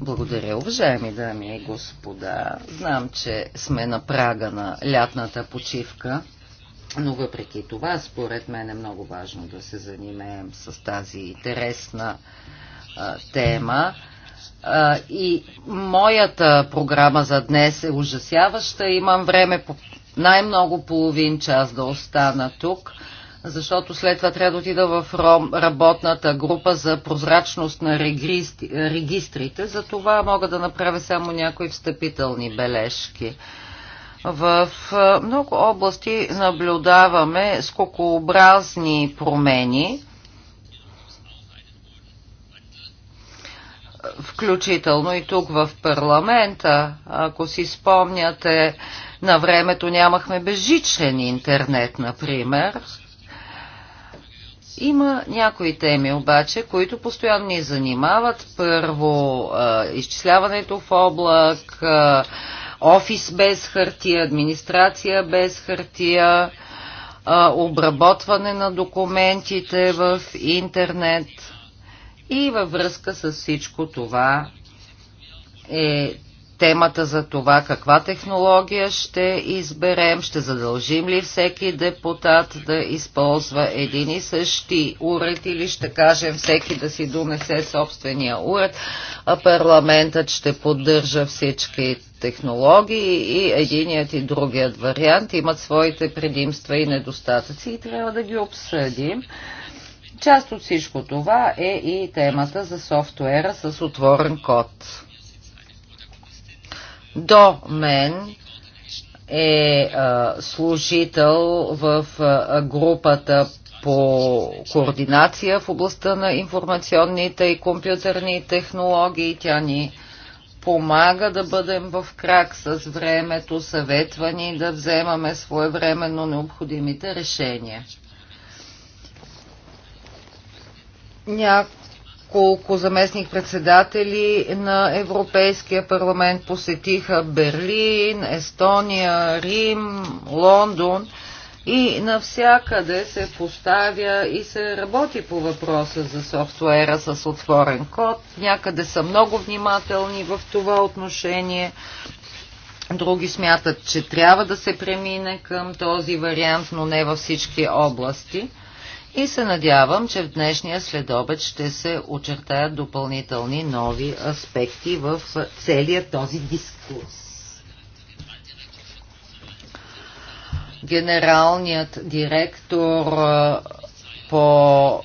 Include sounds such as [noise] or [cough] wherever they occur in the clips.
Благодаря, уважаеми дами и господа. Знам, че сме на прага на лятната почивка, но въпреки това, според мен е много важно да се занимаем с тази интересна а, тема. А, и моята програма за днес е ужасяваща. Имам време по най-много половин час да остана тук защото след това трябва да отида в работната група за прозрачност на регистрите. За това мога да направя само някои встъпителни бележки. В много области наблюдаваме скокообразни промени, включително и тук в парламента. Ако си спомняте, на времето нямахме безжичен интернет, например. Има някои теми обаче, които постоянно ни занимават. Първо, изчисляването в облак, офис без хартия, администрация без хартия, обработване на документите в интернет. И във връзка с всичко това е темата за това каква технология ще изберем, ще задължим ли всеки депутат да използва един и същи уред или ще кажем всеки да си донесе собствения уред, а парламентът ще поддържа всички технологии и единият и другият вариант имат своите предимства и недостатъци и трябва да ги обсъдим. Част от всичко това е и темата за софтуера с отворен код. До мен е а, служител в а, групата по координация в областта на информационните и компютърни технологии. Тя ни помага да бъдем в крак с времето, съветва ни да вземаме своевременно необходимите решения. Някои няколко заместник-председатели на Европейския парламент посетиха Берлин, Естония, Рим, Лондон и навсякъде се поставя и се работи по въпроса за софтуера с отворен код. Някъде са много внимателни в това отношение. Други смятат, че трябва да се премине към този вариант, но не във всички области и се надявам, че в днешния следобед ще се очертаят допълнителни нови аспекти в целия този дискурс. Генералният директор по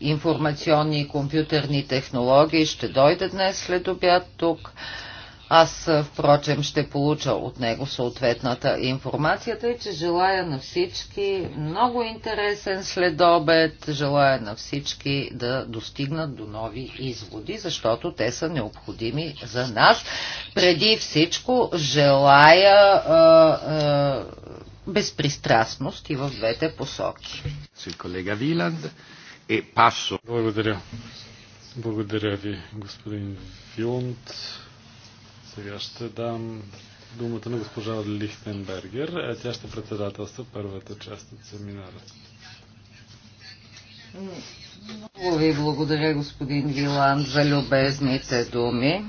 информационни и компютърни технологии ще дойде днес след обяд тук. Аз, впрочем, ще получа от него съответната информация, тъй че желая на всички много интересен следобед, желая на всички да достигнат до нови изводи, защото те са необходими за нас. Преди всичко желая а, а, безпристрастност и в двете посоки. Колега Виланд е пасо. Благодаря. Благодаря ви, господин Виланд. Сега ще дам думата на госпожа Лихтенбергер. Е, тя ще председателства първата част от семинара. Много ви благодаря, господин Вилан, за любезните думи.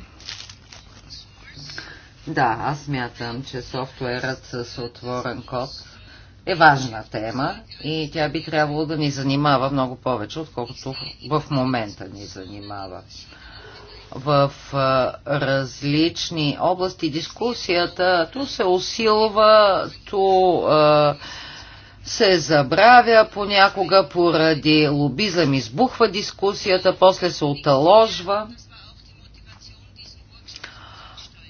Да, аз мятам, че софтуерът с отворен код е важна тема и тя би трябвало да ни занимава много повече, отколкото в момента ни занимава в различни области. Дискусията то се усилва, то се забравя понякога поради лобизъм, избухва дискусията, после се оталожва.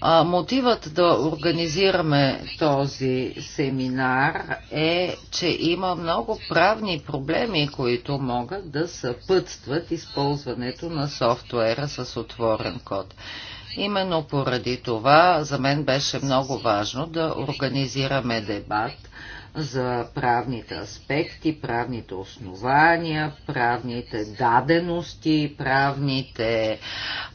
А, мотивът да организираме този семинар е, че има много правни проблеми, които могат да съпътстват използването на софтуера с отворен код. Именно поради това за мен беше много важно да организираме дебат за правните аспекти, правните основания, правните дадености, правните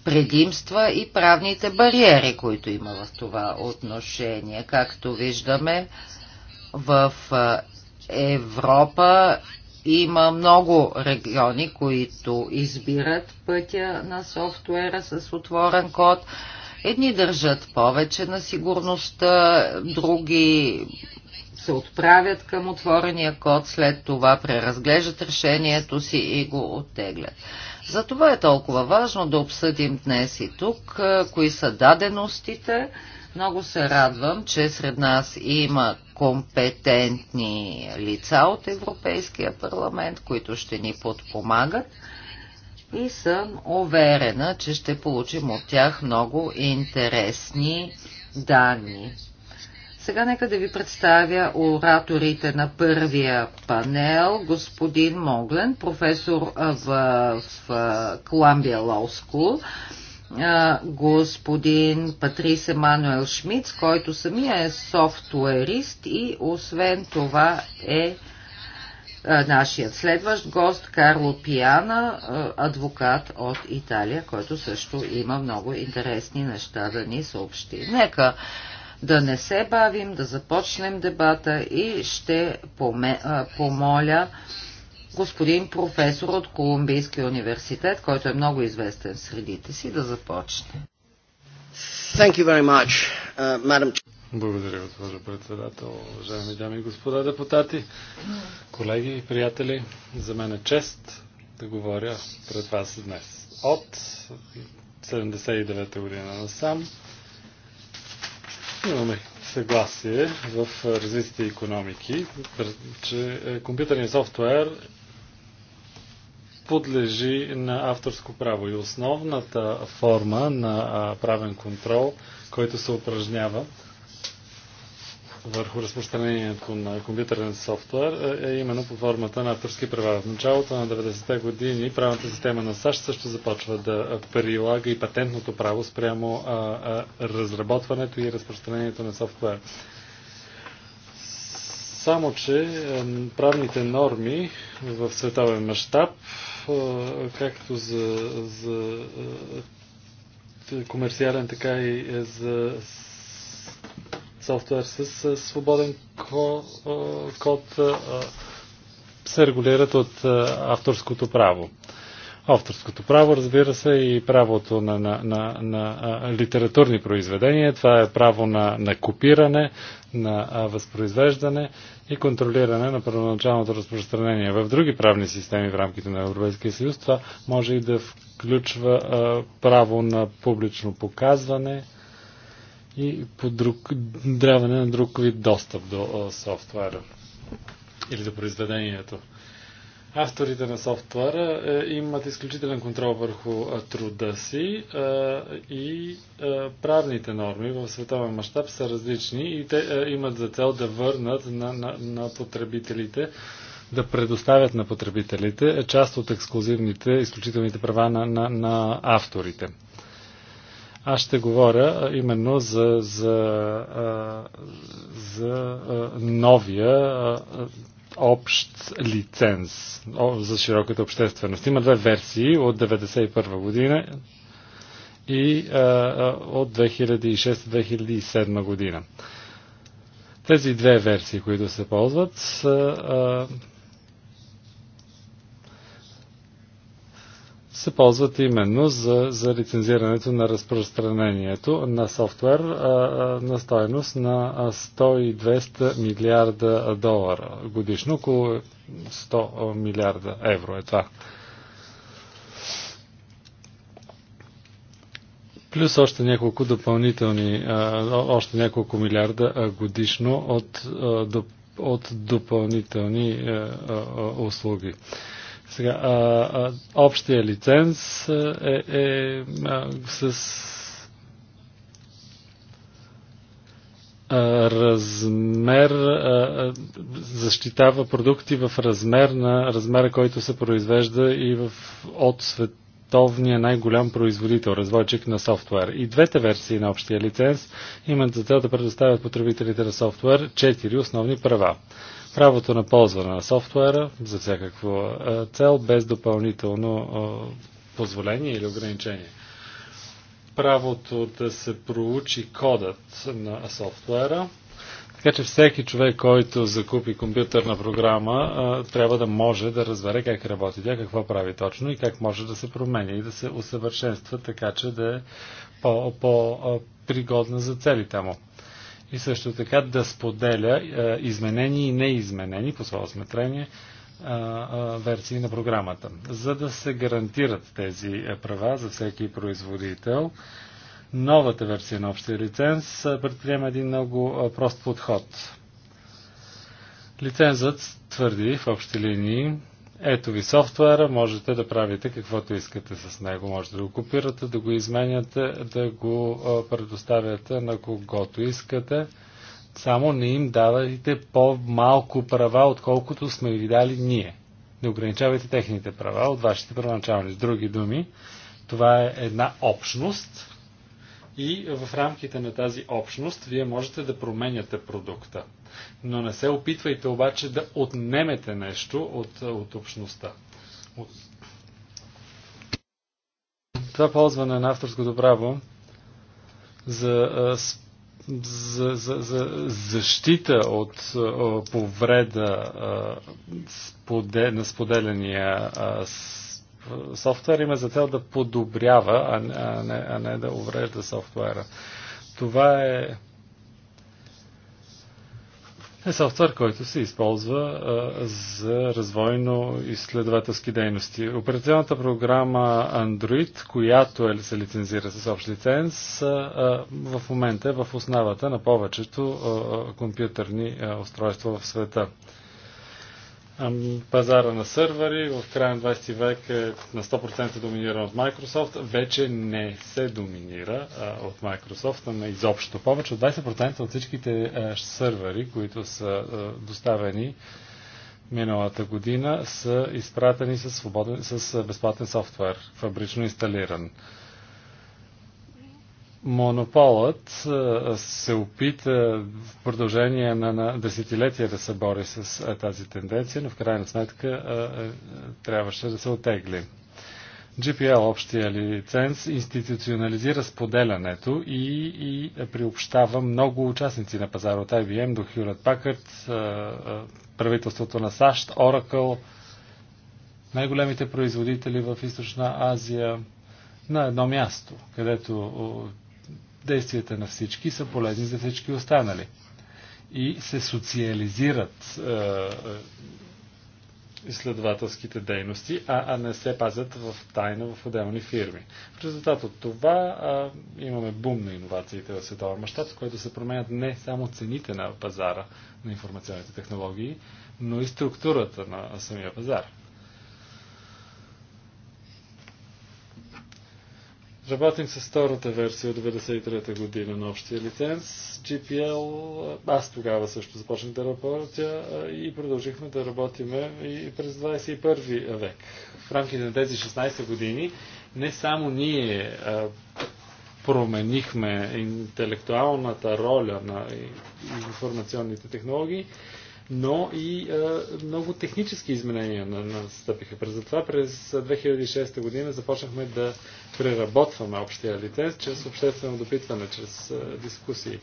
предимства и правните бариери, които има в това отношение. Както виждаме, в Европа има много региони, които избират пътя на софтуера с отворен код. Едни държат повече на сигурността, други се отправят към отворения код, след това преразглеждат решението си и го оттеглят. Затова е толкова важно да обсъдим днес и тук, кои са даденостите. Много се радвам, че сред нас има компетентни лица от Европейския парламент, които ще ни подпомагат и съм уверена, че ще получим от тях много интересни данни. Сега нека да ви представя ораторите на първия панел. Господин Моглен, професор в, в Columbia Law School, господин Патрис Емануел Шмиц, който самия е софтуерист и освен това е нашият следващ гост Карло Пиана, адвокат от Италия, който също има много интересни неща да ни съобщи. Нека да не се бавим, да започнем дебата и ще помоля господин професор от Колумбийския университет, който е много известен в средите си, да започне. Thank you very much, uh, madam... Благодаря, госпожо председател, уважаеми дами и господа депутати, колеги и приятели. За мен е чест да говоря пред вас днес. От 79-та година насам Имаме съгласие в развитите економики, че е, компютърният софтуер подлежи на авторско право и основната форма на правен контрол, който се упражнява върху разпространението на компютърен софтуер е, е именно по формата на авторски права. В началото на 90-те години правната система на САЩ също започва да прилага и патентното право спрямо а, а, разработването и разпространението на софтуер. Само, че е, правните норми в световен мащаб, е, както за, за комерциален, така и за софтуер с свободен код се регулират от авторското право. Авторското право, разбира се, и правото на, на, на, на литературни произведения. Това е право на, на копиране, на възпроизвеждане и контролиране на първоначалното разпространение. В други правни системи в рамките на Европейския съюз това може и да включва право на публично показване и по друг, дряване на друг вид достъп до софтуера или до произведението. Авторите на софтуера е, имат изключителен контрол върху е, труда си е, и правните норми в световен мащаб са различни и те имат за цел да върнат на, на, на потребителите, да предоставят на потребителите част от ексклюзивните, изключителните права на, на, на авторите. Аз ще говоря именно за, за, за новия общ лиценз за широката общественост. Има две версии от 1991 година и от 2006-2007 година. Тези две версии, които се ползват, са се ползват именно за, за лицензирането на разпространението на софтуер а, а, на стоеност на 100 и 200 милиарда долара годишно, около 100 милиарда евро е това. Плюс още няколко допълнителни, а, още няколко милиарда годишно от, от допълнителни е, е, е, услуги. Сега, а, а, общия лиценз е, е а, с размер, защитава продукти в размер на размера, който се произвежда и в, от световния най-голям производител, разводчик на софтуер. И двете версии на общия лиценз имат за цел да предоставят потребителите на софтуер четири основни права правото на ползване на софтуера за всякаква е, цел, без допълнително е, позволение или ограничение. Правото да се проучи кодът на софтуера, така че всеки човек, който закупи компютърна програма, е, трябва да може да разбере как работи тя, какво прави точно и как може да се променя и да се усъвършенства така, че да е по-пригодна -по за целите му и също така да споделя а, е, изменени и неизменени по свое осметрение е, е, версии на програмата. За да се гарантират тези права за всеки производител, новата версия на общия лиценз предприема един много прост подход. Лицензът твърди в общи линии, ето ви софтуера, можете да правите каквото искате с него. Можете да го копирате, да го изменяте, да го предоставяте на когото искате. Само не им давайте по-малко права, отколкото сме ви дали ние. Не ограничавайте техните права от вашите първоначални. С други думи, това е една общност, и в рамките на тази общност вие можете да променяте продукта. Но не се опитвайте обаче да отнемете нещо от, от общността. Това ползване на авторското право за, за, за, за защита от повреда на споделения с софтуер има за цел да подобрява, а не, а не, а не да уврежда софтуера. Това е е софтуер, който се използва а, за развойно-изследователски дейности. Операционната програма Android, която е, се лицензира с общ лиценз, а, а, в момента е в основата на повечето а, компютърни а, устройства в света пазара на сървъри в края на 20 век е на 100% доминиран от Microsoft, вече не се доминира а, от Microsoft, ама изобщо. Повече от 20% от всичките а, сървъри, които са а, доставени миналата година, са изпратени с, свободен, с безплатен софтуер, фабрично инсталиран. А, Монополът се опита в продължение на, на десетилетия да се бори с тази тенденция, но в крайна сметка трябваше да се отегли. GPL общия лиценз институционализира споделянето и, и приобщава много участници на пазара от IBM до Hewlett Packard, правителството на САЩ, Oracle, най-големите производители в Източна Азия на едно място, където действията на всички са полезни за всички останали. И се социализират е, е, изследователските дейности, а, а не се пазят в тайна в отделни фирми. В резултат от това а, имаме бум на иновациите в световен мащаб, с който се променят не само цените на пазара на информационните технологии, но и структурата на самия пазар. Работим с втората версия от 93-та година на общия лиценз. GPL, аз тогава също започнах да работя и продължихме да работиме и през 21 век. В рамките на тези 16 години не само ние променихме интелектуалната роля на информационните технологии, но и а, е, много технически изменения настъпиха. През това през 2006 година започнахме да преработваме общия лиценз чрез обществено допитване, чрез а, е, дискусии.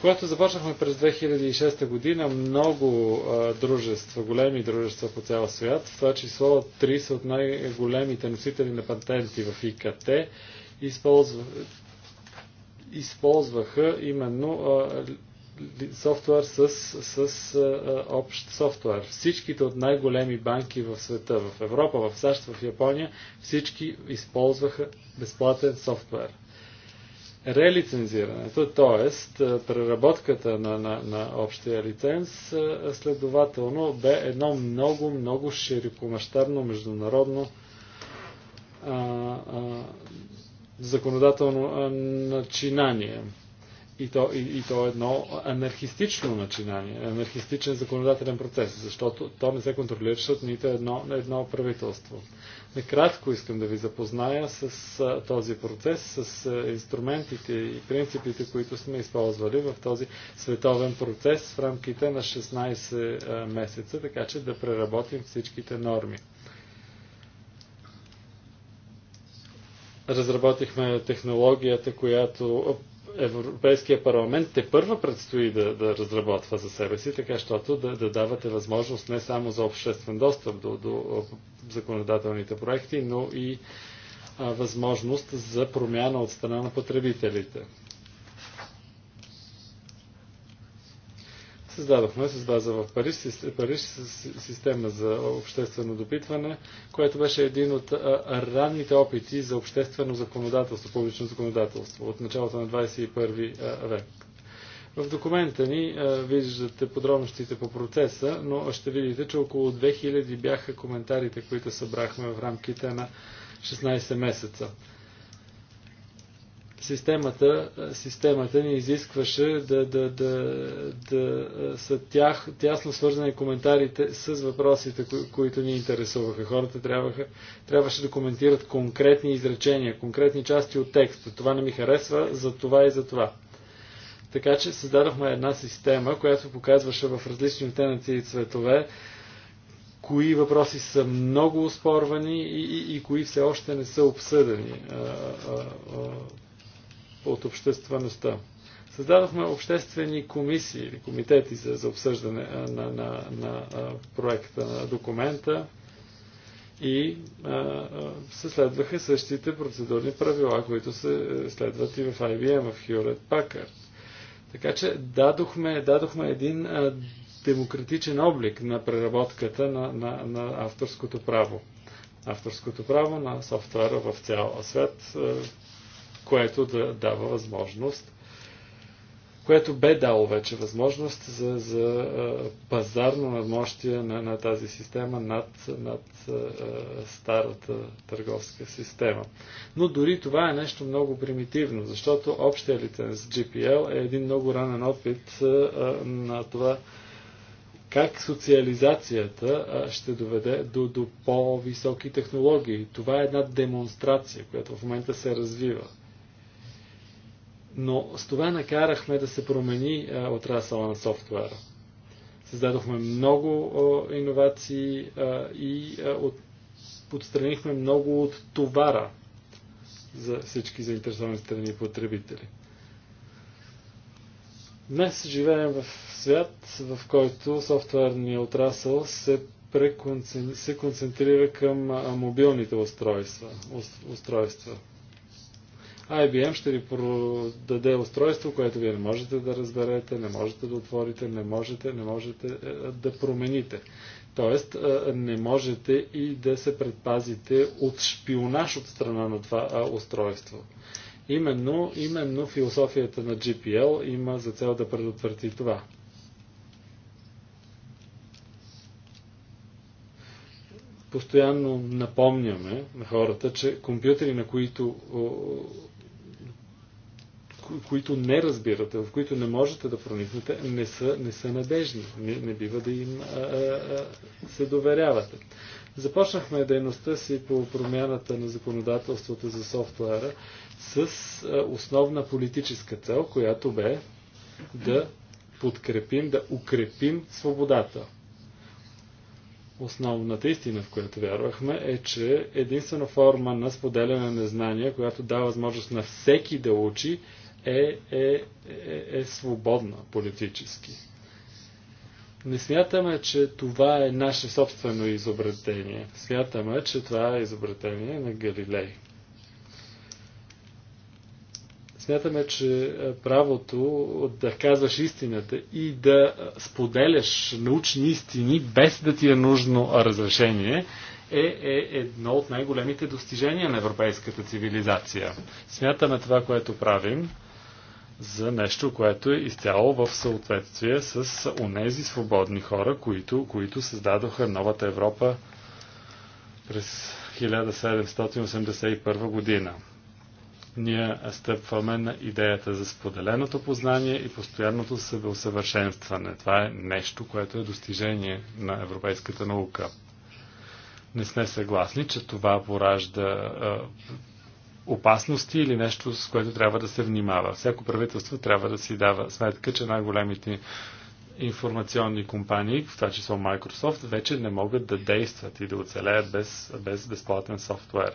Когато започнахме през 2006 година, много а, е, дружества, големи дружества по цял свят, в това число 30 от най-големите носители на патенти в ИКТ, използваха използваха именно а, софтуер с, с, с а, общ софтуер. Всичките от най-големи банки в света, в Европа, в САЩ, в Япония, всички използваха безплатен софтуер. Релицензирането, т.е. преработката на, на, на общия лиценз, следователно бе едно много, много широкомащабно международно а, а, законодателно начинание. И то, и, и то е едно анархистично начинание, анархистичен законодателен процес, защото то не се контролираше защото нито едно, едно правителство. Накратко искам да ви запозная с а, този процес, с а, инструментите и принципите, които сме използвали в този световен процес в рамките на 16 а, месеца, така че да преработим всичките норми. Разработихме технологията, която Европейския парламент те първа предстои да, да разработва за себе си, така щото да, да давате възможност не само за обществен достъп до, до законодателните проекти, но и а, възможност за промяна от страна на потребителите. Създадохме с база в Париж, Париж система за обществено допитване, което беше един от ранните опити за обществено законодателство, публично законодателство от началото на 21 век. В документа ни виждате подробностите по процеса, но ще видите, че около 2000 бяха коментарите, които събрахме в рамките на 16 месеца системата, системата ни изискваше да, да, да, да са тях, тясно свързани коментарите с въпросите, кои, които ни интересуваха. Хората трябваха, трябваше да коментират конкретни изречения, конкретни части от текста. Това не ми харесва, за това и за това. Така че създадохме една система, която показваше в различни оттенъци и цветове, кои въпроси са много оспорвани и, и, и кои все още не са обсъдени а, а, а, от обществеността. Създадохме обществени комисии или комитети за, за обсъждане на, на, на, на проекта, на документа и а, се следваха същите процедурни правила, които се е, следват и в IBM, в Hewlett Packard. Така че дадохме, дадохме един а, демократичен облик на преработката на, на, на авторското право. Авторското право на софтуера в цял свят, е, което да дава възможност, което бе дало вече възможност за, за пазарно надмощие на, на тази система над, над старата търговска система. Но дори това е нещо много примитивно, защото общия лиценз GPL е един много ранен опит на това, как социализацията ще доведе до, до по-високи технологии. Това е една демонстрация, която в момента се развива. Но с това накарахме да се промени отрасала отрасъла на софтуера. Създадохме много иновации и от, подстранихме много от товара за всички заинтересовани страни и потребители. Днес живеем в свят, в който софтуерният отрасъл се, преконцентри... се концентрира към мобилните устройства. устройства. IBM ще ви продаде устройство, което вие не можете да разберете, не можете да отворите, не можете, не можете е, е, да промените. Тоест, е, не можете и да се предпазите от шпионаж от страна на това устройство. Именно, именно философията на GPL има за цел да предотврати това. Постоянно напомняме на хората, че компютри, на които които не разбирате, в които не можете да проникнете, не са, не са надежни. Не, не бива да им а, а, се доверявате. Започнахме дейността си по промяната на законодателството за софтуера с основна политическа цел, която бе да подкрепим, да укрепим свободата. Основната истина, в която вярвахме, е, че единствена форма на споделяне на знания, която дава възможност на всеки да учи, е, е, е, е свободна политически. Не смятаме, че това е наше собствено изобретение. Смятаме, че това е изобретение на Галилей. Смятаме, че е, правото да казваш истината и да е, споделяш научни истини без да ти е нужно разрешение е, е едно от най-големите достижения на европейската цивилизация. Смятаме това, което правим за нещо, което е изцяло в съответствие с онези свободни хора, които, които създадоха новата Европа през 1781 година. Ние стъпваме на идеята за споделеното познание и постоянното себеусъвършенстване. Това е нещо, което е достижение на европейската наука. Не сме съгласни, че това поражда опасности или нещо, с което трябва да се внимава. Всяко правителство трябва да си дава сметка, че най-големите информационни компании, в това число Microsoft, вече не могат да действат и да оцелеят без, без безплатен софтуер.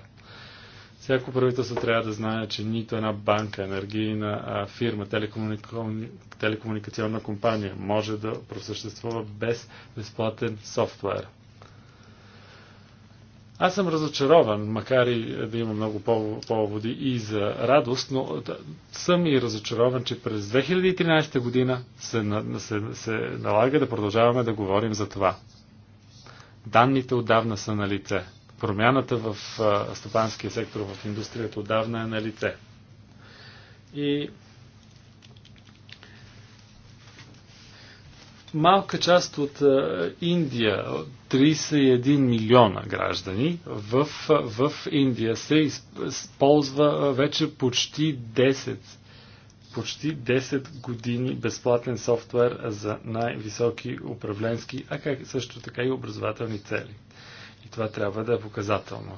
Всяко правителство трябва да знае, че нито една банка, енергийна фирма, телекомуникационна компания може да просъществува без безплатен софтуер. Аз съм разочарован, макар и да има много поводи и за радост, но съм и разочарован, че през 2013 година се, се, се налага да продължаваме да говорим за това. Данните отдавна са на лице. Промяната в стопанския сектор, в индустрията отдавна е на лице. И малка част от Индия, 31 милиона граждани. В, в Индия се използва вече почти 10 почти 10 години безплатен софтуер за най-високи управленски, а как също така и образователни цели. И това трябва да е показателно.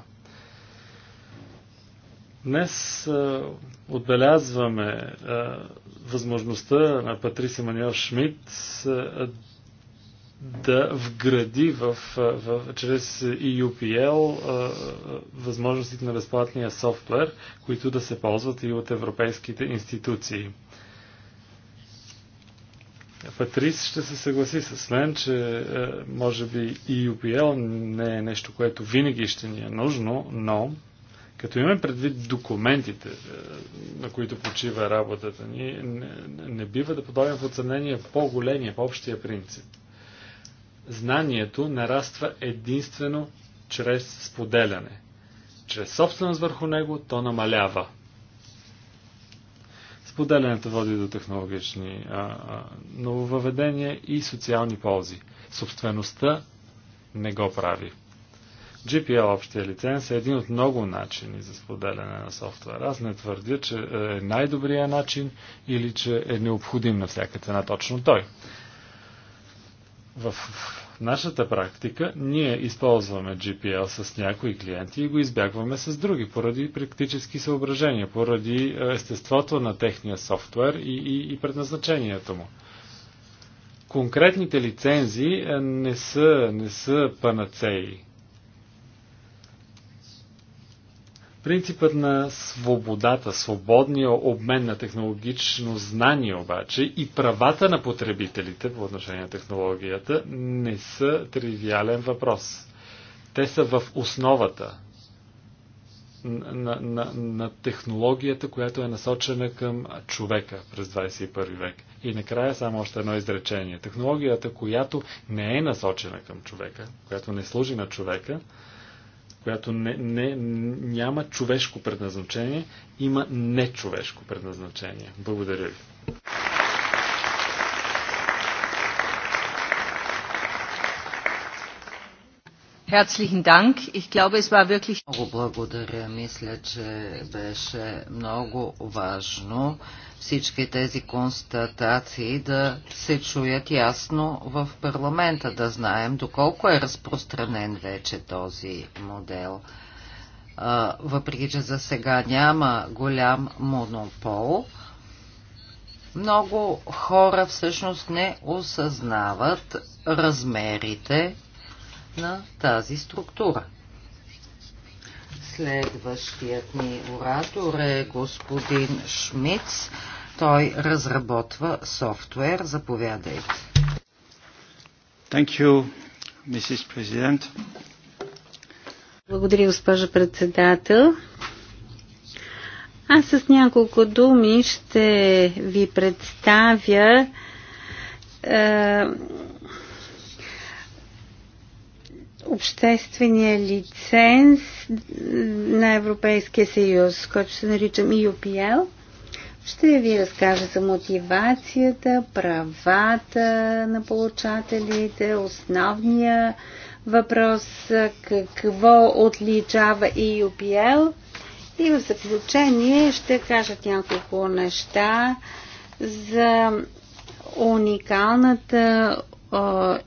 Днес а, отбелязваме а, възможността на Патриси Маниел Шмидт а, да вгради в, в, чрез EUPL възможностите на безплатния софтуер, които да се ползват и от европейските институции. Патрис ще се съгласи с мен, че може би EUPL не е нещо, което винаги ще ни е нужно, но като имаме предвид документите, на които почива работата ни, не, не бива да подлагаме в оценение по-големия, по-общия принцип знанието нараства единствено чрез споделяне. Чрез собственост върху него то намалява. Споделянето води до технологични а, а, нововъведения и социални ползи. Собствеността не го прави. GPL общия лиценз е един от много начини за споделяне на софтуер. Аз не твърдя, че е най-добрият начин или че е необходим на всяка цена точно той. В нашата практика ние използваме GPL с някои клиенти и го избягваме с други, поради практически съображения, поради е, естеството на техния софтуер и, и, и предназначението му. Конкретните лицензии е, не са, не са панацеи. Принципът на свободата, свободния обмен на технологично знание обаче и правата на потребителите по отношение на технологията не са тривиален въпрос. Те са в основата на, на, на технологията, която е насочена към човека през 21 век. И накрая само още едно изречение. Технологията, която не е насочена към човека, която не служи на човека, която не, не, няма човешко предназначение, има нечовешко предназначение. Благодаря ви. Herzlichen Dank. Ich glaube, es war wirklich... Много благодаря. Мисля, че беше много важно всички тези констатации да се чуят ясно в парламента, да знаем доколко е разпространен вече този модел. Въпреки, че за сега няма голям монопол, много хора всъщност не осъзнават размерите на тази структура. Следващият ни оратор е господин Шмиц. Той разработва софтуер. Заповядайте. Thank you, Mrs. President. Благодаря, госпожа председател. Аз с няколко думи ще ви представя е, обществения лиценз на Европейския съюз, който се наричам EUPL. Ще ви разкажа за мотивацията, правата на получателите, основния въпрос какво отличава EUPL и в заключение ще кажа няколко неща за уникалната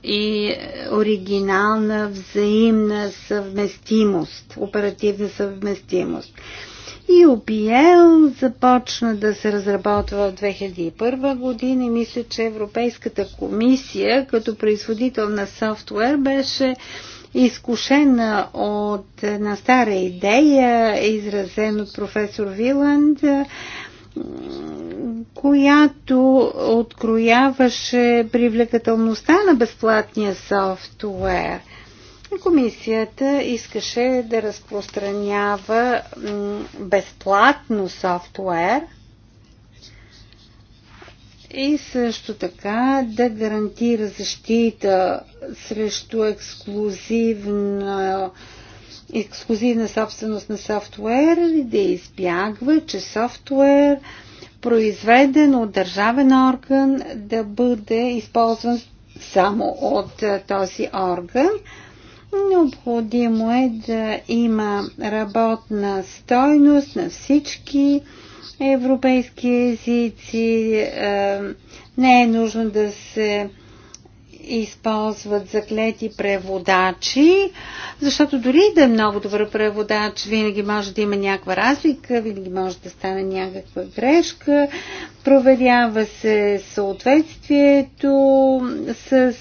и оригинална взаимна съвместимост, оперативна съвместимост. И ОПЛ започна да се разработва в 2001 година и мисля, че Европейската комисия като производител на софтуер беше изкушена от една стара идея, изразен от професор Виланд, която открояваше привлекателността на безплатния софтуер. Комисията искаше да разпространява безплатно софтуер и също така да гарантира защита срещу ексклюзивно ексклюзивна собственост на софтуер и да избягва, че софтуер, произведен от държавен орган, да бъде използван само от този орган. Необходимо е да има работна стойност на всички европейски езици. Е, не е нужно да се използват заклети преводачи, защото дори да е много добър преводач, винаги може да има някаква разлика, винаги може да стане някаква грешка, проверява се съответствието с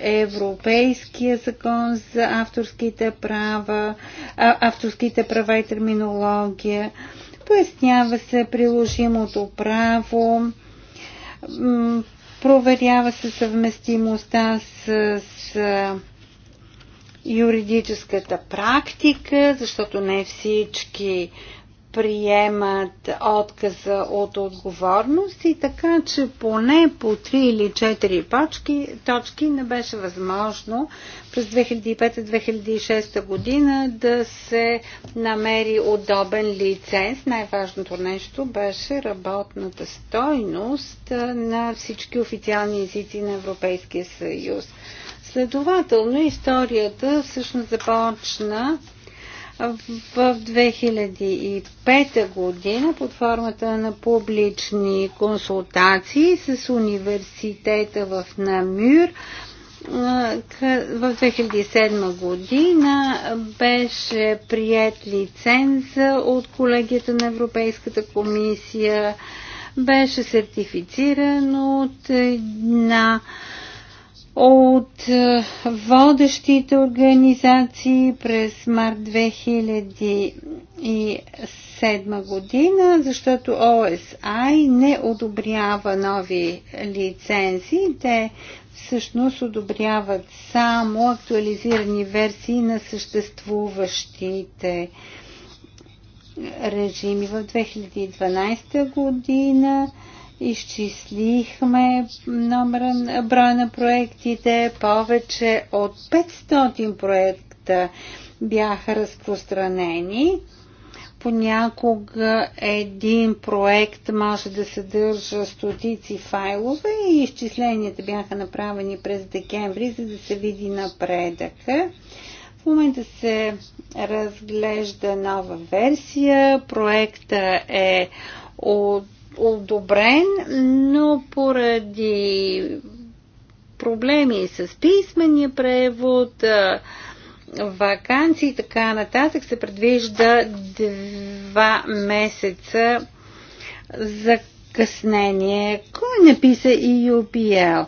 Европейския закон за авторските права, авторските права и терминология, пояснява се приложимото право, Проверява се съвместимостта с, с юридическата практика, защото не всички приемат отказа от отговорност и така, че поне по 3 или 4 почки, точки не беше възможно през 2005-2006 година да се намери удобен лиценз. Най-важното нещо беше работната стойност на всички официални езици на Европейския съюз. Следователно историята всъщност започна в 2005 година под формата на публични консултации с университета в Намюр. В 2007 година беше прият лиценза от колегията на Европейската комисия, беше сертифициран от една от е, водещите организации през март 2007 година, защото OSI не одобрява нови лицензии. Те всъщност одобряват само актуализирани версии на съществуващите режими. В 2012 година изчислихме номера, броя на проектите, повече от 500 проекта бяха разпространени. Понякога един проект може да съдържа стотици файлове и изчисленията бяха направени през декември, за да се види напредъка. В момента се разглежда нова версия. Проекта е от одобрен, но поради проблеми с писмения превод, вакансии и така нататък се предвижда два месеца за къснение. Кой написа EUPL?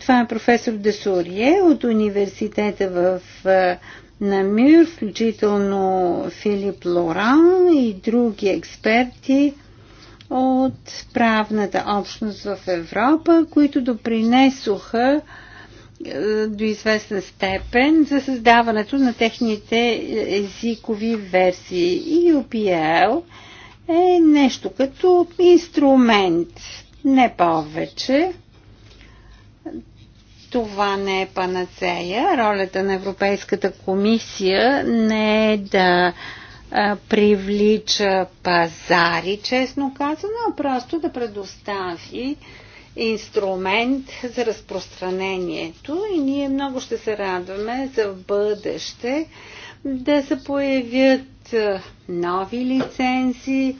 Това е професор Десурие от университета в Намир, включително Филип Лоран и други експерти – от правната общност в Европа, които допринесоха е, до известна степен за създаването на техните езикови версии. И e UPL е нещо като инструмент, не повече. Това не е панацея. Ролята на Европейската комисия не е да а, привлича пазари, честно казано, а просто да предостави инструмент за разпространението и ние много ще се радваме за в бъдеще да се появят нови лицензии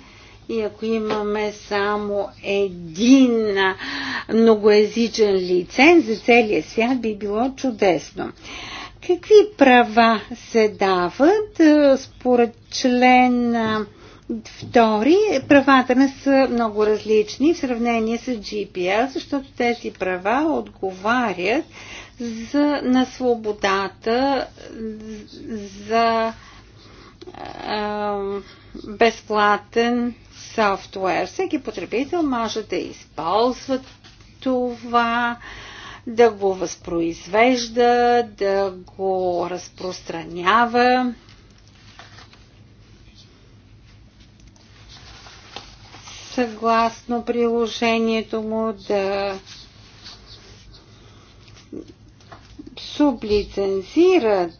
и ако имаме само един многоязичен лиценз за целия свят, би било чудесно. Какви права се дават е, според член 2? Правата не са много различни в сравнение с GPL, защото тези права отговарят за, на свободата за а, безплатен софтуер. Всеки потребител може да използва това да го възпроизвежда, да го разпространява. Съгласно приложението му да сублицензират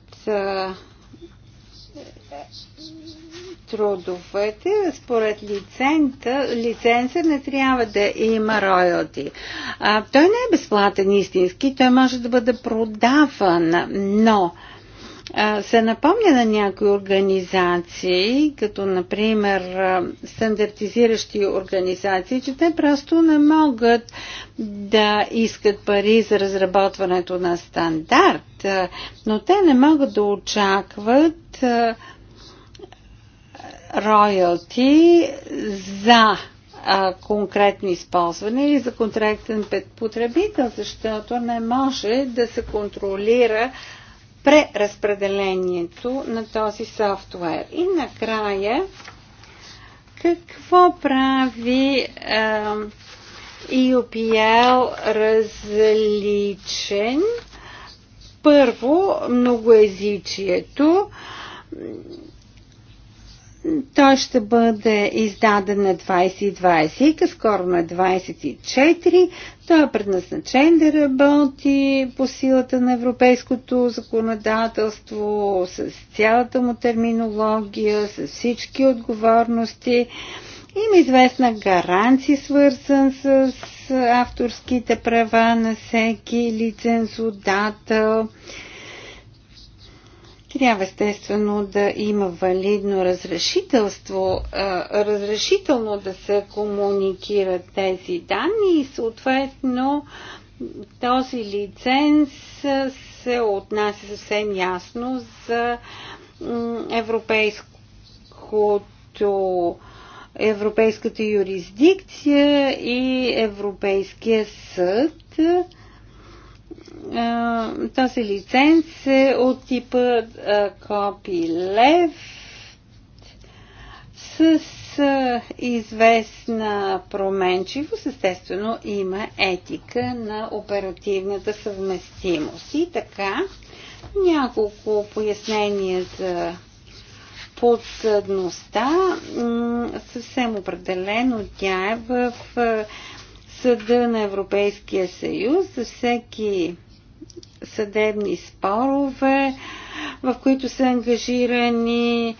трудовете, според лицента, лиценза не трябва да има роялти. А, той не е безплатен истински, той може да бъде продаван, но се напомня на някои организации, като например стандартизиращи организации, че те просто не могат да искат пари за разработването на стандарт, но те не могат да очакват роялти за а, конкретно използване или за конкретен потребител, защото не може да се контролира преразпределението на този софтуер. И накрая, какво прави а, EUPL различен? Първо, многоезичието той ще бъде издаден на 2020, и скоро на 24. Той е предназначен да работи по силата на европейското законодателство, с цялата му терминология, с всички отговорности. Има известна гаранция, свързан с авторските права на всеки лицензодател. Трябва естествено да има валидно разрешителство, разрешително да се комуникират тези данни и съответно този лиценз се отнася съвсем ясно за европейското европейската юрисдикция и Европейския съд този лиценз е от типа копи лев с известна променчивост, естествено има етика на оперативната съвместимост. И така, няколко пояснения за подсъдността. Съвсем определено тя е в Съда на Европейския съюз. За всеки съдебни спорове, в които са ангажирани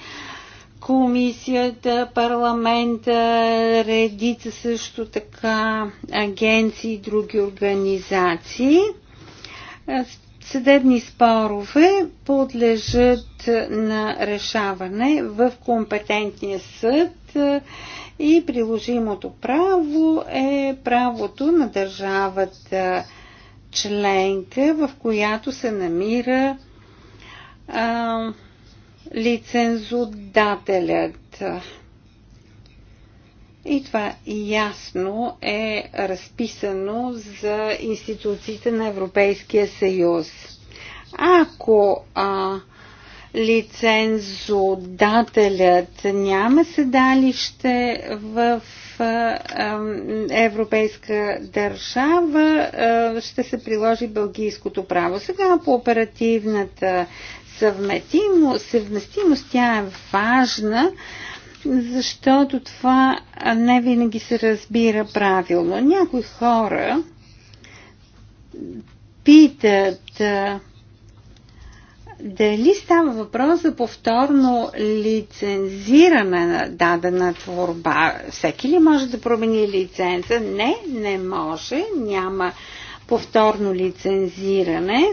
комисията, парламента, редица също така агенции и други организации. Съдебни спорове подлежат на решаване в компетентния съд и приложимото право е правото на държавата членка, в която се намира а, лицензодателят. И това ясно е разписано за институциите на Европейския съюз. Ако а, лицензодателят няма седалище в европейска държава ще се приложи бългийското право. Сега по оперативната съвместимост, съвместимост тя е важна, защото това не винаги се разбира правилно. Някои хора питат дали става въпрос за повторно лицензиране на дадена творба? Всеки ли може да промени лиценза? Не, не може. Няма повторно лицензиране.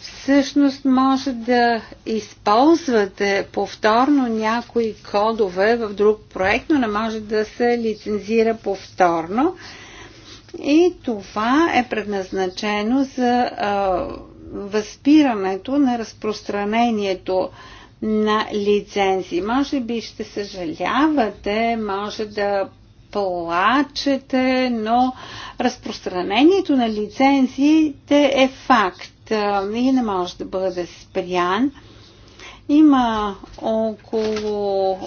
Всъщност може да използвате повторно някои кодове в друг проект, но не може да се лицензира повторно. И това е предназначено за възпирането на разпространението на лицензи. Може би ще съжалявате, може да плачете, но разпространението на лицензиите е факт и не може да бъде спрян. Има около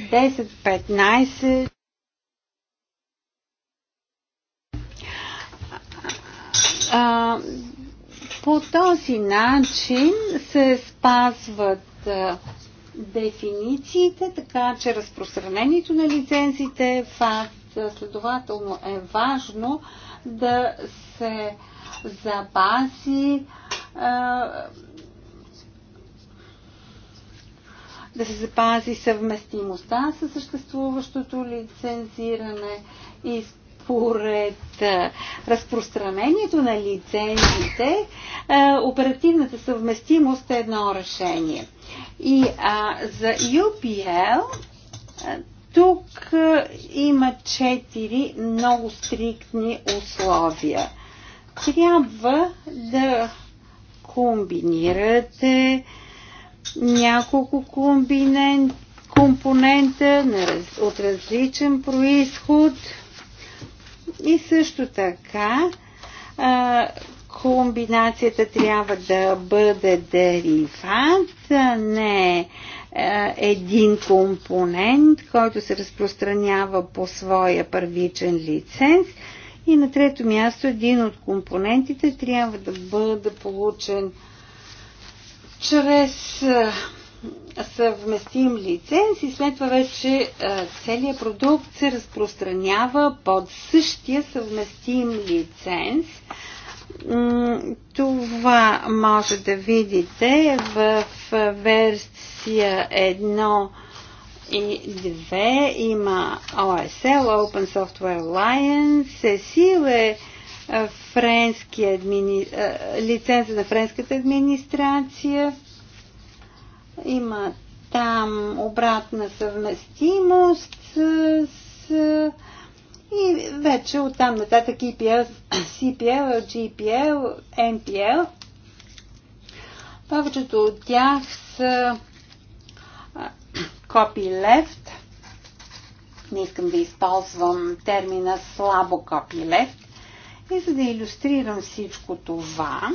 10-15 по този начин се спазват дефинициите, така че разпространението на лицензите е факт. Следователно е важно да се запази да се запази съвместимостта със съществуващото лицензиране и според разпространението на лицензите, оперативната съвместимост е едно решение. И а, за UPL тук има четири много стриктни условия. Трябва да комбинирате няколко компонента от различен происход – и също така а, комбинацията трябва да бъде дериват, а не а, един компонент, който се разпространява по своя първичен лиценз. И на трето място един от компонентите трябва да бъде получен чрез съвместим лиценз и след това вече е, целият продукт се разпространява под същия съвместим лиценз. Това може да видите в версия 1 и 2 има OSL, Open Software Alliance, CSIL е, е, е лиценза на френската администрация, има там обратна съвместимост с, и вече оттам нататък EPL, CPL, GPL, NPL. Повечето от тях са copyleft. Не искам да използвам термина слабо copyleft. И за да иллюстрирам всичко това,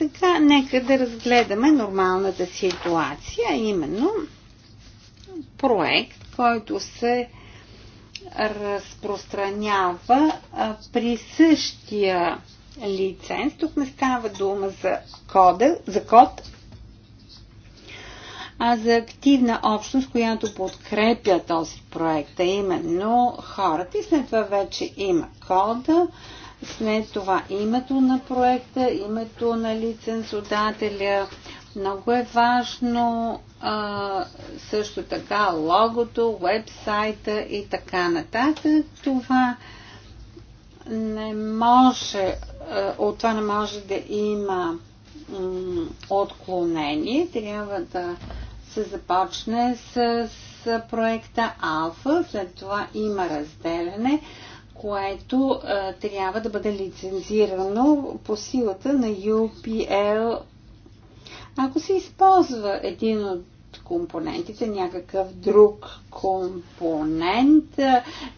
сега нека да разгледаме нормалната ситуация, именно проект, който се разпространява при същия лиценз. Тук не става дума за, кода, за код, а за активна общност, която подкрепя този проект, а именно хората. И след това вече има кода, след това името на проекта, името на лицензодателя. Много е важно а, също така логото, вебсайта и така нататък. Това не може, а, от това не може да има отклонение. Трябва да се започне с, с проекта Алфа, след това има разделяне което а, трябва да бъде лицензирано по силата на UPL. Ако се използва един от компонентите, някакъв друг компонент,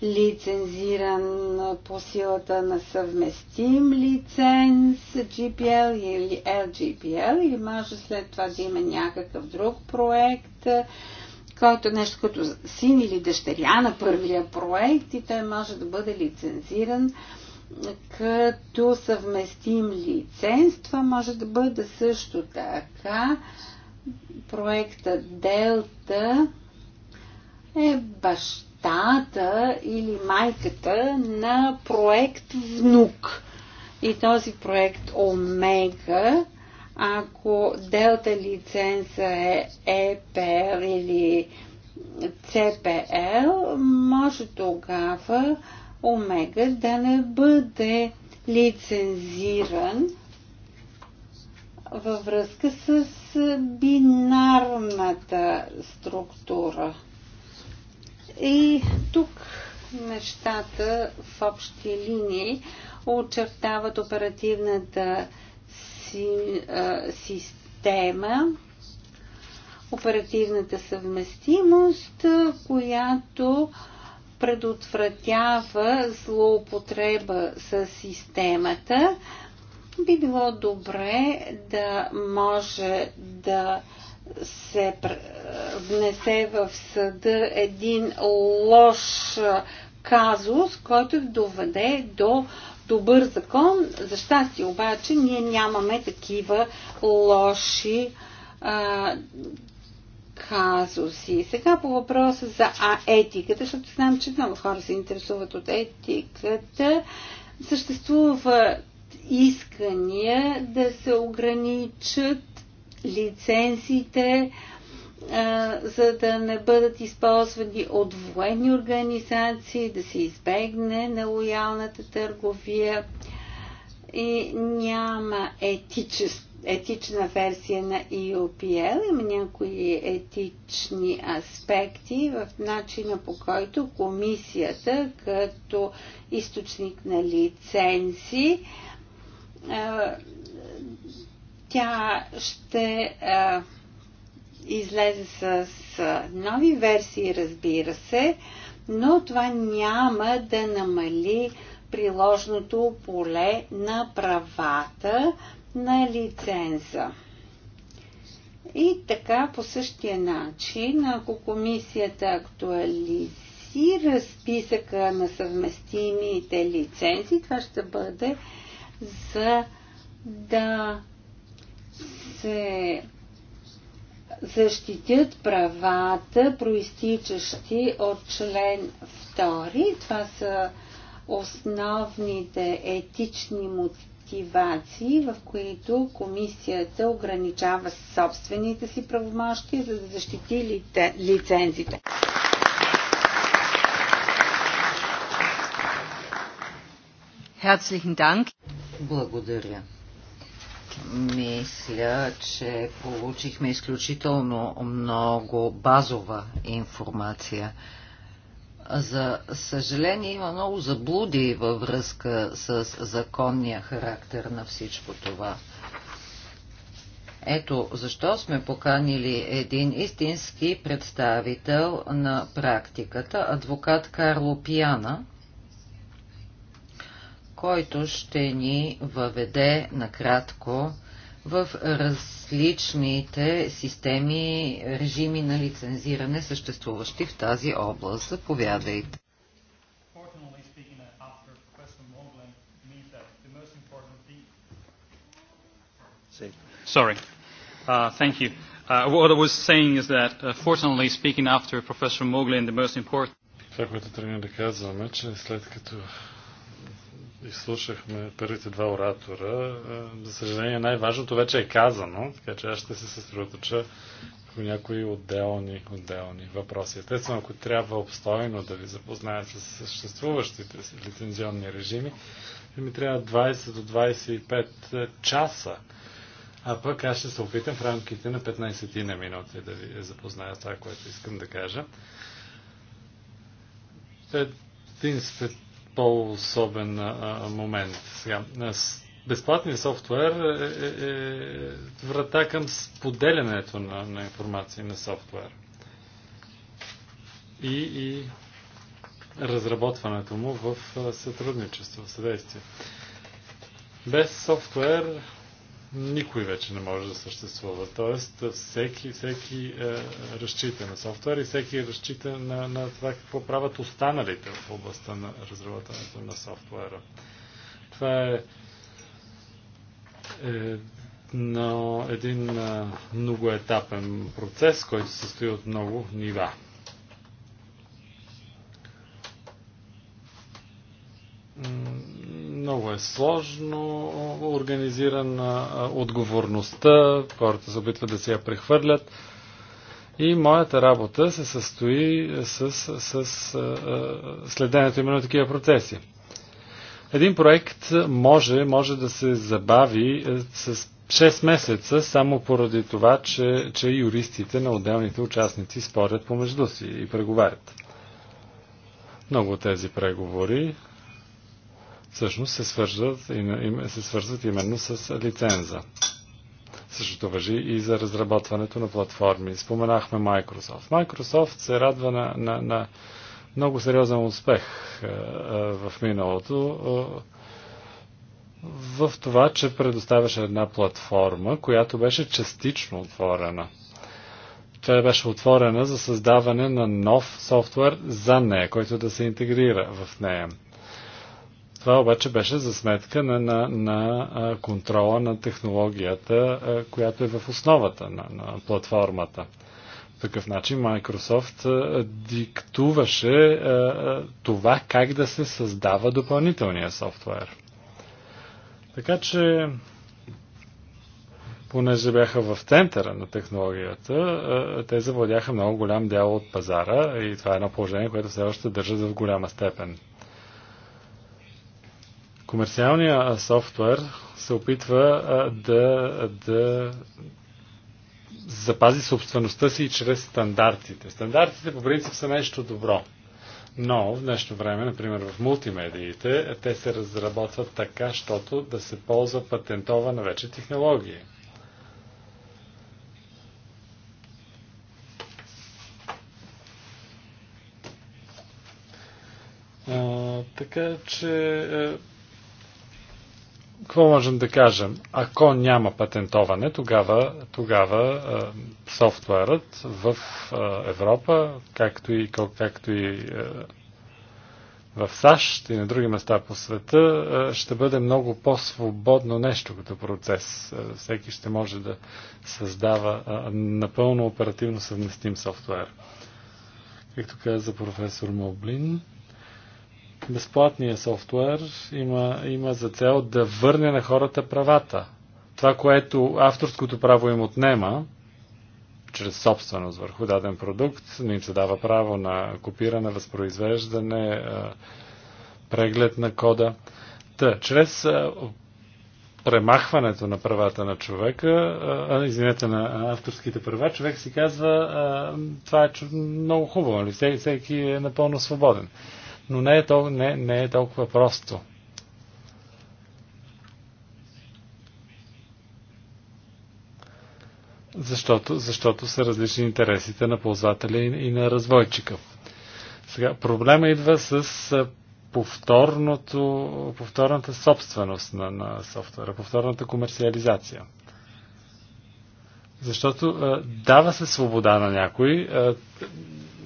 лицензиран по силата на съвместим лиценз GPL или LGPL, или може след това да има някакъв друг проект, който е нещо като син или дъщеря на първия проект и той може да бъде лицензиран като съвместим лиценз. Това може да бъде също така проекта Делта е бащата или майката на проект Внук. И този проект Омега ако делта лиценза е EPL е или CPL, може тогава Омега да не бъде лицензиран във връзка с бинарната структура. И тук нещата в общи линии очертават оперативната система, оперативната съвместимост, която предотвратява злоупотреба с системата. Би било добре да може да се внесе в съда един лош казус, който доведе до добър закон. За щастие обаче ние нямаме такива лоши а, казуси. Сега по въпроса за а, етиката, защото знам, че много хора се интересуват от етиката. Съществува искания да се ограничат лицензите за да не бъдат използвани от военни организации, да се избегне нелоялната търговия и няма етичес, етична версия на EOPL има някои етични аспекти в начина по който комисията като източник на лицензи тя ще излезе с нови версии, разбира се, но това няма да намали приложното поле на правата на лиценза. И така по същия начин, ако комисията актуализира списъка на съвместимите лицензи, това ще бъде за да се защитят правата, проистичащи от член 2. Това са основните етични мотивации, в които комисията ограничава собствените си правомощия, за да защити лицензите. Herzlichen Dank. Благодаря. Мисля, че получихме изключително много базова информация. За съжаление има много заблуди във връзка с законния характер на всичко това. Ето защо сме поканили един истински представител на практиката, адвокат Карло Пиана, който ще ни въведе накратко в различните системи, режими на лицензиране, съществуващи в тази област. Заповядайте. Uh, Sorry. Uh, thank you. Uh, what I was saying is that, uh, fortunately speaking, after Professor the most important. трябва да казваме, че след като изслушахме първите два оратора. Е, за съжаление, най-важното вече е казано, така че аз ще се съсредоточа по някои отделни, отделни въпроси. Естествено, ако трябва обстойно да ви запознаят с съществуващите си лицензионни режими, ми трябва 20 до 25 е, часа. А пък аз ще се опитам в рамките на 15 ти на минути да ви запозная с това, което искам да кажа. Е, един по-особен момент. Сега, безплатният софтуер е, е, е, е врата към споделянето на, на информация на софтуер. И, и разработването му в сътрудничество, в съдействие. Без софтуер никой вече не може да съществува. Тоест, всеки, всеки е, разчита на софтуер и всеки разчита на, на това какво правят останалите в областта на разработването на софтуера. Това е, е но един е, многоетапен процес, който се състои от много нива. е сложно организирана отговорността, хората се опитват да си я прехвърлят. И моята работа се състои с, с, с следенето именно на такива процеси. Един проект може, може да се забави с 6 месеца, само поради това, че, че юристите на отделните участници спорят помежду си и преговарят. Много от тези преговори всъщност се свързват, се свързват именно с лиценза. Същото въжи и за разработването на платформи. Споменахме Microsoft. Microsoft се радва на, на, на много сериозен успех е, е, в миналото е, в това, че предоставяше една платформа, която беше частично отворена. Тя беше отворена за създаване на нов софтуер за нея, който да се интегрира в нея. Това обаче беше за сметка на, на, на контрола на технологията, която е в основата на, на платформата. По такъв начин Microsoft диктуваше това как да се създава допълнителния софтуер. Така че понеже бяха в центъра на технологията, те завладяха много голям дял от пазара и това е едно положение, което все още държат в голяма степен. Комерциалният софтуер се опитва да, да запази собствеността си чрез стандартите. Стандартите по принцип са нещо добро. Но в днешно време, например в мултимедиите, те се разработват така, щото да се ползва патентована вече технология. А, така че какво можем да кажем? Ако няма патентоване, тогава, тогава е, софтуерът в е, Европа, както и, както и е, в САЩ и на други места по света, е, ще бъде много по-свободно нещо като процес. Е, всеки ще може да създава е, напълно оперативно съвместим софтуер. Както каза професор Моблин, безплатния софтуер има, има за цел да върне на хората правата. Това, което авторското право им отнема, чрез собственост върху даден продукт, но им се дава право на копиране, възпроизвеждане, преглед на кода. Та, чрез премахването на правата на човека, а, извинете, на авторските права, човек си казва, а, това е много хубаво, нали? всеки е напълно свободен но не е, толкова, не, не е толкова просто. Защото, защото са различни интересите на ползвателя и, и на развойчика. Сега, проблема идва с повторното, повторната собственост на, на софтуера, повторната комерциализация. Защото а, дава се свобода на някой а,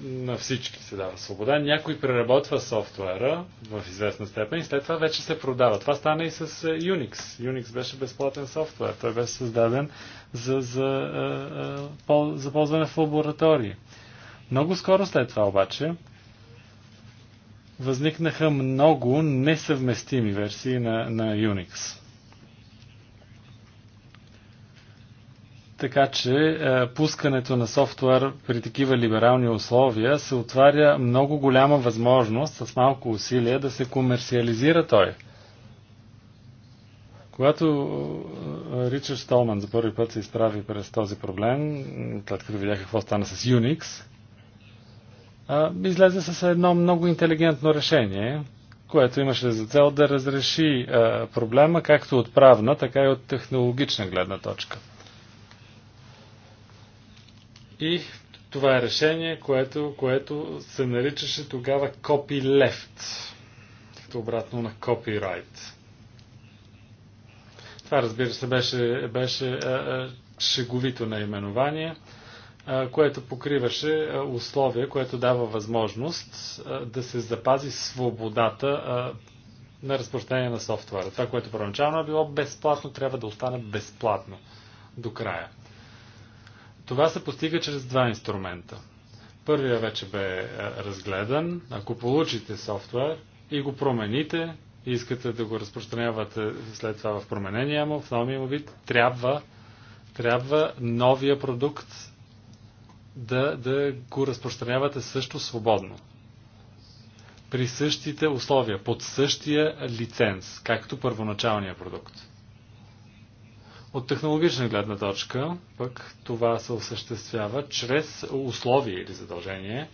на всички се дава свобода. Някой преработва софтуера в известна степен и след това вече се продава. Това стана и с е, Unix. Unix беше безплатен софтуер. Той беше създаден за, за, е, е, за ползване в лаборатории. Много скоро след това обаче възникнаха много несъвместими версии на, на Unix. Така че е, пускането на софтуер при такива либерални условия се отваря много голяма възможност с малко усилие да се комерциализира той. Когато е, Ричард Столман за първи път се изправи през този проблем, след като видях какво стана с Unix, излезе с едно много интелигентно решение, което имаше за цел да разреши е, проблема както от правна, така и от технологична гледна точка. И това е решение, което, което се наричаше тогава copyleft, като обратно на copyright. Това, разбира се, беше, беше а, а, шеговито наименование, а, което покриваше условия, условие, което дава възможност а, да се запази свободата а, на разпространение на софтуера. Това, което първоначално е било безплатно, трябва да остане безплатно до края. Това се постига чрез два инструмента. Първия вече бе е, разгледан. Ако получите софтуер и го промените, и искате да го разпространявате след това в променения му, в новия му вид, трябва, трябва новия продукт да, да го разпространявате също свободно. При същите условия, под същия лиценз, както първоначалния продукт. От технологична гледна точка, пък това се осъществява чрез условия или задължение.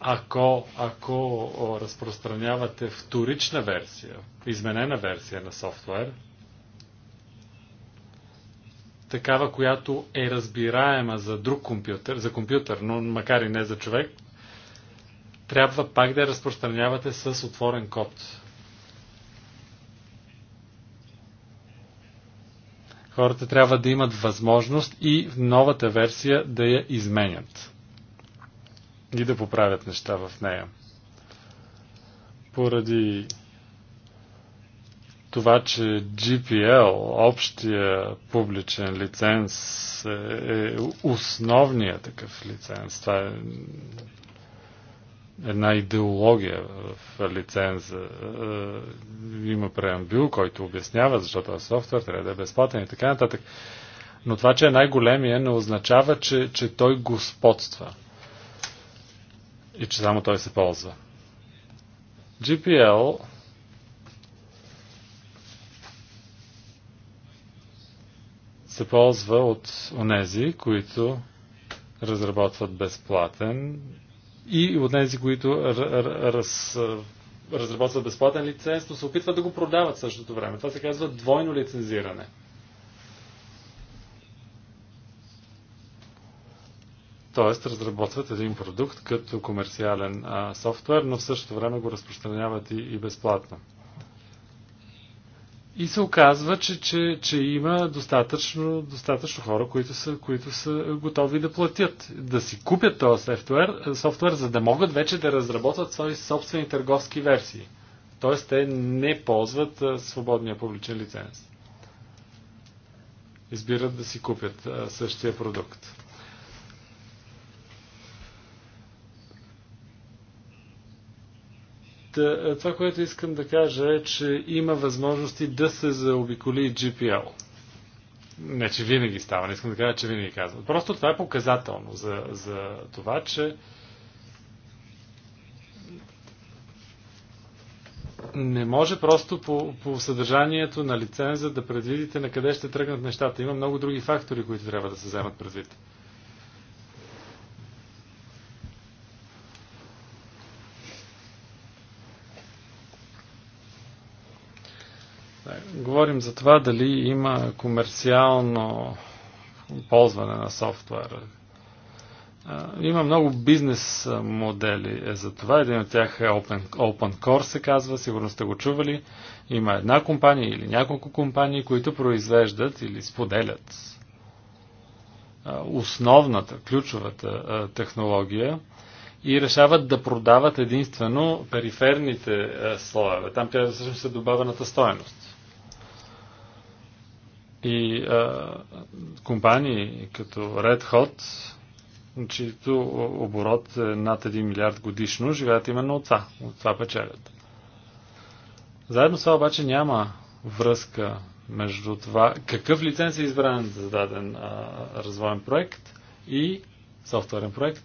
Ако, ако разпространявате вторична версия, изменена версия на софтуер, такава, която е разбираема за друг компютър, за компютър, но макар и не за човек, трябва пак да я разпространявате с отворен код. Хората трябва да имат възможност и в новата версия да я изменят и да поправят неща в нея. Поради това, че GPL, общия публичен лиценз, е, е основният такъв лиценз. Това е една идеология в лиценза. Е, е, има преамбил, който обяснява, защо този софтуер трябва да е безплатен и така нататък. Но това, че е най-големия, не означава, че, че той господства и че само той се ползва. GPL се ползва от онези, които разработват безплатен и от тези, които раз, разработват безплатен лиценз, но се опитват да го продават в същото време. Това се казва двойно лицензиране. Тоест, разработват един продукт като комерциален а, софтуер, но в същото време го разпространяват и, и безплатно. И се оказва, че, че, че има достатъчно, достатъчно хора, които са, които са готови да платят, да си купят този софтуер, софтуер, за да могат вече да разработват свои собствени търговски версии. Тоест, те не ползват свободния публичен лиценз. Избират да си купят същия продукт. Е, това, което искам да кажа е, че има възможности да се заобиколи GPL. Не, че винаги става, не искам да кажа, че винаги казвам. Просто това е показателно за, за това, че не може просто по, по съдържанието на лиценза да предвидите на къде ще тръгнат нещата. Има много други фактори, които трябва да се вземат предвид. Говорим за това дали има комерциално ползване на софтуера. Има много бизнес модели е за това. Един от тях е Open, Open Core, се казва, сигурно сте го чували. Има една компания или няколко компании, които произвеждат или споделят основната, ключовата технология и решават да продават единствено периферните слоеве, там където всъщност е добавената стоеност и а, компании като Red Hot, чието оборот е над 1 милиард годишно, живеят именно от това, от това печелят. Заедно с това обаче няма връзка между това какъв лиценз е избран за даден а, развоен проект и софтуерен проект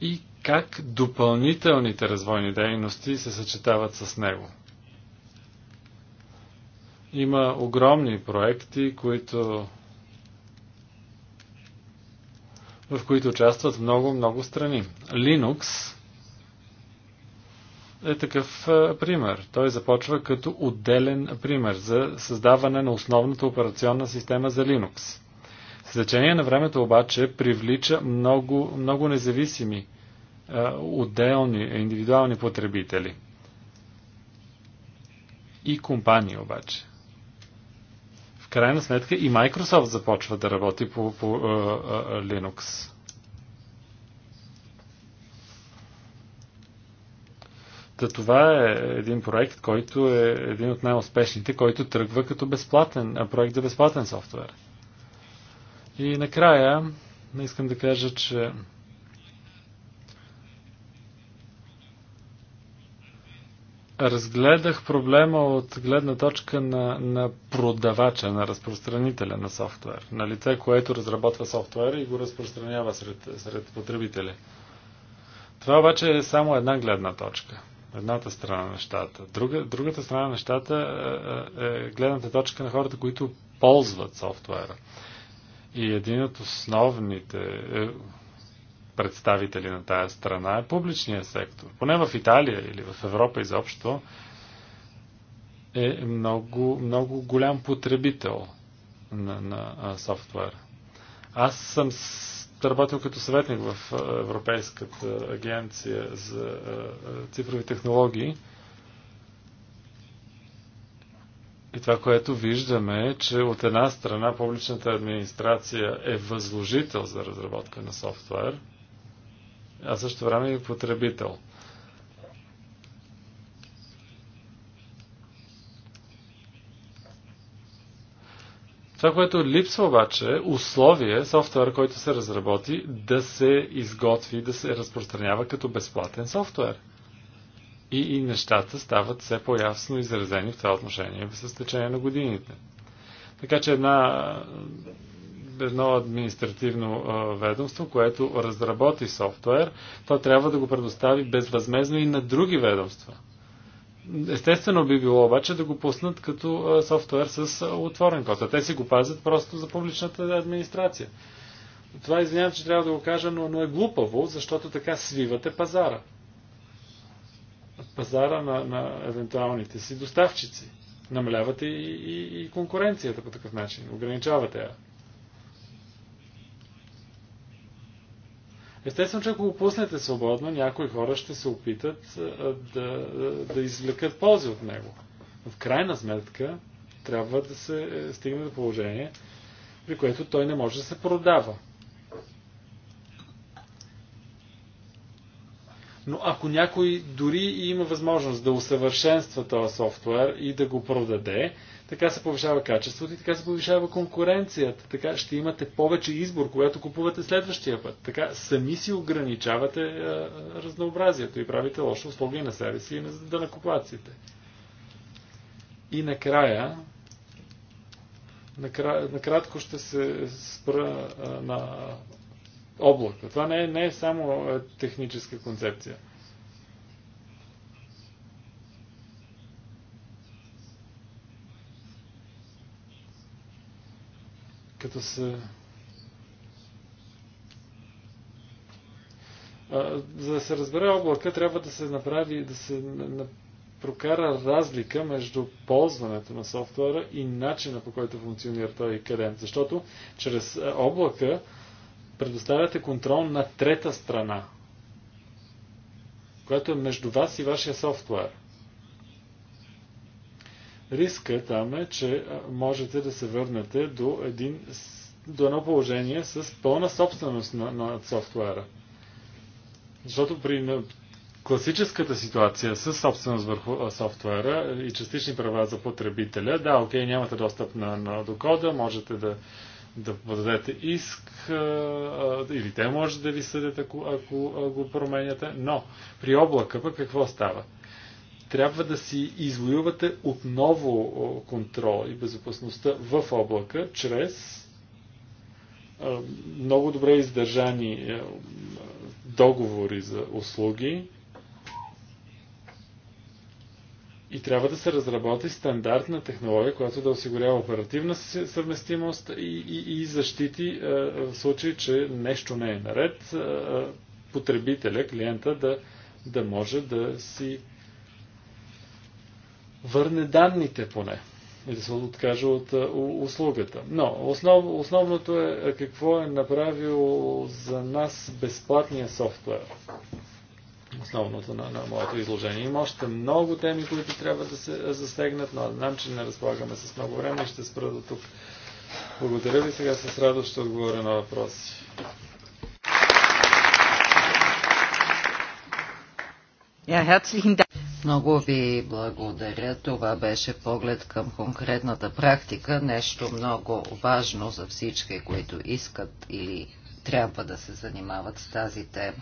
и как допълнителните развойни дейности се съчетават с него. Има огромни проекти, които в които участват много-много страни. Linux е такъв е, пример. Той започва като отделен пример за създаване на основната операционна система за Linux. С течение на времето обаче привлича много, много независими е, отделни, индивидуални потребители. И компании обаче крайна сметка и Microsoft започва да работи по, по а, а, Linux. Та това е един проект, който е един от най-успешните, който тръгва като безплатен, проект за безплатен софтуер. И накрая, искам да кажа, че разгледах проблема от гледна точка на, на продавача, на разпространителя на софтуер, на лице, което разработва софтуер и го разпространява сред, сред потребители. Това обаче е само една гледна точка. Едната страна на нещата. Друга, другата страна на нещата е, е, е гледната точка на хората, които ползват софтуера. И един от основните е, представители на тая страна е публичния сектор. Поне в Италия или в Европа изобщо е много, много голям потребител на, на софтуер. Аз съм работил като съветник в Европейската агенция за цифрови технологии. И това, което виждаме е, че от една страна публичната администрация е възложител за разработка на софтуер – а също време и потребител. Това, което липсва обаче, е условие, софтуер, който се разработи, да се изготви, да се разпространява като безплатен софтуер. И, и нещата стават все по-ясно изразени в това отношение с течение на годините. Така че една едно административно ведомство, което разработи софтуер, то трябва да го предостави безвъзмезно и на други ведомства. Естествено би било обаче да го пуснат като софтуер с отворен код. те си го пазят просто за публичната администрация. Това извинявам, че трябва да го кажа, но, но е глупаво, защото така свивате пазара. Пазара на, на евентуалните си доставчици намалявате и, и, и конкуренцията по такъв начин, ограничавате я. Естествено, че ако го пуснете свободно, някои хора ще се опитат да, да извлекат ползи от него. В крайна сметка, трябва да се е, стигне до положение, при което той не може да се продава. Но ако някой дори има възможност да усъвършенства този софтуер и да го продаде, така се повишава качеството и така се повишава конкуренцията. Така ще имате повече избор, когато купувате следващия път. Така сами си ограничавате а, е, разнообразието и правите лошо услуги на себе си и на данакоплаците. И накрая, накра... накратко ще се спра а, е, на облака. Това не е, не е само е, техническа концепция. като се за да се разбере облака, трябва да се направи, да се прокара разлика между ползването на софтуера и начина по който функционира той и къде. Защото чрез облака предоставяте контрол на трета страна, която е между вас и вашия софтуер – Риска там е, че можете да се върнете до, един, до едно положение с пълна собственост на, на софтуера. Защото при класическата ситуация с собственост върху софтуера и частични права за потребителя, да, окей, нямате достъп на, на докода, можете да, да подадете иск а, или те може да ви съдят, ако, ако го променяте, но при облака пък какво става? трябва да си извоювате отново контрол и безопасността в облака чрез много добре издържани е, договори за услуги и трябва да се разработи стандартна технология, която да осигурява оперативна съвместимост и, и, и защити е, в случай, че нещо не е наред, е, потребителя, клиента да, да може да си върне данните поне и да се откаже от е, услугата. Но основ, основното е, е какво е направил за нас безплатния софтуер. Основното на, на моето изложение. Има още много теми, които трябва да се е, засегнат, но знам, че не разполагаме с много време и ще спра до тук. Благодаря ви сега с радост ще отговоря на въпроси. Много ви благодаря. Това беше поглед към конкретната практика, нещо много важно за всички, които искат или трябва да се занимават с тази тема.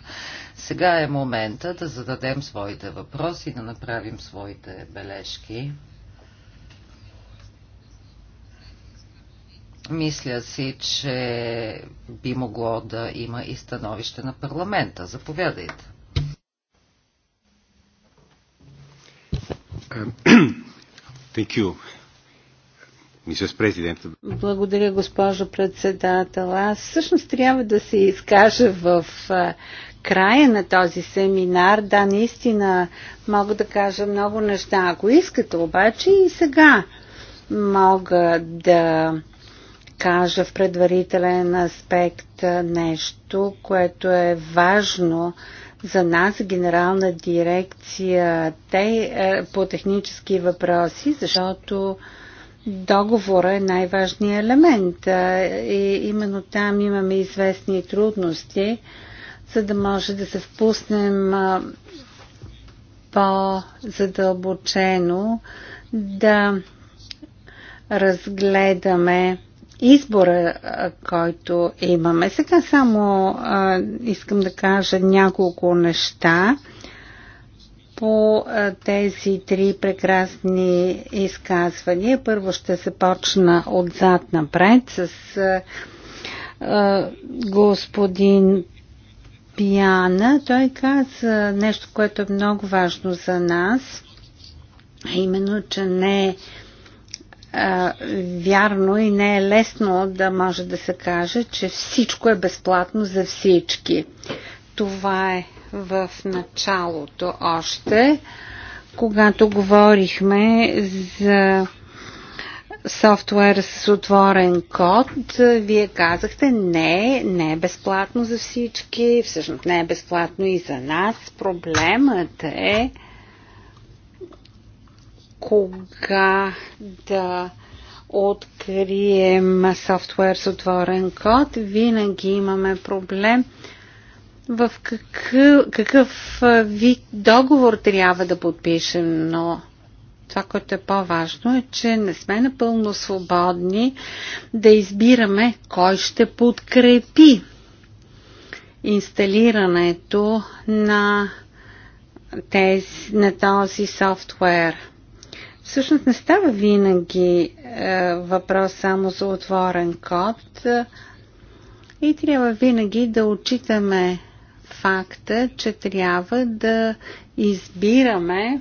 Сега е момента да зададем своите въпроси, да направим своите бележки. Мисля си, че би могло да има и становище на парламента. Заповядайте. [coughs] Thank you. Благодаря, госпожо председател. Аз всъщност трябва да се изкажа в края на този семинар. Да, наистина мога да кажа много неща. Ако искате, обаче и сега мога да кажа в предварителен аспект нещо, което е важно за нас, генерална дирекция те, е, по технически въпроси, защото договора е най-важният елемент е, и именно там имаме известни трудности, за да може да се впуснем е, по-задълбочено да разгледаме избора, който имаме. Сега само а, искам да кажа няколко неща по а, тези три прекрасни изказвания. Първо ще започна отзад напред с а, а, господин Пиана. Той каза нещо, което е много важно за нас, а именно, че не е вярно и не е лесно да може да се каже, че всичко е безплатно за всички. Това е в началото още, когато говорихме за софтуер с отворен код, вие казахте не, не е безплатно за всички, всъщност не е безплатно и за нас. Проблемът е, кога да открием софтуер с отворен код, винаги имаме проблем в какъв, какъв вид договор трябва да подпишем, но това, което е по-важно е, че не сме напълно свободни да избираме кой ще подкрепи инсталирането на, тези, на този софтуер. Всъщност не става винаги е, въпрос само за отворен код е, и трябва винаги да отчитаме факта, че трябва да избираме е,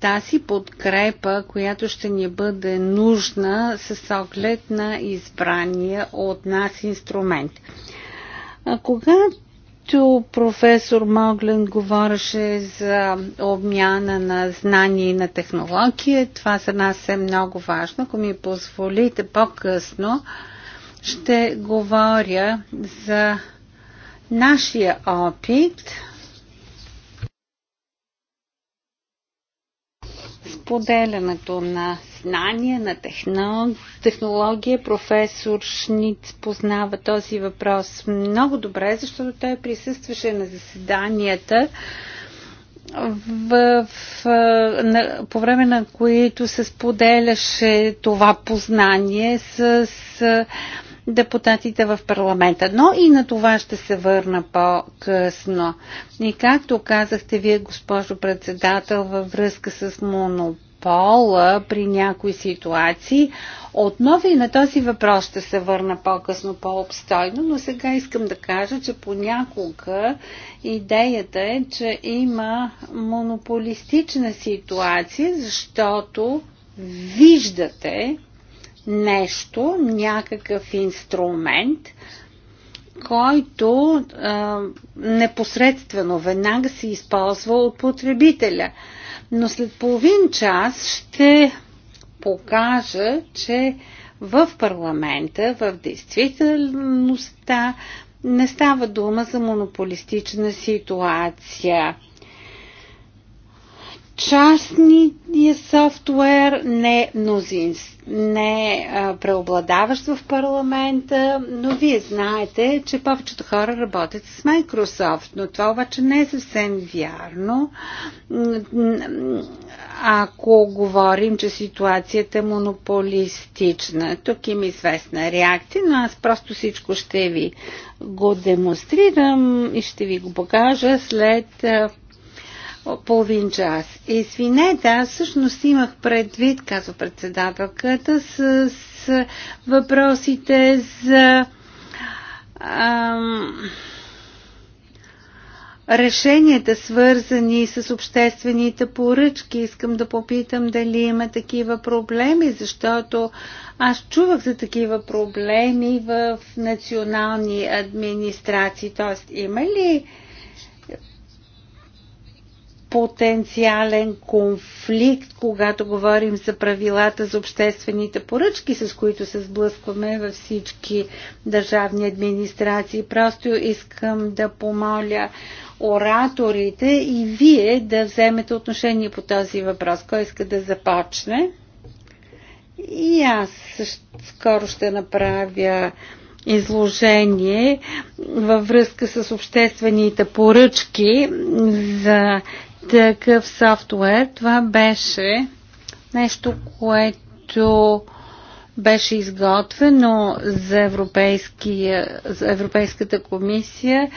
тази подкрепа, която ще ни бъде нужна с оглед на избрания от нас инструмент. А когато Ту професор Моглен говореше за обмяна на знания и на технологии. Това за нас е много важно. Ако ми позволите по-късно, ще говоря за нашия опит – споделянето на знания, на технология. Професор Шниц познава този въпрос много добре, защото той присъстваше на заседанията, в, в, на, по време на които се споделяше това познание с, с депутатите в парламента. Но и на това ще се върна по-късно. И както казахте вие, госпожо председател, във връзка с монопола при някои ситуации, отново и на този въпрос ще се върна по-късно по-обстойно, но сега искам да кажа, че понякога идеята е, че има монополистична ситуация, защото виждате нещо, някакъв инструмент, който а, непосредствено веднага се използва от потребителя. Но след половин час ще покажа, че в парламента, в действителността, не става дума за монополистична ситуация частния софтуер не, мнозин, не а, преобладаващ в парламента, но вие знаете, че повечето хора работят с Microsoft, но това обаче не е съвсем вярно. Ако говорим, че ситуацията е монополистична, тук има известна реакция, но аз просто всичко ще ви го демонстрирам и ще ви го покажа след половин час. Извинете, аз всъщност имах предвид, казва председателката, с, с въпросите за ам, решенията, свързани с обществените поръчки. Искам да попитам дали има такива проблеми, защото аз чувах за такива проблеми в национални администрации. Тоест, има ли потенциален конфликт, когато говорим за правилата за обществените поръчки, с които се сблъскваме във всички държавни администрации. Просто искам да помоля ораторите и вие да вземете отношение по този въпрос. Кой иска да започне? И аз скоро ще направя изложение във връзка с обществените поръчки за такъв софтуер. Това беше нещо, което беше изготвено за, за Европейската комисия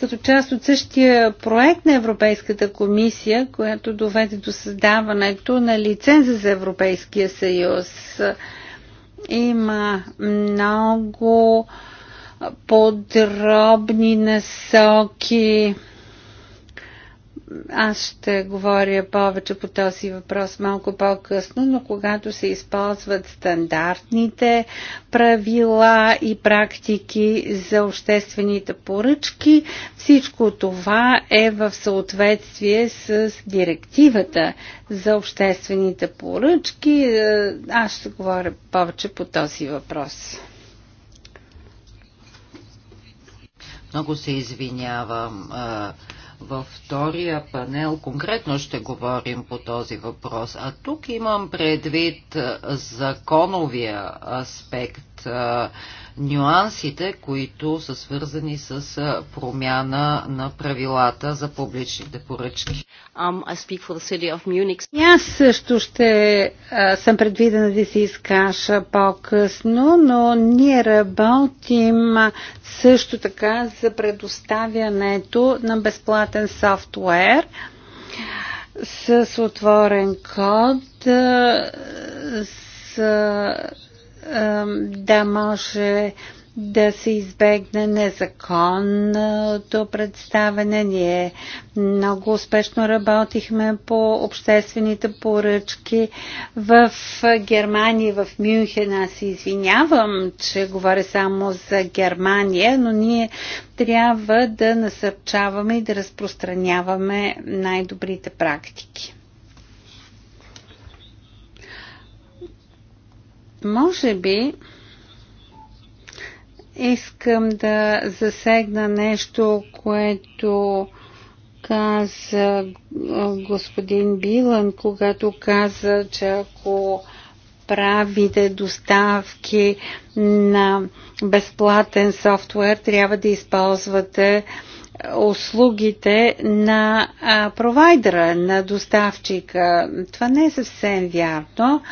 като част от същия проект на Европейската комисия, която доведе до създаването на лиценза за Европейския съюз. Има много подробни насоки аз ще говоря повече по този въпрос малко по-късно, но когато се използват стандартните правила и практики за обществените поръчки, всичко това е в съответствие с директивата за обществените поръчки. Е, аз ще говоря повече по този въпрос. Много се извинявам е, във втория панел конкретно ще говорим по този въпрос. А тук имам предвид законовия аспект нюансите, които са свързани с промяна на правилата за публичните поръчки. Um, Аз също ще а, съм предвидена да се изкажа по-късно, но ние работим също така за предоставянето на безплатен софтуер с отворен код, с да може да се избегне незаконното представене. Ние много успешно работихме по обществените поръчки в Германия, в Мюнхен. Аз се извинявам, че говоря само за Германия, но ние трябва да насърчаваме и да разпространяваме най-добрите практики. Може би искам да засегна нещо, което каза господин Билан, когато каза, че ако правите доставки на безплатен софтуер, трябва да използвате услугите на провайдера, на доставчика. Това не е съвсем вярно.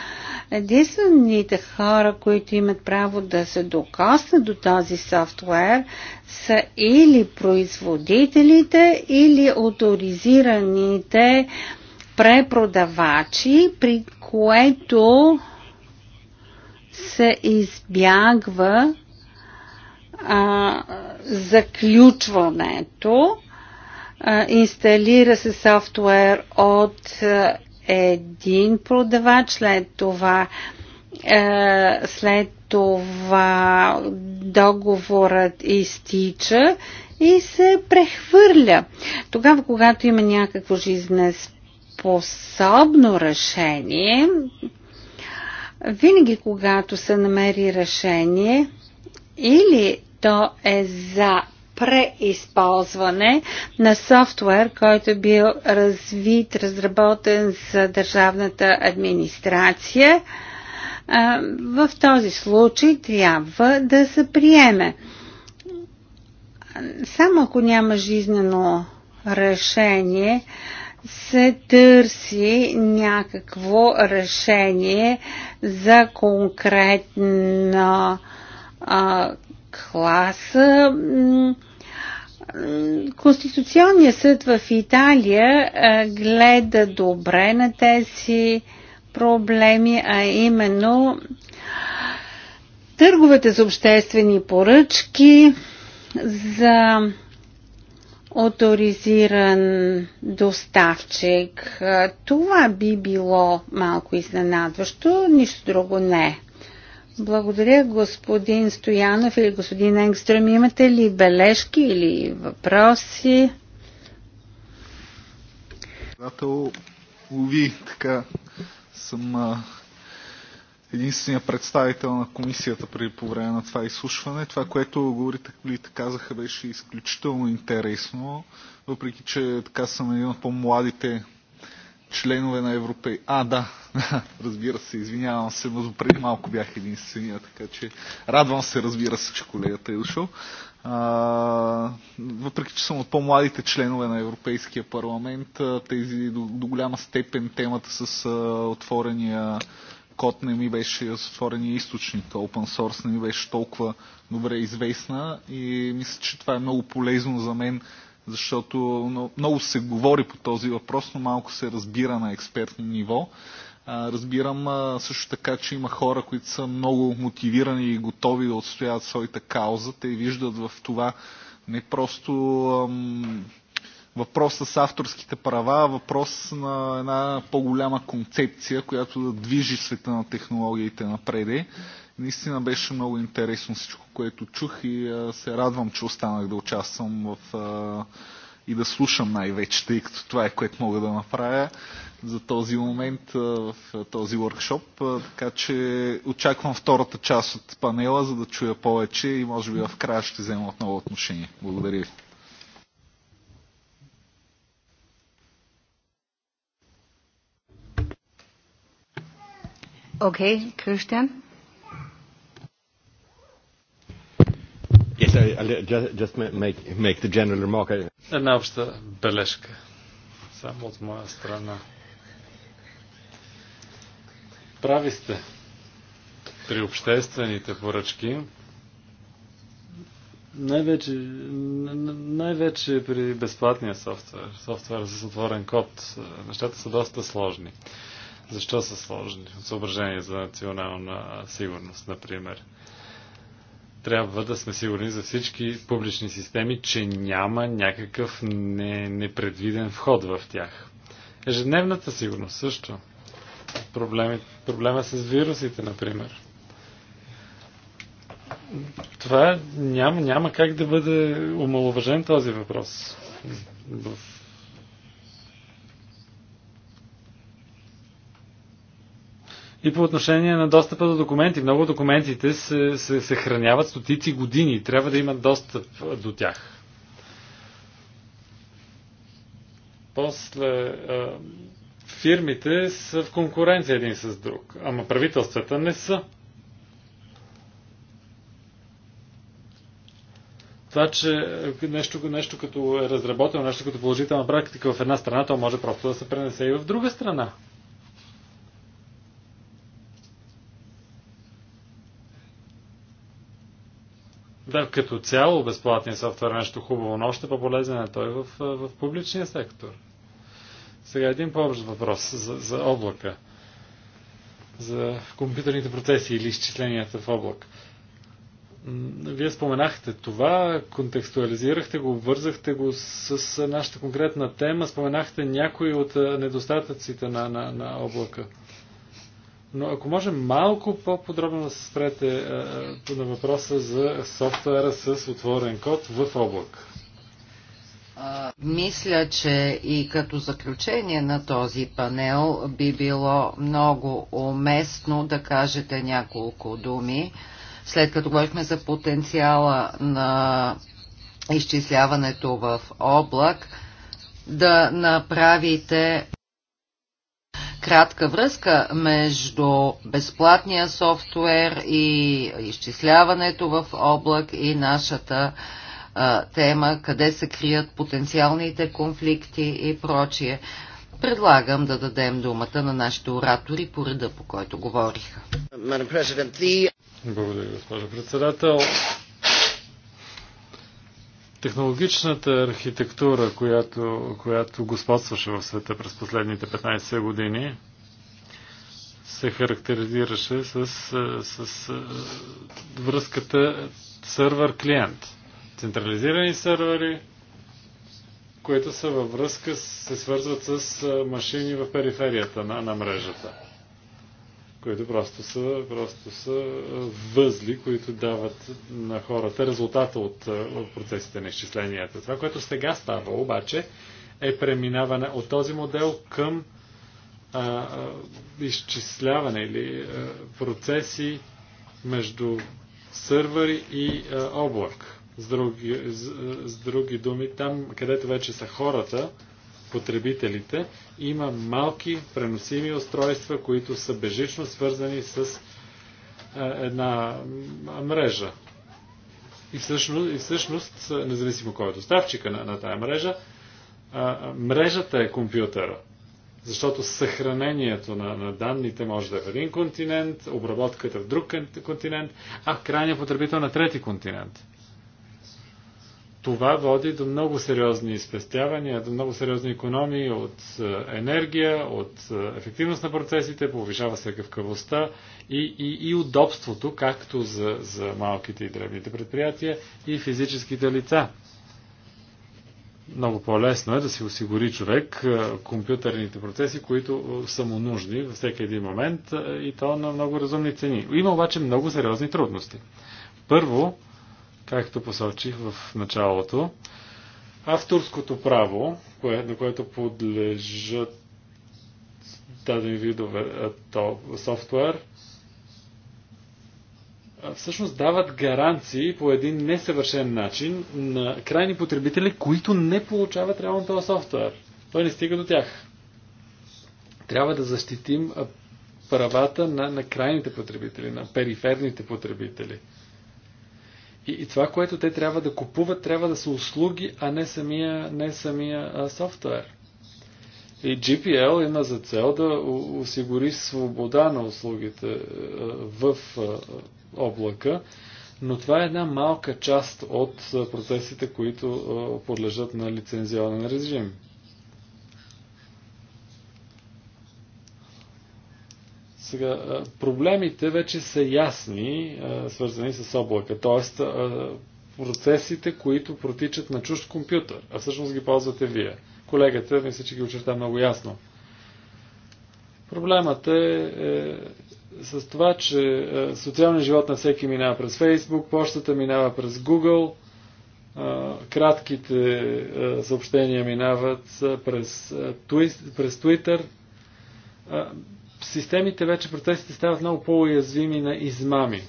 Единствените хора, които имат право да се докоснат до този софтуер, са или производителите, или авторизираните препродавачи, при което се избягва а, заключването. А, инсталира се софтуер от а, един продавач, след това а, след това договорът изтича и се прехвърля. Тогава, когато има някакво жизнеспособно решение, винаги когато се намери решение, или то е за преизползване на софтуер, който е бил развит, разработен за държавната администрация. В този случай трябва да се приеме. Само ако няма жизнено решение, се търси някакво решение за конкретно а, класа. Конституционният съд в Италия а, гледа добре на тези проблеми, а именно търговете за обществени поръчки, за авторизиран доставчик. Това би било малко изненадващо, нищо друго не. Благодаря, господин Стоянов или господин Енгстрем. Имате ли бележки или въпроси? Председател, лови така. Съм а, единствения представител на комисията преди по време на това изслушване. Това, което говорите, казаха, беше изключително интересно, въпреки че така съм един от по-младите членове на Европей... А, да, [laughs] разбира се, извинявам се, но преди малко бях единствения, така че радвам се, разбира се, че колегата е дошъл. А, въпреки, че съм от по-младите членове на Европейския парламент, тези до, до голяма степен темата с а, отворения код не ми беше, с отворения източник, open source не ми беше толкова добре известна и мисля, че това е много полезно за мен защото много се говори по този въпрос, но малко се разбира на експертно ниво. Разбирам също така, че има хора, които са много мотивирани и готови да отстояват своята кауза. Те виждат в това не просто въпрос с авторските права, а въпрос на една по-голяма концепция, която да движи света на технологиите напреде. Наистина беше много интересно всичко, което чух и а, се радвам, че останах да участвам в а, и да слушам най-вече, тъй като това е което мога да направя за този момент в този workshop. Така че очаквам втората част от панела, за да чуя повече и може би в края ще взема отново отношение. Благодаря ви. Okay, Christian. Sorry, just, just make, make the general remark. Една обща бележка. Само от моя страна. Прави сте. При обществените поръчки най-вече, най-вече при безплатния софтуер, софтуер с отворен код, нещата са доста сложни. Защо са сложни? съображение за национална сигурност, например трябва да сме сигурни за всички публични системи, че няма някакъв не, непредвиден вход в тях. Ежедневната сигурност също. Проблеми, проблема с вирусите, например. Това няма, няма как да бъде омалуважен този въпрос в И по отношение на достъпа до документи. Много документите се, се, се храняват стотици години и трябва да имат достъп до тях. После фирмите са в конкуренция един с друг, ама правителствата не са. Това, че нещо, нещо като е разработено, нещо като положителна практика в една страна, то може просто да се пренесе и в друга страна. Да, като цяло безплатният софтуер е нещо хубаво, но още по-полезен е той в, в публичния сектор. Сега един по-общ въпрос за, за облака. За компютърните процеси или изчисленията в облак. Вие споменахте това, контекстуализирахте го, вързахте го с, с нашата конкретна тема, споменахте някои от недостатъците на, на, на облака. Но ако може малко по-подробно да се спрете е, е, на въпроса за софтуера с отворен код в облак. Мисля, че и като заключение на този панел би било много уместно да кажете няколко думи, след като говорихме за потенциала на изчисляването в облак, да направите кратка връзка между безплатния софтуер и изчисляването в облак и нашата а, тема, къде се крият потенциалните конфликти и прочие. Предлагам да дадем думата на нашите оратори по реда, по който говориха. Благодаря, госпожо председател. Технологичната архитектура, която, която господстваше в света през последните 15 години, се характеризираше с, с, с връзката сървър-клиент. Централизирани сървъри, които са във връзка, се свързват с машини в периферията на, на мрежата които просто са, просто са възли, които дават на хората резултата от процесите на изчисленията. Това, което сега става обаче, е преминаване от този модел към а, изчисляване или а, процеси между сървъри и а, облак. С други, с, с други думи, там, където вече са хората, потребителите, има малки преносими устройства, които са бежично свързани с е, една мрежа. И всъщност, и всъщност независимо кой е доставчика на, на тая мрежа, е, мрежата е компютъра. Защото съхранението на, на данните може да е в един континент, обработката в друг континент, а крайният потребител на трети континент това води до много сериозни спестявания, до много сериозни економии от е, енергия, от е, ефективност на процесите, повишава се гъвкавостта и, и, и удобството, както за, за малките и древните предприятия и физическите лица. Много по-лесно е да си осигури човек е, компютърните процеси, които са му нужни във всеки един момент и то на много разумни цени. Има обаче много сериозни трудности. Първо, Както посочих в началото, авторското право, кое, на което подлежат дадени видове софтуер, всъщност дават гаранции по един несъвършен начин на крайни потребители, които не получават реално този софтуер. Той не стига до тях. Трябва да защитим правата на, на крайните потребители, на периферните потребители – и, и това, което те трябва да купуват, трябва да са услуги, а не самия, не самия а, софтуер. И GPL има за цел да осигури свобода на услугите е, в е, облака, но това е една малка част от е, процесите, които подлежат на лицензионен режим. Сега, проблемите вече са ясни, свързани с облака, т.е. процесите, които протичат на чужд компютър, а всъщност ги ползвате вие. Колегата, мисля, че ги очерта много ясно. Проблемът е, е с това, че е, социалният живот на всеки минава през Фейсбук, почтата минава през Google, е, кратките е, съобщения минават е, през, е, през Twitter системите вече процесите стават много по-уязвими на измами.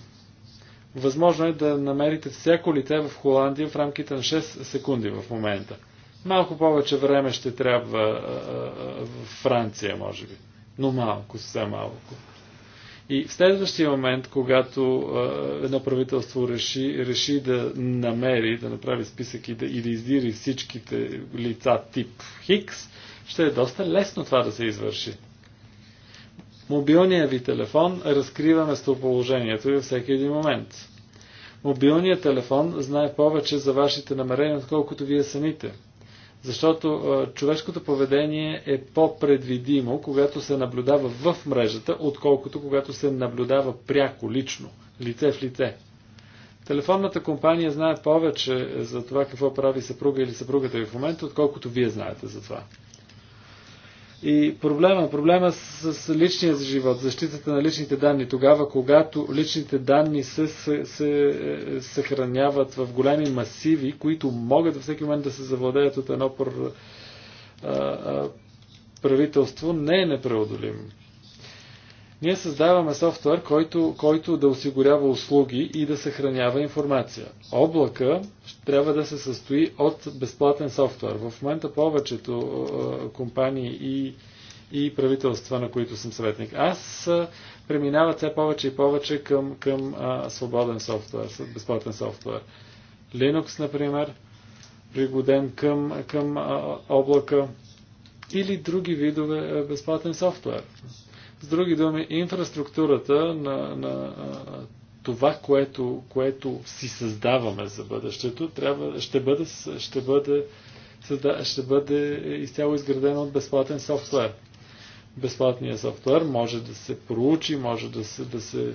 Възможно е да намерите всяко лице в Холандия в рамките на 6 секунди в момента. Малко повече време ще трябва в Франция, може би. Но малко, съвсем малко. И в следващия момент, когато едно правителство реши, реши да намери, да направи списък и да, и да издири всичките лица тип Хикс, ще е доста лесно това да се извърши. Мобилният ви телефон разкрива местоположението ви във всеки един момент. Мобилният телефон знае повече за вашите намерения, отколкото вие самите. Защото а, човешкото поведение е по-предвидимо, когато се наблюдава в мрежата, отколкото когато се наблюдава пряко, лично, лице в лице. Телефонната компания знае повече за това какво прави съпруга или съпругата ви в момента, отколкото вие знаете за това. И проблема, проблема с, с личния живот, защитата на личните данни, тогава когато личните данни се, се, се е, съхраняват в големи масиви, които могат във всеки момент да се завладеят от едно пр, а, а, правителство, не е непреодолим ние създаваме софтуер, който, който да осигурява услуги и да съхранява информация. Облака трябва да се състои от безплатен софтуер. В момента повечето е, компании и, и правителства, на които съм съветник, аз а, преминават все повече и повече към, към а, свободен софтуер, безплатен софтуер. Linux, например, пригоден към, към а, облака или други видове безплатен софтуер. С други думи, инфраструктурата на, на това, което, което си създаваме за бъдещето, трябва, ще бъде, ще бъде, създа, ще бъде изцяло изградено от безплатен софтуер. Безплатният софтуер може да се проучи, може да се, да се,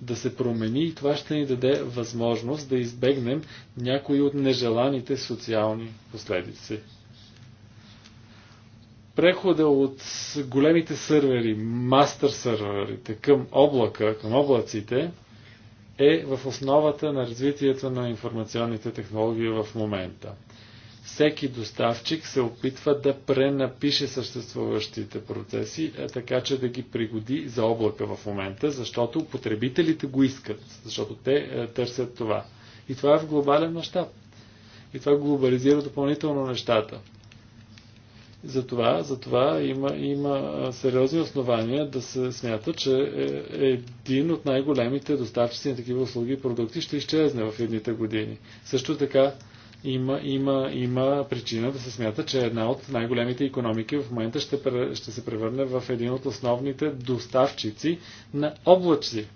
да се промени и това ще ни даде възможност да избегнем някои от нежеланите социални последици прехода от големите сървъри, мастер сървърите към облака, към облаците, е в основата на развитието на информационните технологии в момента. Всеки доставчик се опитва да пренапише съществуващите процеси, е, така че да ги пригоди за облака в момента, защото потребителите го искат, защото те е, търсят това. И това е в глобален мащаб. И това глобализира допълнително нещата. Затова, затова има, има сериозни основания да се смята, че е, е един от най-големите доставчици на такива услуги и продукти ще изчезне в едните години. Също така има, има, има причина да се смята, че една от най-големите економики в момента ще, ще се превърне в един от основните доставчици на облаци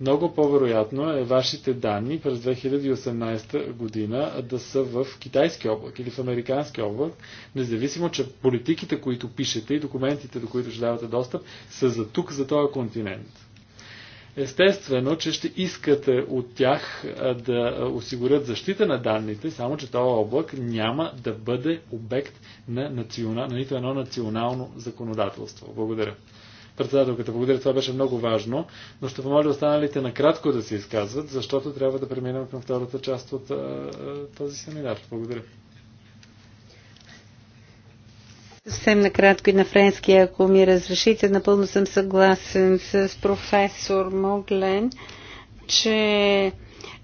много по-вероятно е вашите данни през 2018 година да са в китайски облак или в американски облак, независимо, че политиките, които пишете и документите, до които ще давате достъп, са за тук, за този континент. Естествено, че ще искате от тях да осигурят защита на данните, само че този облак няма да бъде обект на, национа... на нито едно национално законодателство. Благодаря. Председателката, благодаря, това беше много важно, но ще помоля останалите накратко да се изказват, защото трябва да преминем към втората част от а, този семинар. Благодаря. Съвсем накратко и на френски, ако ми разрешите, напълно съм съгласен с професор Моглен, че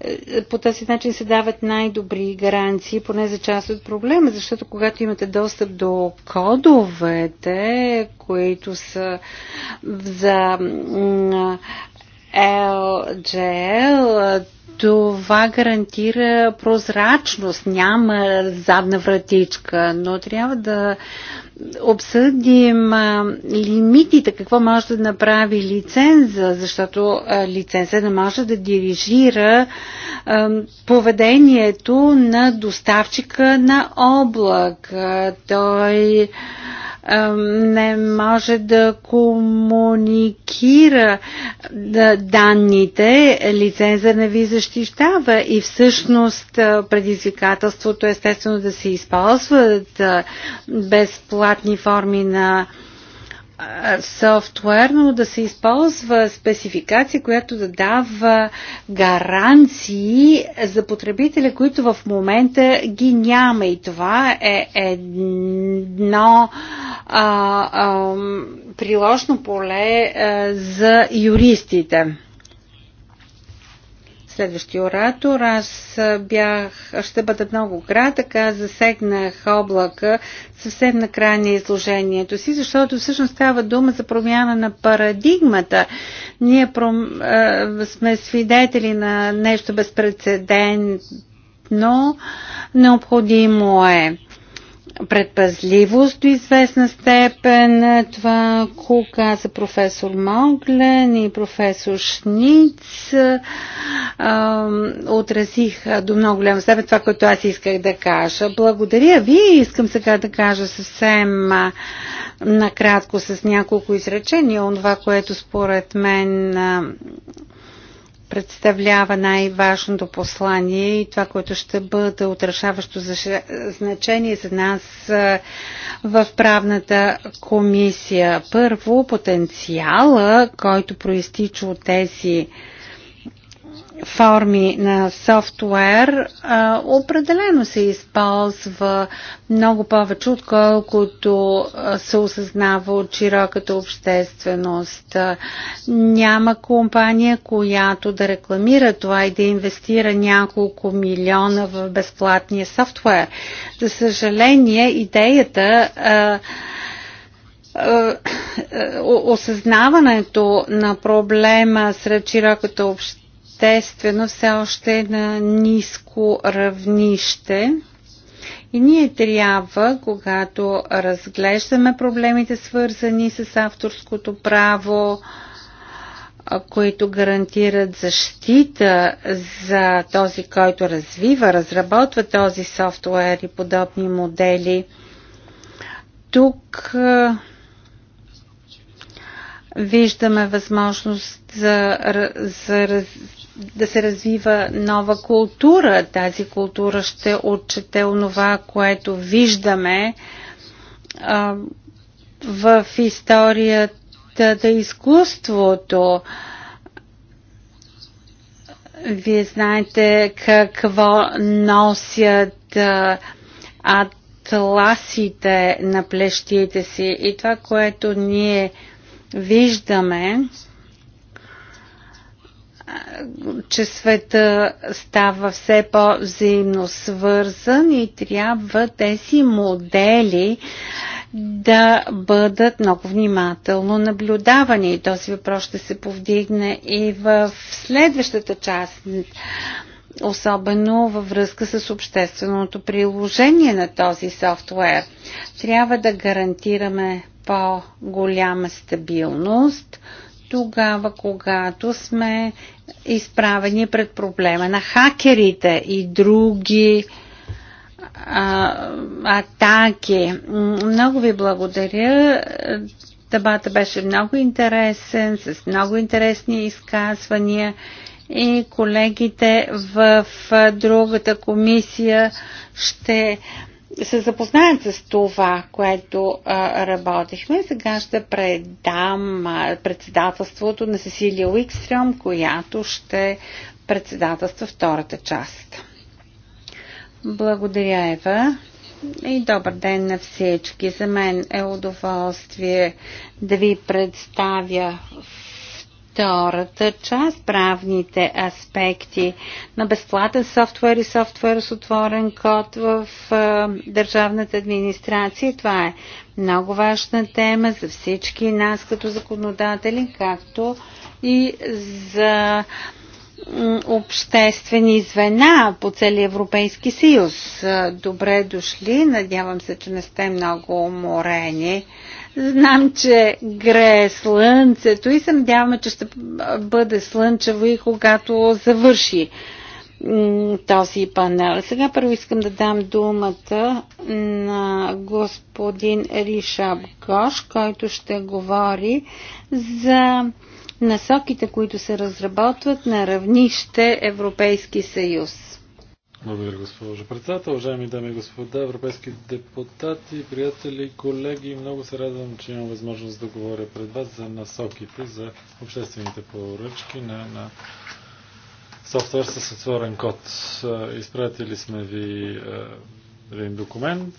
е, по този начин се дават най-добри гаранции, поне за част от проблема, защото когато имате достъп до кодовете, които са за LGL, това гарантира прозрачност, няма задна вратичка, но трябва да обсъдим лимитите, какво може да направи лиценза, защото лиценза не може да дирижира поведението на доставчика на облак. Той не може да комуникира данните, лиценза не ви защищава и всъщност предизвикателството естествено да се използват безплатни форми на софтуер, но да се използва спецификация, която да дава гаранции за потребителя, които в момента ги няма. И това е едно а, а, приложно поле а, за юристите. Следващия оратор. Аз бях, ще бъда много кратък, аз засегнах облака съвсем на края на изложението си, защото всъщност става дума за промяна на парадигмата. Ние пром, сме свидетели на нещо безпредседентно, необходимо е предпазливост до известна степен. Това, ко каза професор Мауглен и професор Шниц, а, отразих до много голяма степен това, което аз исках да кажа. Благодаря ви. Искам сега да кажа съвсем накратко с няколко изречения, това, което според мен представлява най-важното послание и това, което ще бъде отрешаващо значение за нас в правната комисия. Първо, потенциала, който проистича от тези форми на софтуер а, определено се използва много повече, отколкото се осъзнава от широката общественост. Няма компания, която да рекламира това и да инвестира няколко милиона в безплатния софтуер. За съжаление, идеята а, осъзнаването на проблема сред широката общественост естествено все още е на ниско равнище. И ние трябва, когато разглеждаме проблемите, свързани с авторското право, които гарантират защита за този, който развива, разработва този софтуер и подобни модели. Тук виждаме възможност за, за, да се развива нова култура. Тази култура ще отчете онова, което виждаме в историята на изкуството. Вие знаете какво носят атласите на плещите си и това, което ние виждаме че света става все по-взаимно свързан и трябва тези модели да бъдат много внимателно наблюдавани. И този въпрос ще се повдигне и в следващата част, особено във връзка с общественото приложение на този софтуер. Трябва да гарантираме по-голяма стабилност – тогава, когато сме изправени пред проблема на хакерите и други а, атаки. Много ви благодаря. Дебата беше много интересен, с много интересни изказвания и колегите в другата комисия ще се запознаят с това, което а, работихме. Сега ще предам а, председателството на Сесилия Уикстрем, която ще председателства втората част. Благодаря, Ева. И добър ден на всички. За мен е удоволствие да ви представя втората част, правните аспекти на безплатен софтуер и софтуер с отворен код в е, държавната администрация. Това е много важна тема за всички нас като законодатели, както и за обществени звена по целия Европейски съюз. Добре дошли, надявам се, че не сте много уморени. Знам, че грее слънцето и се надяваме, че ще бъде слънчево и когато завърши този панел. Сега първо искам да дам думата на господин Ришаб Гош, който ще говори за насоките, които се разработват на равнище Европейски съюз. Благодаря, госпожо председател. Уважаеми дами и господа, европейски депутати, приятели, колеги, много се радвам, че имам възможност да говоря пред вас за насоките за обществените поръчки на, на софтуер с отворен код. Изпратили сме ви е, един документ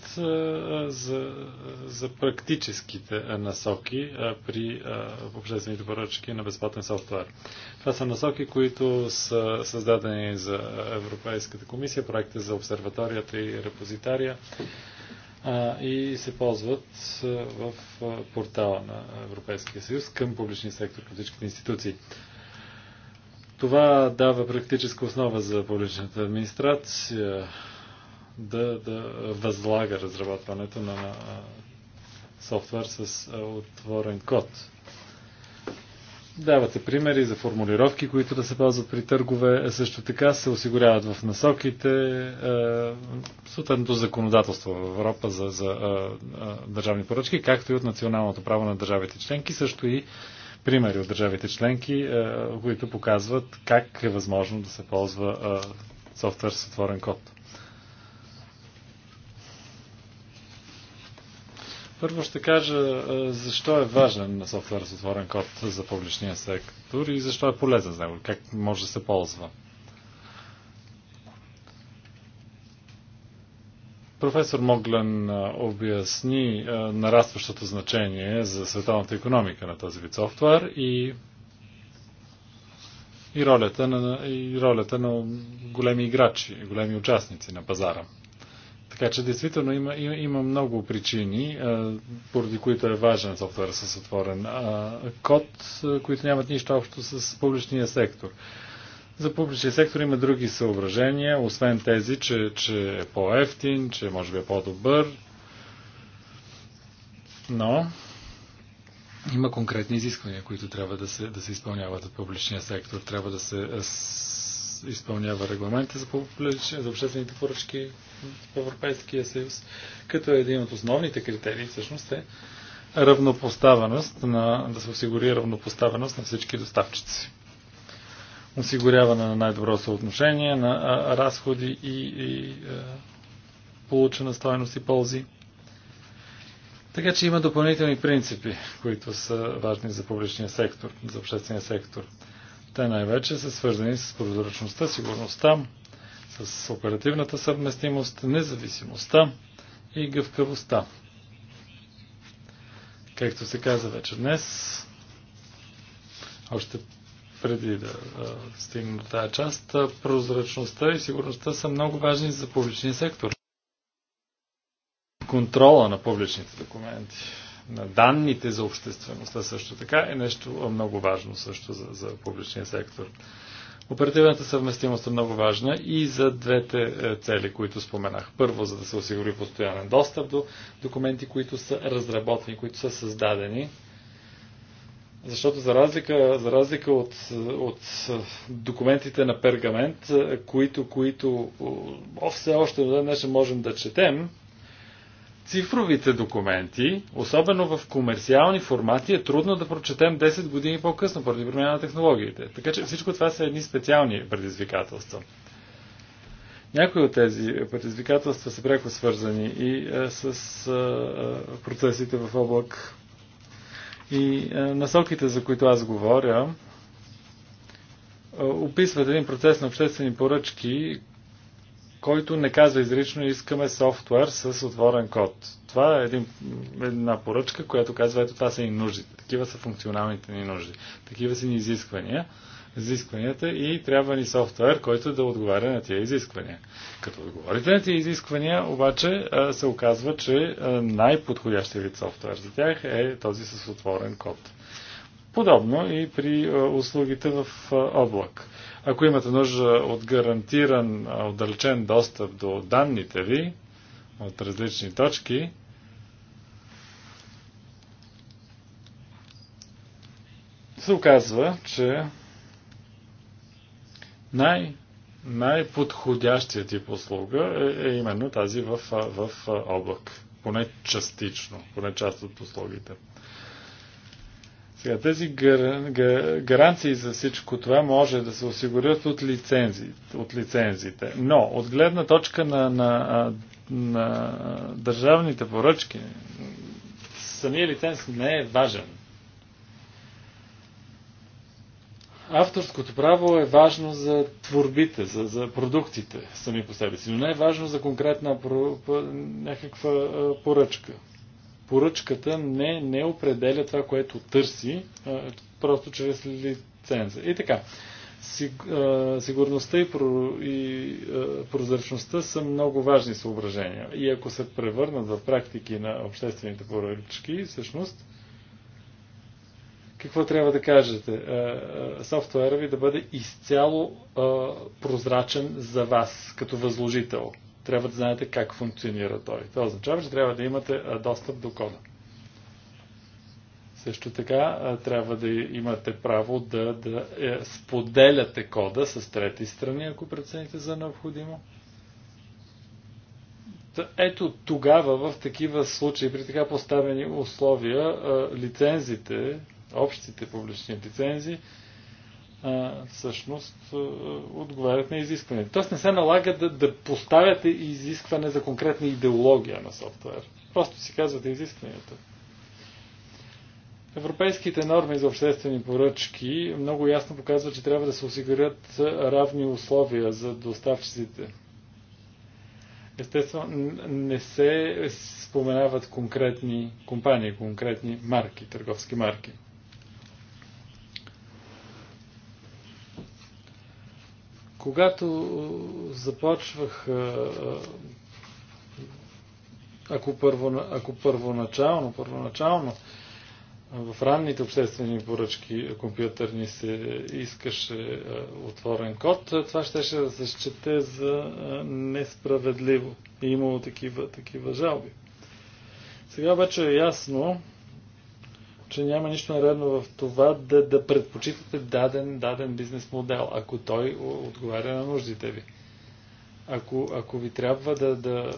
за, за практическите насоки при обществените поръчки на безплатен софтуер. Това са насоки, които са създадени за Европейската комисия, проекта за обсерваторията и репозитария и се ползват в портала на Европейския съюз към публичния сектор, към всичките институции. Това дава практическа основа за публичната администрация да, да възлага разработването на софтуер с отворен код. Давате примери за формулировки, които да се ползват при търгове. Е, също така се осигуряват в насоките съответното законодателство в Европа за, за а, а, държавни поръчки, както и от националното право на държавите членки, също и примери от държавите членки, а, които показват как е възможно да се ползва софтуер с отворен код. Първо ще кажа защо е важен софтуер с отворен код за публичния сектор и защо е полезен за него, как може да се ползва. Професор Моглен обясни нарастващото значение за световната економика на този вид софтуер и, и, ролята на, и ролята на големи играчи, големи участници на пазара така че действително има, има, има много причини, а, поради които е важен софтуер с отворен а, код, които нямат нищо общо с публичния сектор. За публичния сектор има други съображения, освен тези, че, че е по-ефтин, че може би е по-добър. Но има конкретни изисквания, които трябва да се, да се изпълняват от публичния сектор. Трябва да се изпълнява регламента за, публич... за обществените поръчки в Европейския съюз, като един от основните критерии всъщност е равнопоставеност на, да се осигури равнопоставеност на всички доставчици. Осигуряване на най-добро съотношение на разходи и, и получена стоеност и ползи. Така че има допълнителни принципи, които са важни за публичния сектор, за обществения сектор. Те най-вече са свързани с прозрачността, сигурността, с оперативната съвместимост, независимостта и гъвкавостта. Както се каза вече днес, още преди да стигна до тази част, прозрачността и сигурността са много важни за публичния сектор. Контрола на публичните документи на данните за обществеността също така е нещо много важно също за, за публичния сектор. Оперативната съвместимост е много важна и за двете е, цели, които споменах. Първо, за да се осигури постоянен достъп до документи, които са разработени, които са създадени. Защото за разлика, за разлика от, от е, документите на пергамент, е, които, които все още до днес можем да четем, цифровите документи, особено в комерциални формати, е трудно да прочетем 10 години по-късно, поради промяна на технологиите. Така че всичко това са едни специални предизвикателства. Някои от тези предизвикателства са пряко свързани и е, с е, е, процесите в облак. И насоките, за които аз говоря, описват един процес на обществени поръчки, който не казва изрично искаме софтуер с отворен код. Това е един, една поръчка, която казва ето това са ни нуждите. Такива са функционалните ни нужди. Такива са ни изисквания изискванията и трябва ни софтуер, който да отговаря на тия изисквания. Като отговорите на тия изисквания, обаче се оказва, че най подходящият вид софтуер за тях е този с отворен код. Подобно и при е, услугите в е, облак. Ако имате нужда от гарантиран е, отдалечен достъп до данните ви от различни точки, се оказва, че най- най-подходящия тип услуга е, е именно тази в, в облак. Поне частично, поне част от услугите. Сега, тези гар... гаранции за всичко това може да се осигурят от, лицензи, от лицензите. Но от гледна точка на, на, на държавните поръчки, самия лиценз не е важен. Авторското право е важно за творбите, за, за продуктите сами по себе си, но не е важно за конкретна про... някаква поръчка поръчката не, не определя това, което търси, а, просто чрез лиценза. И така. Сиг, а, сигурността и, про, и а, прозрачността са много важни съображения. И ако се превърнат в практики на обществените поръчки, всъщност, какво трябва да кажете? Софтуера ви да бъде изцяло прозрачен за вас, като възложител трябва да знаете как функционира той. Това означава, че трябва да имате достъп до кода. Също така трябва да имате право да, да е, споделяте кода с трети страни, ако прецените за необходимо. Ето тогава в такива случаи, при така поставени условия, лицензите, общите публични лицензи, всъщност отговарят на изискването. Тоест не се налага да, да поставяте изискване за конкретна идеология на софтуер. Просто си казвате изискванията. Европейските норми за обществени поръчки много ясно показват, че трябва да се осигурят равни условия за доставчиците. Естествено, не се споменават конкретни компании, конкретни марки, търговски марки. Когато започвах, ако, първо, ако първоначално, първоначално в ранните обществени поръчки компютърни се искаше отворен код, това щеше да се счете за несправедливо. И имало такива, такива жалби. Сега вече е ясно, че няма нищо наредно в това да, да предпочитате даден, даден бизнес модел, ако той отговаря на нуждите ви. Ако, ако ви трябва да, да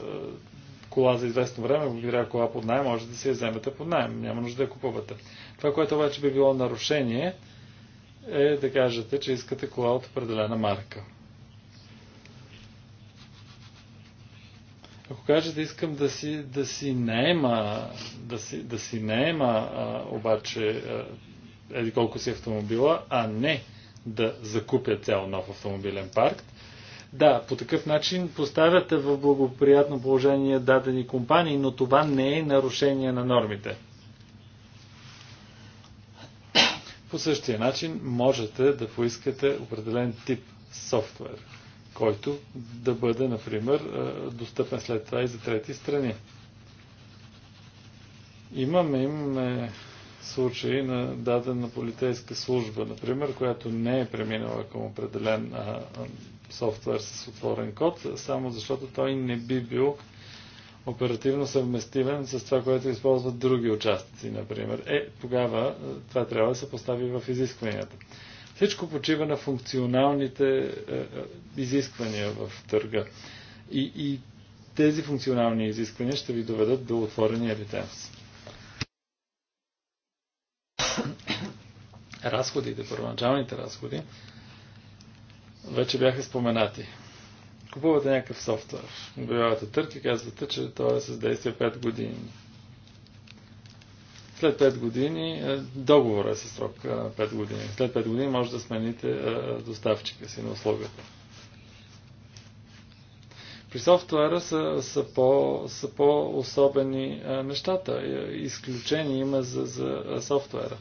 кола за известно време, ако ви трябва кола под найем, може да си я вземете под найем. Няма нужда да купувате. Това, което обаче би било нарушение, е да кажете, че искате кола от определена марка. Ако кажете, искам да си, да си наема, да си, да си наема а, обаче еди колко си автомобила, а не да закупя цял нов автомобилен парк, да, по такъв начин поставяте в благоприятно положение дадени компании, но това не е нарушение на нормите. По същия начин можете да поискате определен тип софтуер който да бъде, например, достъпен след това и за трети страни. Имаме, имаме случаи на дадена полицейска служба, например, която не е преминала към определен а, софтуер с отворен код, само защото той не би бил оперативно съвместимен с това, което използват други участници, например. Е, тогава това трябва да се постави в изискванията. Всичко почива на функционалните е, е, изисквания в търга. И, и тези функционални изисквания ще ви доведат до отворения ретенс. Разходите, първоначалните разходи, вече бяха споменати. Купувате някакъв софтуер, обявявате търки, казвате, че това е с действие 5 години след 5 години, е, договора е със срок 5 е, години. След 5 години може да смените е, доставчика си на услугата. При софтуера са, са, по, са по-особени нещата. Изключение има за, за софтуера.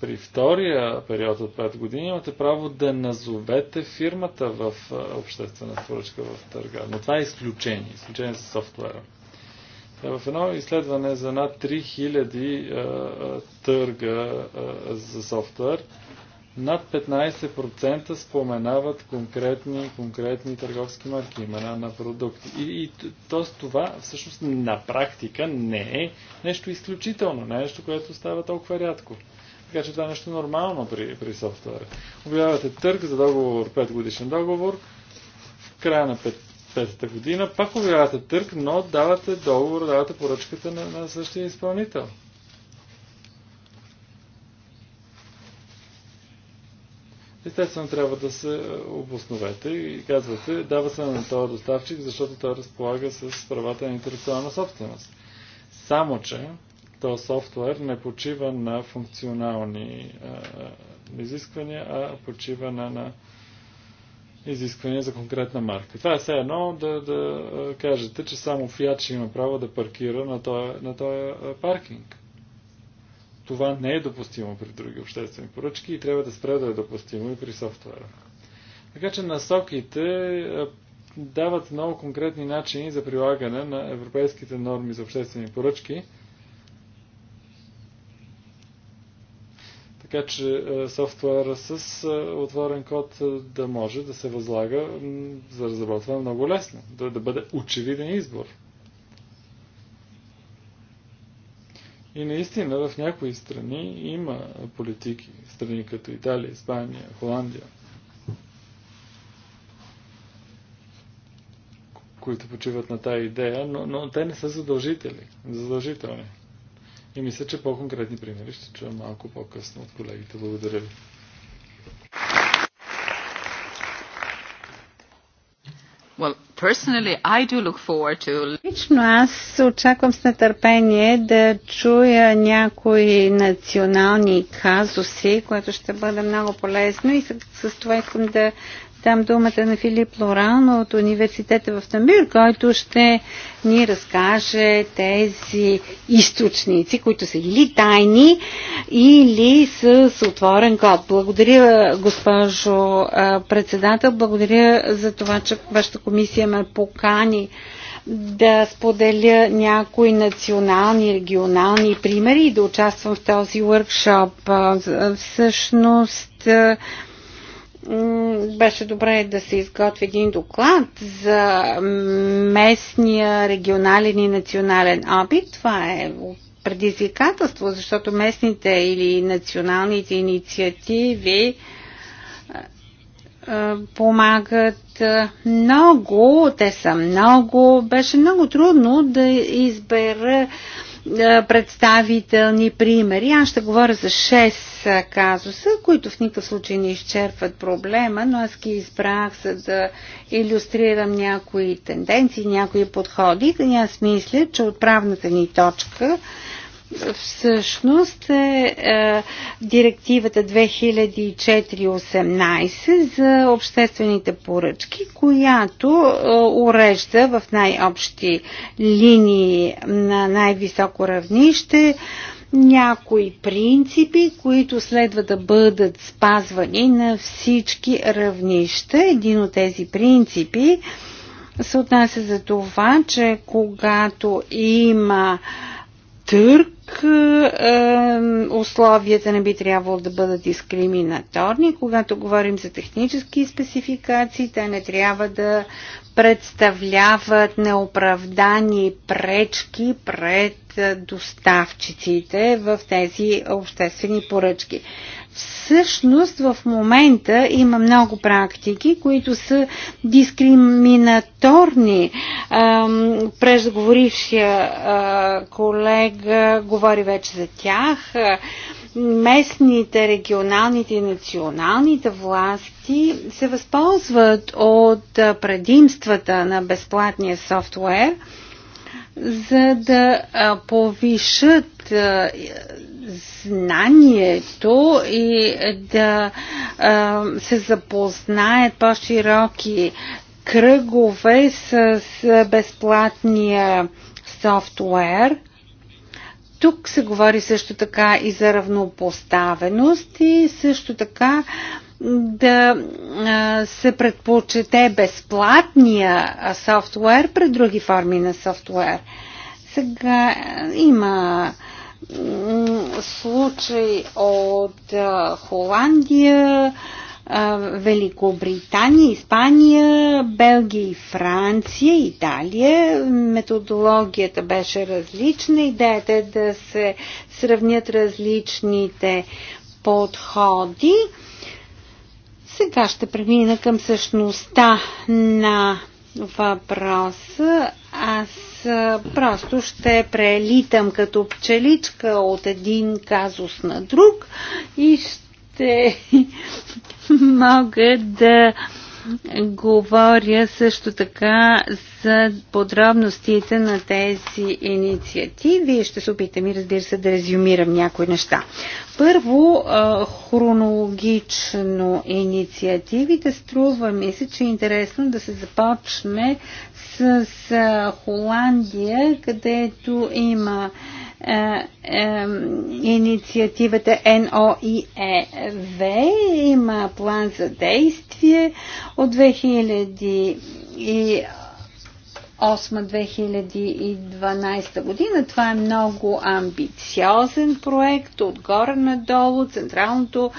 При втория период от 5 години имате право да назовете фирмата в обществена поръчка в търга. Но това е изключение. Изключение за софтуера. Е, в едно изследване за над 3000 е, е, търга за софтуер, над 15% споменават конкретни, конкретни търговски марки, имена на продукти. И, и т.е. това всъщност на практика не е нещо изключително, нещо, което става толкова рядко. Така че това е нещо нормално при, при софтуера. Обявявате търг за договор, 5 годишен договор. В края на 5 петата година, пак обявявате търг, но давате договор, давате поръчката на, на същия изпълнител. Естествено, трябва да се е, обосновете и казвате, дава се на този доставчик, защото той разполага с правата на интелектуална собственост. Само, че този софтуер не почива на функционални а, е, е, изисквания, а почива на, на изисквания за конкретна марка. Това е все едно да, да кажете, че само Фиат ще има право да паркира на този, на този паркинг. Това не е допустимо при други обществени поръчки и трябва да спре да е допустимо и при софтуера. Така че насоките дават много конкретни начини за прилагане на европейските норми за обществени поръчки – Така че е, софтуер с е, отворен код е, да може да се възлага за разработване много лесно, да, да бъде очевиден избор. И наистина в някои страни има политики, страни като Италия, Испания, Холандия, които почиват на тази идея, но, но те не са задължители, задължителни. И мисля, че по-конкретни примери ще чуем малко по-късно от колегите. Благодаря ви. Well, personally, I do look forward to... Лично аз очаквам с нетърпение да чуя някои национални казуси, което ще бъде много полезно и с, с това искам да дам думата на Филип Лоран от университета в Тамбир, който ще ни разкаже тези източници, които са или тайни, или с отворен код. Благодаря, госпожо председател, благодаря за това, че вашата комисия ме покани да споделя някои национални, регионални примери и да участвам в този въркшоп Всъщност, беше добре да се изготви един доклад за местния, регионален и национален опит. Това е предизвикателство, защото местните или националните инициативи е, помагат е, много, те са много. Беше много трудно да избера е, представителни примери. Аз ще говоря за 6 е, казуса, които в никакъв случай не изчерпват проблема, но аз ги избрах за да иллюстрирам някои тенденции, някои подходи. И аз мисля, че отправната ни точка всъщност е, е директивата 2004-18 за обществените поръчки, която е, урежда в най-общи линии на най-високо равнище някои принципи, които следва да бъдат спазвани на всички равнища. Един от тези принципи се отнася за това, че когато има търк, условията не би трябвало да бъдат дискриминаторни. Когато говорим за технически спецификации, те не трябва да представляват неоправдани пречки пред доставчиците в тези обществени поръчки. Всъщност в момента има много практики, които са дискриминаторни. Преждоговорившия колега говори вече за тях. Местните, регионалните и националните власти се възползват от предимствата на безплатния софтуер, за да повишат знанието и да а, се запознаят по-широки кръгове с, с безплатния софтуер. Тук се говори също така и за равнопоставеност и също така да се предпочете безплатния софтуер пред други форми на софтуер. Сега има случай от Холандия, Великобритания, Испания, Белгия и Франция, Италия. Методологията беше различна. Идеята е да се сравнят различните подходи. Сега ще премина към същността на въпроса. Аз просто ще прелитам като пчеличка от един казус на друг и ще [laughs] мога да говоря също така за подробностите на тези инициативи. Ще се опитам и разбира се да резюмирам някои неща. Първо, хронологично инициативите струва ми се, че е интересно да се започне с Холандия, където има е, е, инициативата NOIEV, има план за действие от 2008 2012 година. Това е много амбициозен проект, отгоре надолу, централното е,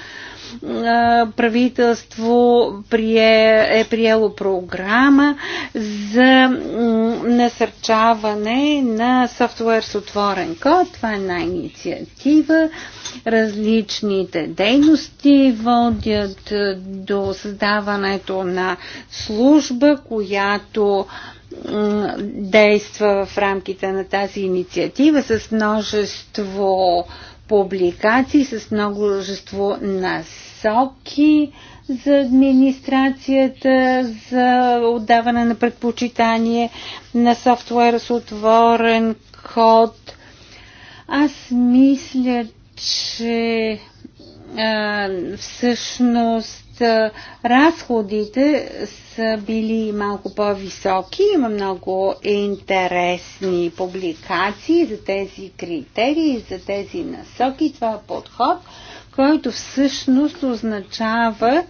правителство прие, е приело програма за насърчаване на софтуер с отворен код. Това е една инициатива. Различните дейности водят до създаването на служба, която действа в рамките на тази инициатива с множество публикации с много множество насоки за администрацията, за отдаване на предпочитание на софтуера с отворен код. Аз мисля, че а, всъщност разходите са били малко по-високи. Има много интересни публикации за тези критерии, за тези насоки. Това е подход, който всъщност означава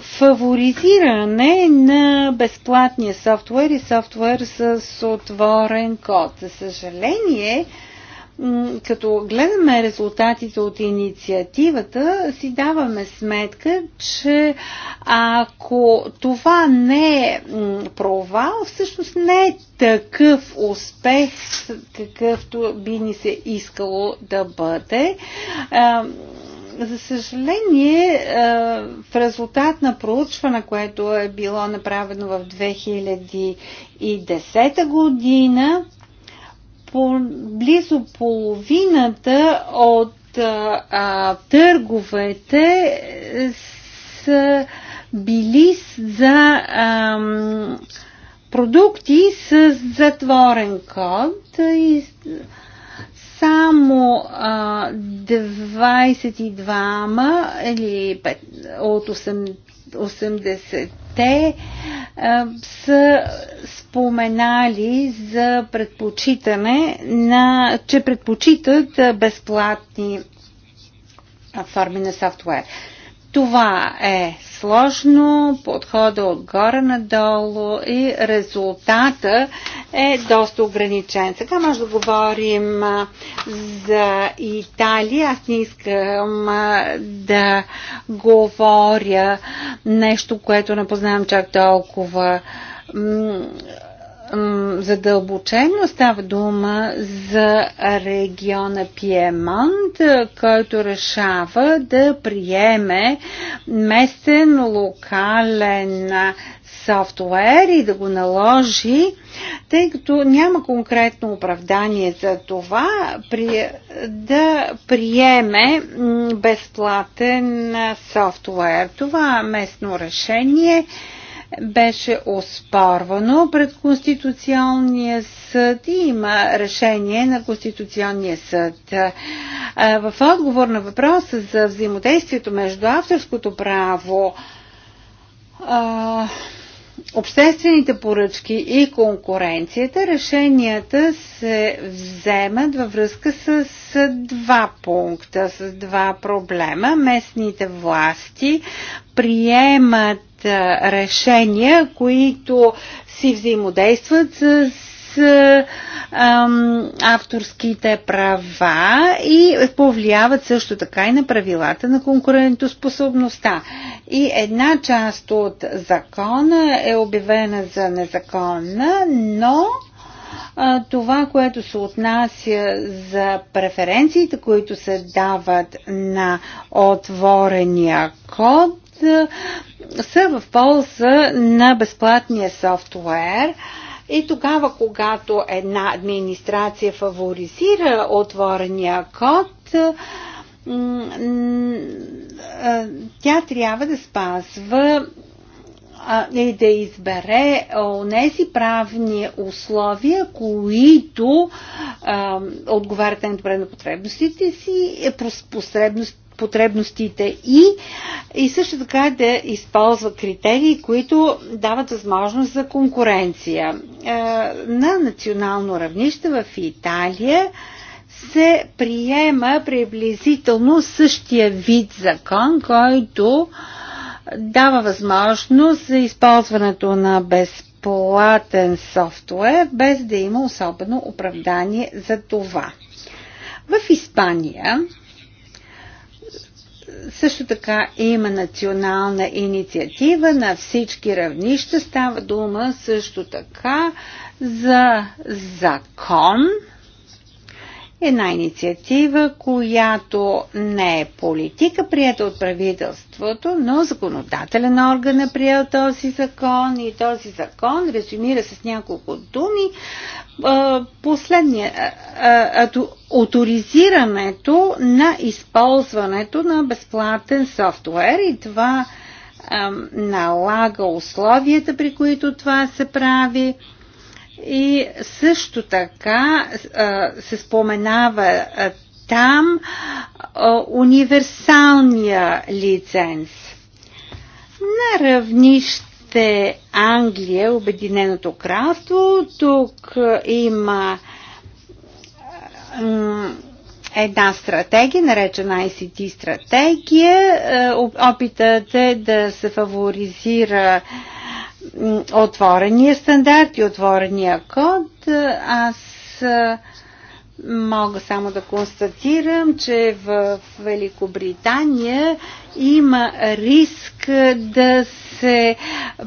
фаворизиране на безплатния софтуер и софтуер с отворен код. За съжаление, като гледаме резултатите от инициативата, си даваме сметка, че ако това не е провал, всъщност не е такъв успех, какъвто би ни се искало да бъде. За съжаление, в резултат на проучване, което е било направено в 2010 година, по, близо половината от а, търговете е, са били за а, продукти с затворен код и само а, 22 или 5, от 80-те са споменали за предпочитане на, че предпочитат безплатни форми на софтуер. Това е сложно, подхода отгоре надолу и резултата е доста ограничен. Сега може да говорим за Италия. Аз не искам да говоря нещо, което не познавам чак толкова задълбочено става дума за региона Пиемонт, който решава да приеме местен локален софтуер и да го наложи, тъй като няма конкретно оправдание за това при, да приеме безплатен софтуер. Това местно решение е беше оспорвано пред Конституционния съд и има решение на Конституционния съд. В отговор на въпроса за взаимодействието между авторското право, обществените поръчки и конкуренцията, решенията се вземат във връзка с два пункта, с два проблема. Местните власти приемат решения, които си взаимодействат с авторските права и повлияват също така и на правилата на конкурентоспособността. И една част от закона е обявена за незаконна, но това, което се отнася за преференциите, които се дават на отворения код, са в полза на безплатния софтуер. И тогава, когато една администрация фаворизира отворения код, тя трябва да спазва и да избере тези правни условия, които отговарят на на потребностите си, потребност, потребностите и, и също така да използва критерии, които дават възможност за конкуренция. Е, на национално равнище в Италия се приема приблизително същия вид закон, който дава възможност за използването на безплатен софтуер, без да има особено оправдание за това. В Испания също така има национална инициатива на всички равнища. Става дума също така за закон, една инициатива, която не е политика, прията от правителството, но законодателен орган е приел този закон и този закон резюмира с няколко думи последния авторизирането на използването на безплатен софтуер и това налага условията, при които това се прави. И също така се споменава там универсалния лиценз. На равнище е Англия, Обединеното кралство. Тук е, има една стратегия, наречена ICT стратегия. Е, опитът е да се фаворизира отворения стандарт и отворения код. Аз е, мога само да констатирам, че в Великобритания има риск да се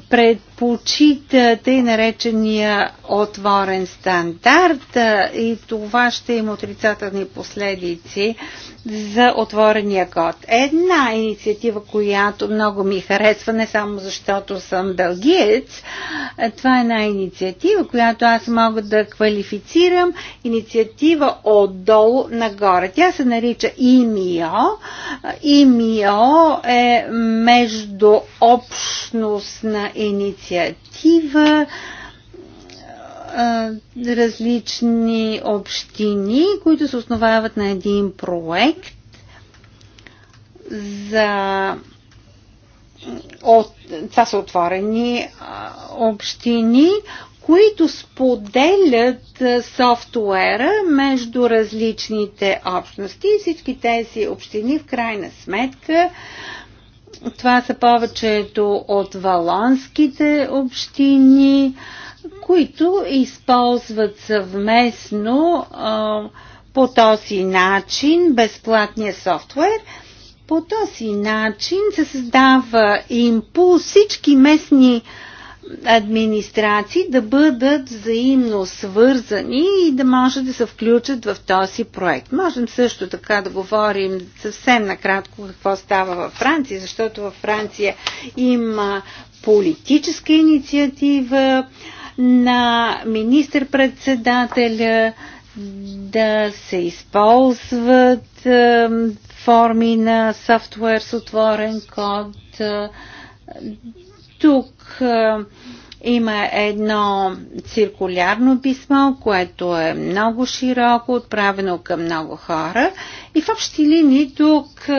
предпочита тъй наречения отворен стандарт и това ще има отрицателни последици за отворения код. Една инициатива, която много ми харесва, не само защото съм дългиец. това е една инициатива, която аз мога да квалифицирам инициатива отдолу нагоре. Тя се нарича ИМИО. ИМИО е между общност на инициатива, различни общини, които се основават на един проект за от, това са отворени общини, които споделят софтуера между различните общности и всички тези общини в крайна сметка това са повечето от валонските общини, които използват съвместно а, по този начин безплатния софтуер. По този начин се създава импулс всички местни а, администрации да бъдат взаимно свързани и да може да се включат в този проект. Можем също така да говорим съвсем накратко какво става във Франция, защото във Франция има политическа инициатива на министър-председателя да се използват е, форми на софтуер с отворен код, е, тук има едно циркулярно писмо, което е много широко, отправено към много хора. И в общи линии тук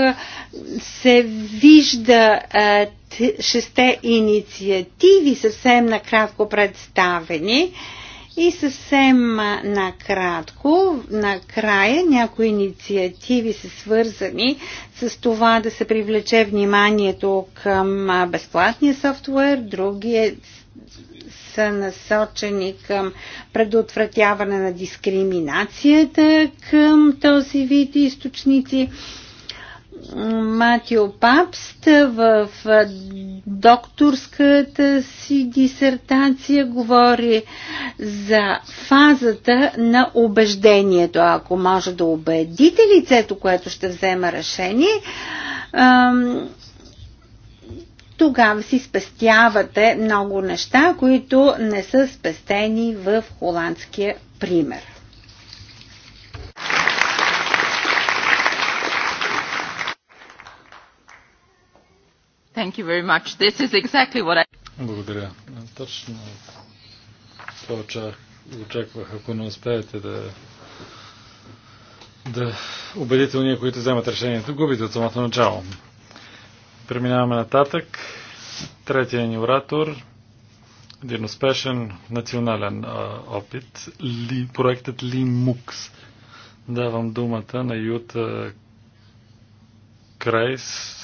се вижда шесте инициативи, съвсем накратко представени. И съвсем накратко, накрая някои инициативи са свързани с това да се привлече вниманието към безплатния софтуер, други е са насочени към предотвратяване на дискриминацията към този вид източници Матио Папст в докторската си дисертация говори за фазата на убеждението. Ако може да убедите лицето, което ще взема решение, тогава си спестявате много неща, които не са спестени в холандския пример. Thank you very much. This is exactly what I... Благодаря. Точно това очаквах, Ако не успеете да, да убедите уния, които вземат решението, губите от самото начало. Преминаваме нататък. Третия ни оратор един успешен национален а, опит. Ли, проектът Лимукс. Давам думата на Юта Крайс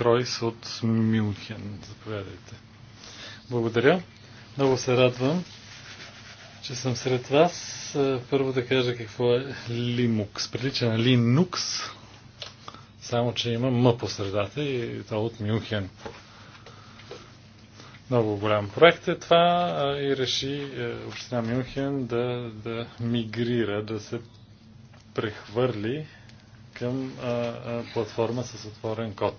Кройс от Мюнхен. Заповядайте. Благодаря. Много се радвам, че съм сред вас. Е, първо да кажа какво е Linux. Прилича на Linux, само че има М по средата и то от Мюнхен. Много голям проект е това е, и реши е, община Мюнхен да, да мигрира, да се прехвърли към а, а, платформа с отворен код.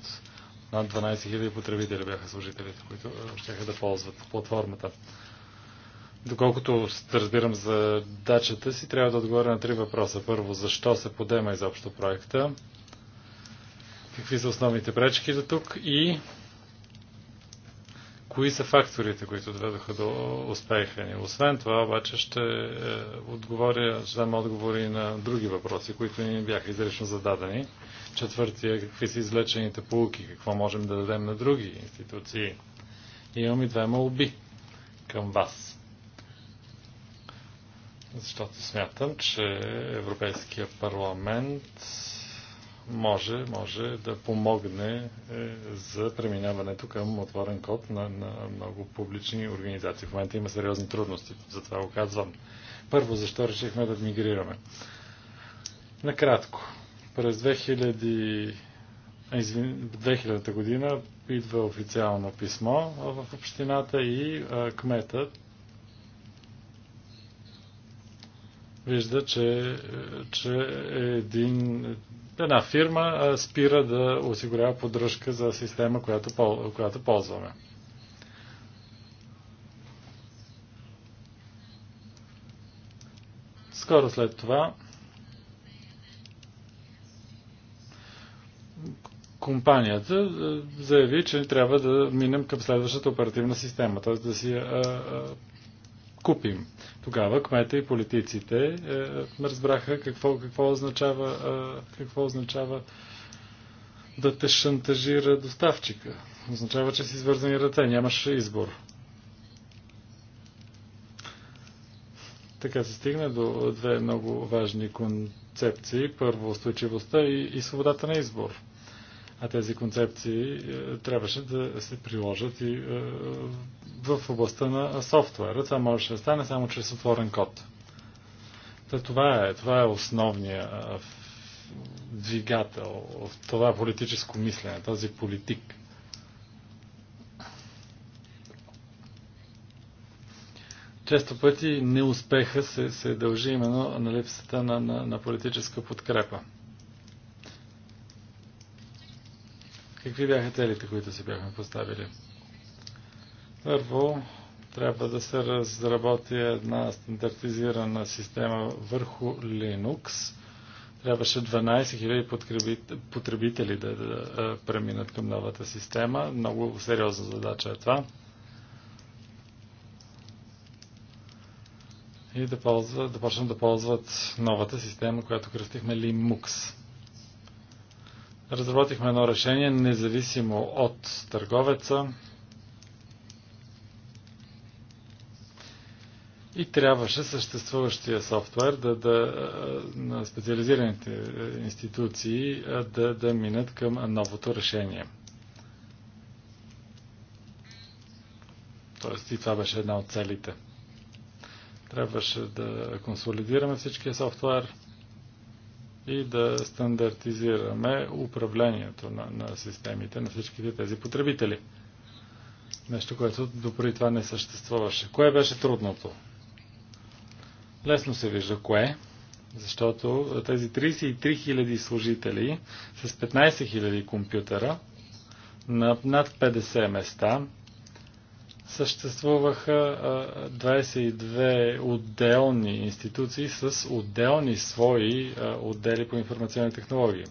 Над 12 000 потребители бяха служителите, които ще да ползват платформата. Доколкото разбирам за дачата си, трябва да отговоря на три въпроса. Първо, защо се подема изобщо проекта? Какви са основните пречки до тук? И кои са факторите, които доведоха до успеха ни. Освен това, обаче, ще е, отговоря, ще дам отговори на други въпроси, които ни бяха изрично зададени. Четвъртия, какви са излечените полуки, какво можем да дадем на други институции. имам и две молби към вас. Защото смятам, че Европейския парламент може, може да помогне е, за преминаването към отворен код на, на много публични организации. В момента има сериозни трудности, затова го казвам. Първо, защо решихме да мигрираме? Накратко. През 2000 Извин, 2000 година идва официално писмо в общината и а, кметът вижда, че, е, че е един една фирма спира да осигурява поддръжка за система, която, която ползваме. Скоро след това компанията заяви, че трябва да минем към следващата оперативна система, т.е. да си а, а, купим. Тогава кмета и политиците е, разбраха какво, какво означава, е, какво означава да те шантажира доставчика. Означава, че си свързани ръце, нямаш избор. Така се стигна до две много важни концепции. Първо, устойчивостта и, и свободата на избор. А тези концепции е, трябваше да се приложат и е, в областта на софтуера. Това може да стане само чрез отворен код. Та това е, това е основният е, двигател в това политическо мислене, този политик. Често пъти неуспеха се, се дължи именно на липсата на, на, на политическа подкрепа. Какви бяха целите, които си бяхме поставили? Първо, трябва да се разработи една стандартизирана система върху Linux. Трябваше 12 000 потребители да, да, да преминат към новата система. Много сериозна задача е това. И да, ползва, да почнат да ползват новата система, която кръстихме Linux. Разработихме едно решение, независимо от търговеца. И трябваше съществуващия софтуер да, да, на специализираните институции да, да минат към новото решение. Тоест и това беше една от целите. Трябваше да консолидираме всичкия софтуер – и да стандартизираме управлението на, на системите на всичките тези потребители. Нещо, което допри това не съществуваше. Кое беше трудното? Лесно се вижда кое, защото тези 33 000 служители с 15 000 компютъра на над 50 места съществуваха 22 отделни институции с отделни свои отдели по информационни технологии.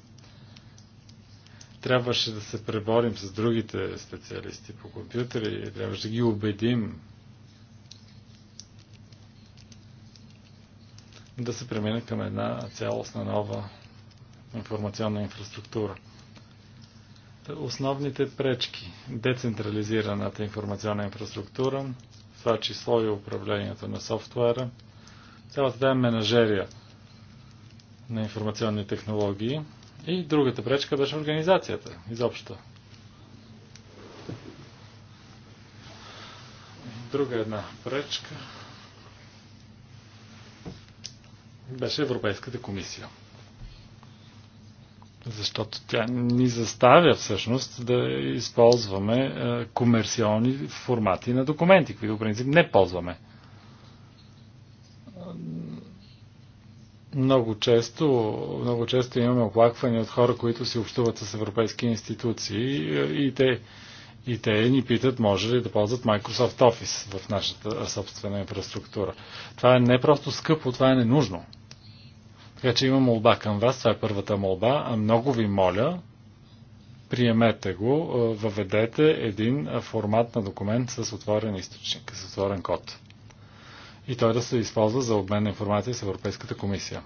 Трябваше да се преборим с другите специалисти по компютъри, трябваше да ги убедим да се премине към една цялостна нова информационна инфраструктура основните пречки. Децентрализираната информационна инфраструктура, това число и управлението на софтуера, цялата тая менажерия на информационни технологии и другата пречка беше организацията изобщо. Друга една пречка беше Европейската комисия защото тя ни заставя всъщност да използваме е, комерциални формати на документи, които в принцип не ползваме. Много често, много често имаме оплаквания от хора, които си общуват с европейски институции е, и те, и те ни питат, може ли да ползват Microsoft Office в нашата собствена инфраструктура. Това е не просто скъпо, това е ненужно. Така че има молба към вас, това е първата молба. А много ви моля, приемете го, въведете един формат на документ с отворен източник, с отворен код. И той да се използва за обмен на информация с Европейската комисия.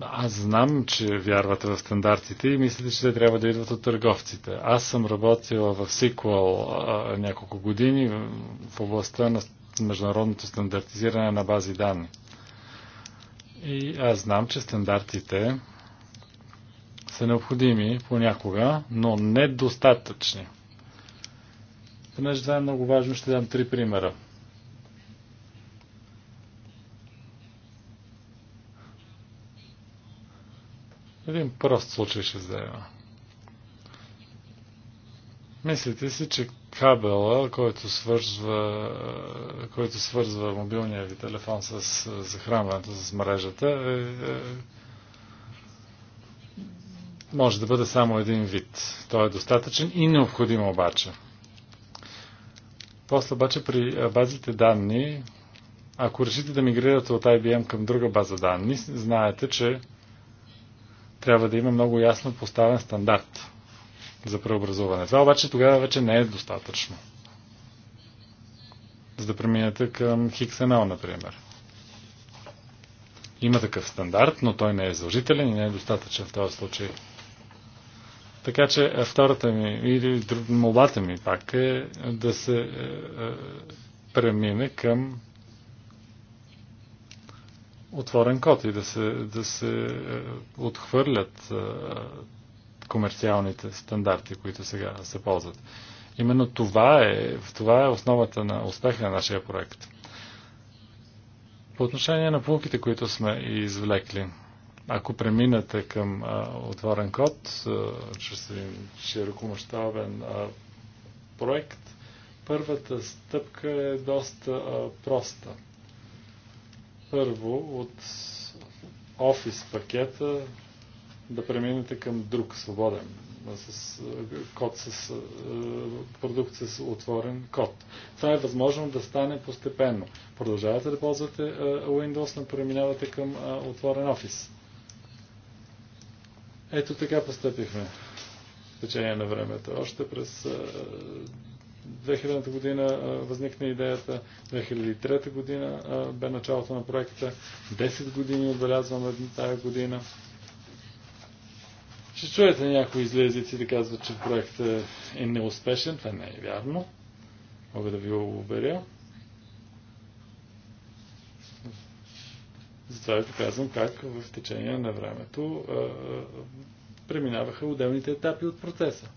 Аз знам, че вярвате в стандартите и мислите, че те трябва да идват от търговците. Аз съм работила в SQL а, няколко години в областта на международното стандартизиране на бази данни. И аз знам, че стандартите са необходими понякога, но недостатъчни. Понеже това е много важно, ще дам три примера. Един прост случай ще взема. Мислите си, че кабела, който свързва, който свързва мобилния ви телефон с захранването, с мрежата, е, е, може да бъде само един вид. Той е достатъчен и необходим обаче. После обаче при базите данни, ако решите да мигрирате от IBM към друга база данни, знаете, че трябва да има много ясно поставен стандарт за преобразуване. Това обаче тогава вече не е достатъчно. За да преминете към XML, например. Има такъв стандарт, но той не е задължителен и не е достатъчен в този случай. Така че втората ми или молбата ми пак е, е да се е, е, премине към отворен код и да се, да се е, отхвърлят е, комерциалните стандарти, които сега се ползват. Именно това е, това е основата на успеха на нашия проект. По отношение на полуките, които сме извлекли, ако преминете към а, отворен код, а, чрез един широкомащабен проект, първата стъпка е доста а, проста. Първо от офис пакета да преминете към друг свободен с, код с, продукт с отворен код. Това е възможно да стане постепенно. Продължавате да ползвате е, Windows, но преминавате към е, отворен офис. Ето така постъпихме в течение на времето. Още през 2000 е, година възникна идеята, 2003 година бе началото на проекта, 10 години отбелязваме тази година. Ще чуете някои излезици да казват, че проектът е неуспешен. Това не е вярно. Мога да ви го уверя. Затова ви показвам как в течение на времето преминаваха отделните етапи от процеса.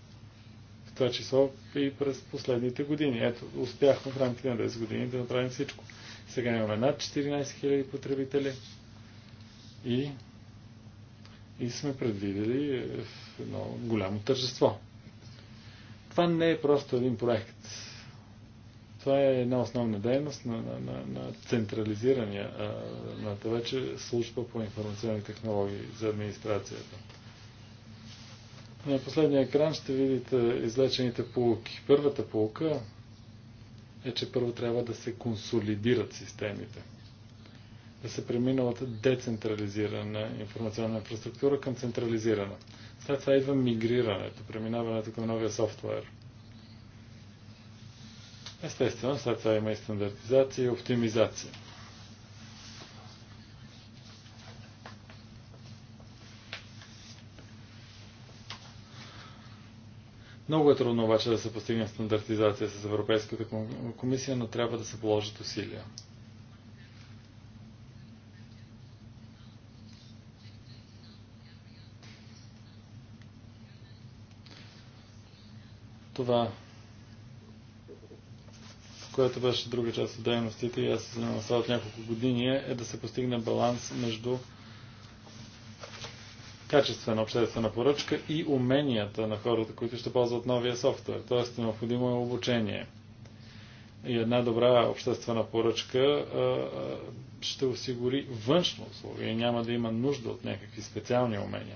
В това число и през последните години. Ето, успяхме в рамките на 10 години да направим всичко. Сега имаме над 14 000 потребители и и сме предвидели в едно голямо тържество. Това не е просто един проект. Това е една основна дейност на, на, на, на централизирания, на че служба по информационни технологии за администрацията. На последния екран ще видите излечените полуки. Първата полука е, че първо трябва да се консолидират системите да се премина от децентрализирана информационна инфраструктура към централизирана. След това идва мигрирането, преминаването към новия софтуер. Естествено, след това има и стандартизация и оптимизация. Много е трудно обаче да се постигне стандартизация с Европейската комисия, но трябва да се положат усилия. Това, което беше друга част от дейностите и аз се занимавам от няколко години, е да се постигне баланс между качествена обществена поръчка и уменията на хората, които ще ползват новия софтуер. Тоест, необходимо е обучение. И една добра обществена поръчка а, ще осигури външно условие и няма да има нужда от някакви специални умения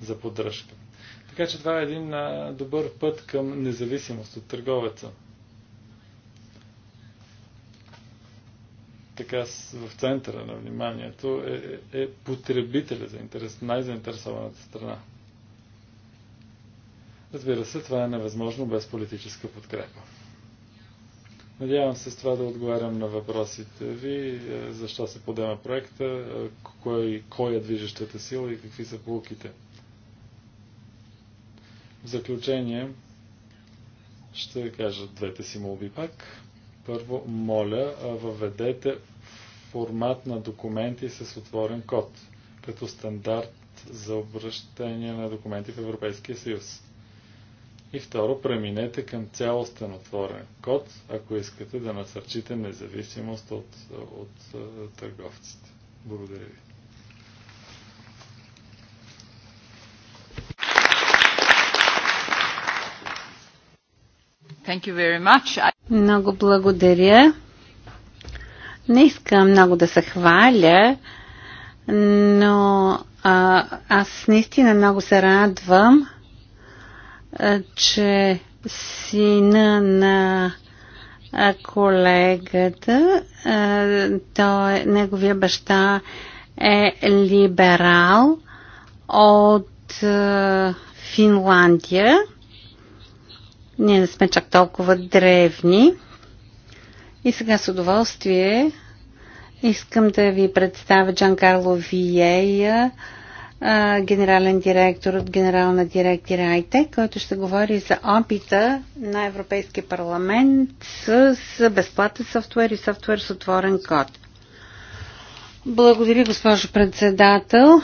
за поддръжка. Така че това е един а, добър път към независимост от търговеца. Така в центъра на вниманието е, е, е потребителя, интерес, най-заинтересованата страна. Разбира се, това е невъзможно без политическа подкрепа. Надявам се с това да отговарям на въпросите ви, е, защо се подема проекта, е, кой, кой е движещата сила и какви са полуките. В заключение ще кажа двете си молби пак. Първо, моля, въведете формат на документи с отворен код, като стандарт за обращение на документи в Европейския съюз. И второ, преминете към цялостен отворен код, ако искате да насърчите независимост от, от, от търговците. Благодаря ви. Много благодаря. Не искам много да се хваля, но а, аз наистина много се радвам, а, че сина на а, колегата, а, той, неговия баща е либерал от а, Финландия. Ние не сме чак толкова древни. И сега с удоволствие искам да ви представя Джан Карло Виея, генерален директор от Генерална директора АйТе, който ще говори за опита на Европейския парламент с безплатен софтуер и софтуер с отворен код. Благодаря, госпожо председател.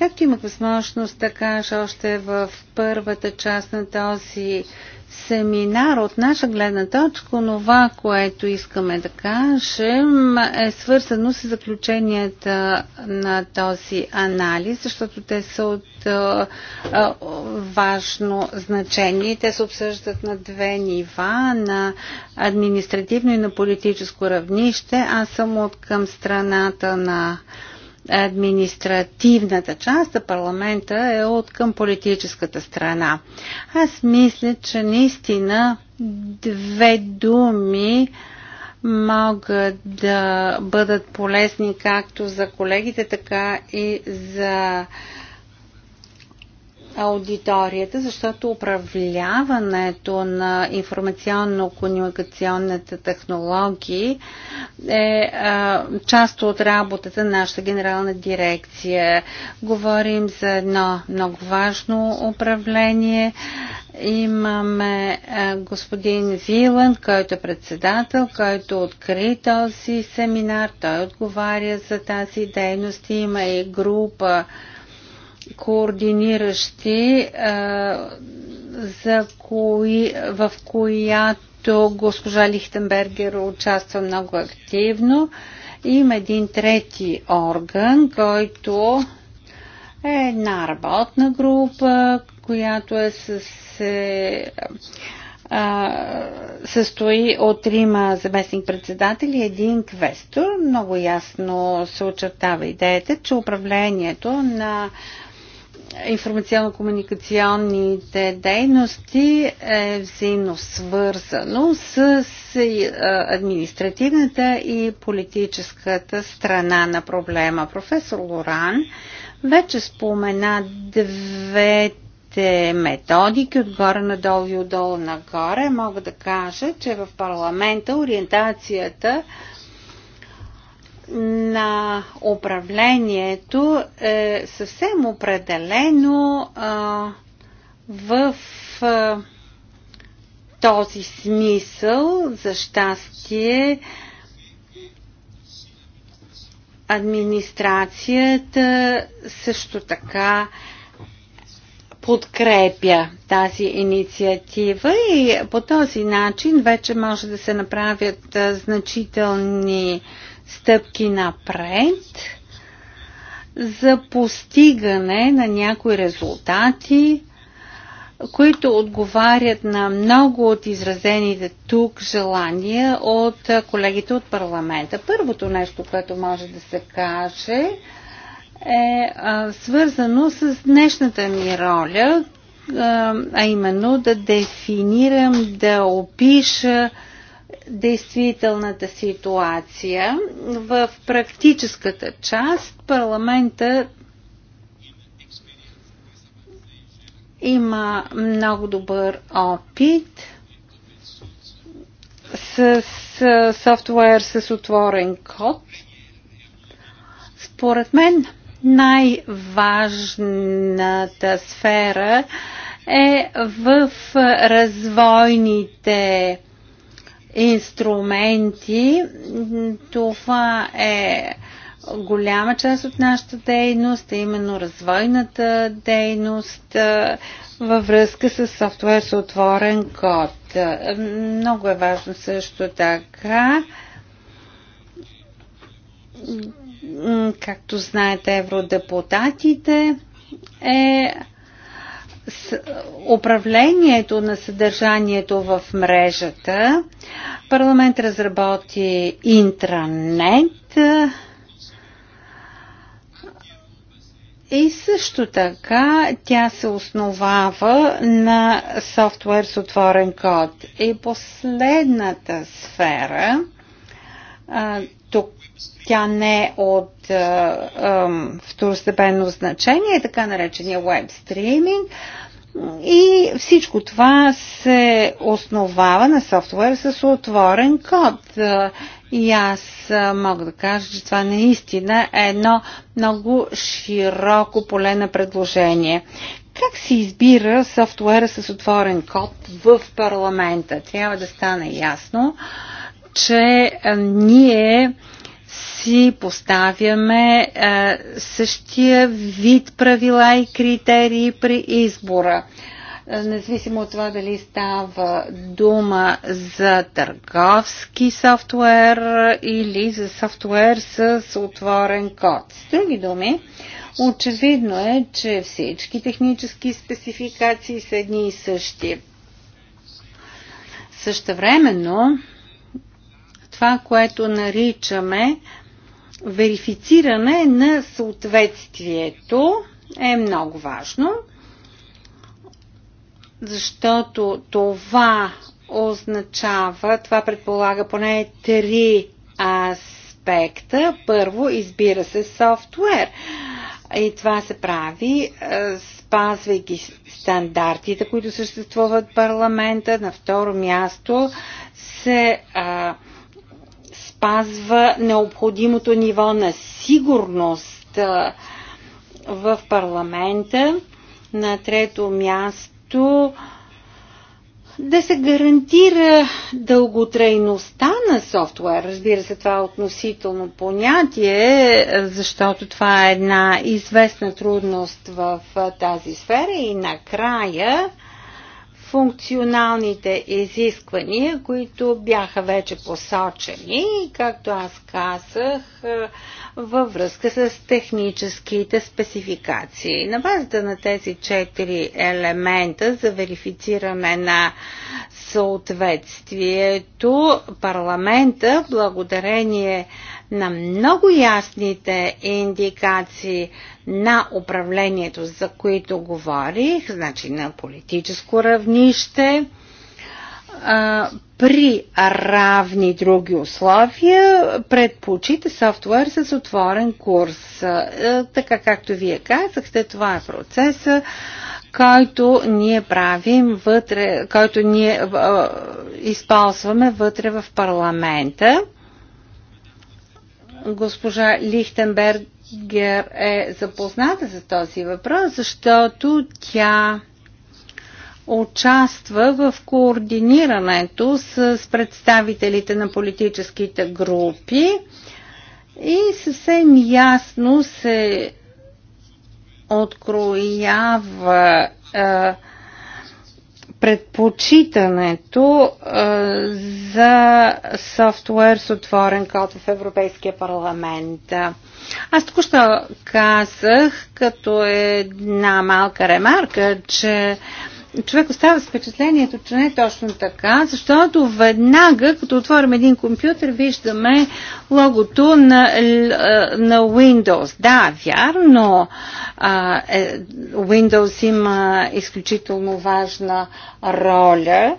Както имах възможност да кажа още в първата част на този семинар, от наша гледна точка, това, което искаме да кажем, е свързано с заключенията на този анализ, защото те са от а, а, важно значение. Те се обсъждат на две нива, на административно и на политическо равнище. Аз съм от към страната на административната част, а парламента е от към политическата страна. Аз мисля, че наистина две думи могат да бъдат полезни както за колегите, така и за аудиторията, защото управляването на информационно-комуникационните технологии е а, част от работата на нашата генерална дирекция. Говорим за едно много важно управление. Имаме а, господин Вилан, който е председател, който откри този семинар. Той отговаря за тази дейност. Има и група координиращи, за кои, в която госпожа Лихтенбергер участва много активно. Има един трети орган, който е една работна група, която е с, се а, състои от трима заместник-председатели и един квестор. Много ясно се очертава идеята, че управлението на информационно-комуникационните дейности е взаимно свързано с е, административната и политическата страна на проблема. Професор Лоран вече спомена двете методики отгоре надолу и отдолу нагоре, мога да кажа, че в парламента ориентацията на управлението е съвсем определено в този смисъл, за щастие, администрацията също така подкрепя тази инициатива и по този начин вече може да се направят значителни а, стъпки напред за постигане на някои резултати, които отговарят на много от изразените тук желания от колегите от парламента. Първото нещо, което може да се каже, е свързано с днешната ми роля, а именно да дефинирам, да опиша действителната ситуация. В практическата част парламента има много добър опит с, с софтуер с отворен код. Според мен най-важната сфера е в развойните инструменти. Това е голяма част от нашата дейност, а именно развойната дейност във връзка с софтуер с отворен код. Много е важно също така както знаете, евродепутатите е управлението на съдържанието в мрежата. Парламент разработи интранет и също така тя се основава на софтуер с отворен код. И последната сфера, тук тя не е от второстепенно значение, така наречения веб стриминг. И всичко това се основава на софтуер с отворен код. И аз мога да кажа, че това наистина е едно много широко поле на предложение. Как се избира софтуера с отворен код в парламента? Трябва да стане ясно, че ние си поставяме а, е, същия вид правила и критерии при избора. Е, независимо от това дали става дума за търговски софтуер или за софтуер с отворен код. С други думи, очевидно е, че всички технически спецификации са едни и същи. Същевременно, това, което наричаме верифициране на съответствието е много важно, защото това означава, това предполага поне три аспекта. Първо, избира се софтуер. И това се прави, е, спазвайки стандартите, които съществуват в парламента. На второ място се а, спазва необходимото ниво на сигурност в парламента. На трето място да се гарантира дълготрайността на софтуер. Разбира се, това е относително понятие, защото това е една известна трудност в тази сфера. И накрая функционалните изисквания, които бяха вече посочени, както аз казах, е, във връзка с техническите спецификации. На базата на тези четири елемента за верифициране на съответствието, парламента, благодарение на много ясните индикации на управлението, за които говорих, значи на политическо равнище, при равни други условия предпочита софтуер с отворен курс. Така както вие казахте, това е процеса, който ние правим вътре, който ние използваме вътре в парламента. Госпожа Лихтенбергер е запозната с този въпрос, защото тя участва в координирането с представителите на политическите групи и съвсем ясно се откроява е, предпочитането за софтуер с отворен код в Европейския парламент. Аз току-що казах като една малка ремарка, че човек остава с впечатлението, че не е точно така, защото веднага, като отворим един компютър, виждаме логото на, е, на Windows. Да, вярно, е, Windows има изключително важна роля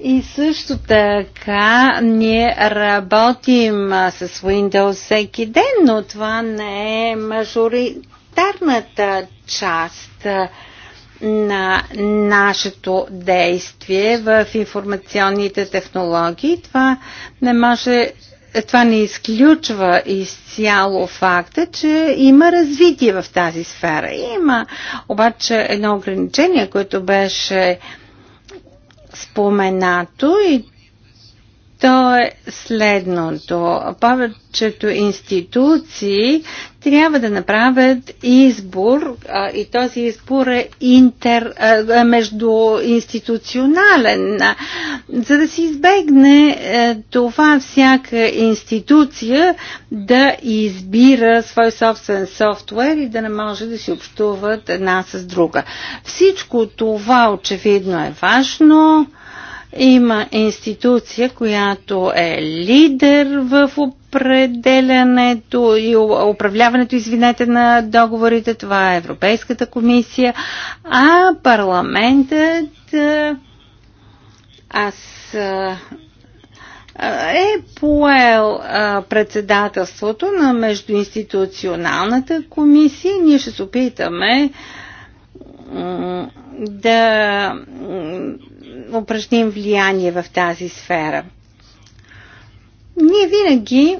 и също така ние работим с Windows всеки ден, но това не е мажоритарната част на нашето действие в информационните технологии. Това не може това не изключва изцяло факта, че има развитие в тази сфера. Има обаче едно ограничение, което беше споменато и то е следното. Повечето институции трябва да направят избор а, и този избор е интер, а, е институционален, а, за да се избегне а, е, това всяка институция да избира свой собствен софтуер и да не може да си общуват една с друга. Всичко това очевидно е важно. А, има институция, която е лидер в определянето и управляването, извинете, на договорите. Това е Европейската комисия, а парламентът е, аз е, е поел е, председателството на Междуинституционалната комисия. Ние ще се опитаме да упражним влияние в тази сфера. Ние винаги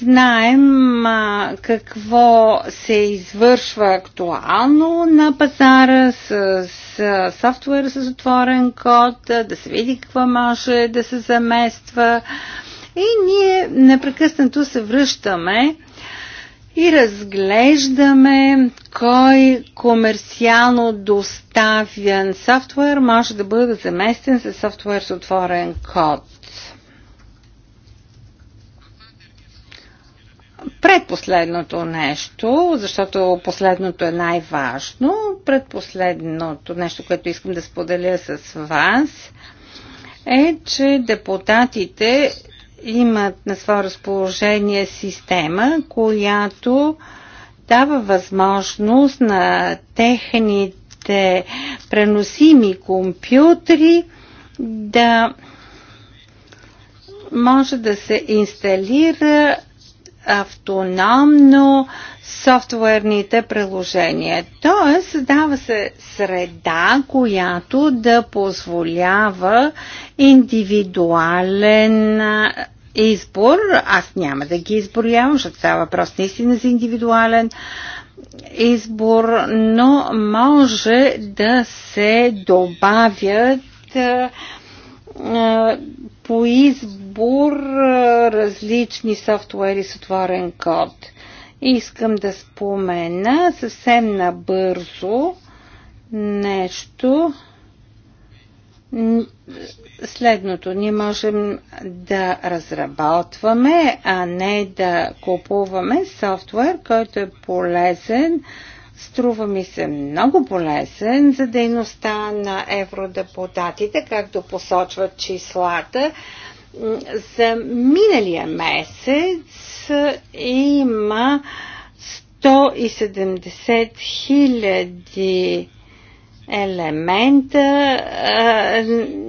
знаем а, какво се извършва актуално на пазара с, с софтуер с отворен код, да се види какво може да се замества. И ние непрекъснато се връщаме и разглеждаме кой комерциално доставен софтуер може да бъде заместен с софтуер с отворен код. Предпоследното нещо, защото последното е най-важно, предпоследното нещо, което искам да споделя с вас, е, че депутатите имат на свое разположение система, която дава възможност на техните преносими компютри да може да се инсталира автономно софтуерните приложения. Тоест, създава се среда, която да позволява индивидуален избор. Аз няма да ги изборявам, защото става въпрос наистина за индивидуален избор, но може да се добавят по избор различни софтуери с отворен код. Искам да спомена съвсем набързо нещо, следното. Ние можем да разработваме, а не да купуваме софтуер, който е полезен, струва ми се много полезен за дейността на евродепутатите, както посочват числата. За миналия месец има 170 хиляди 000 елемента. Е,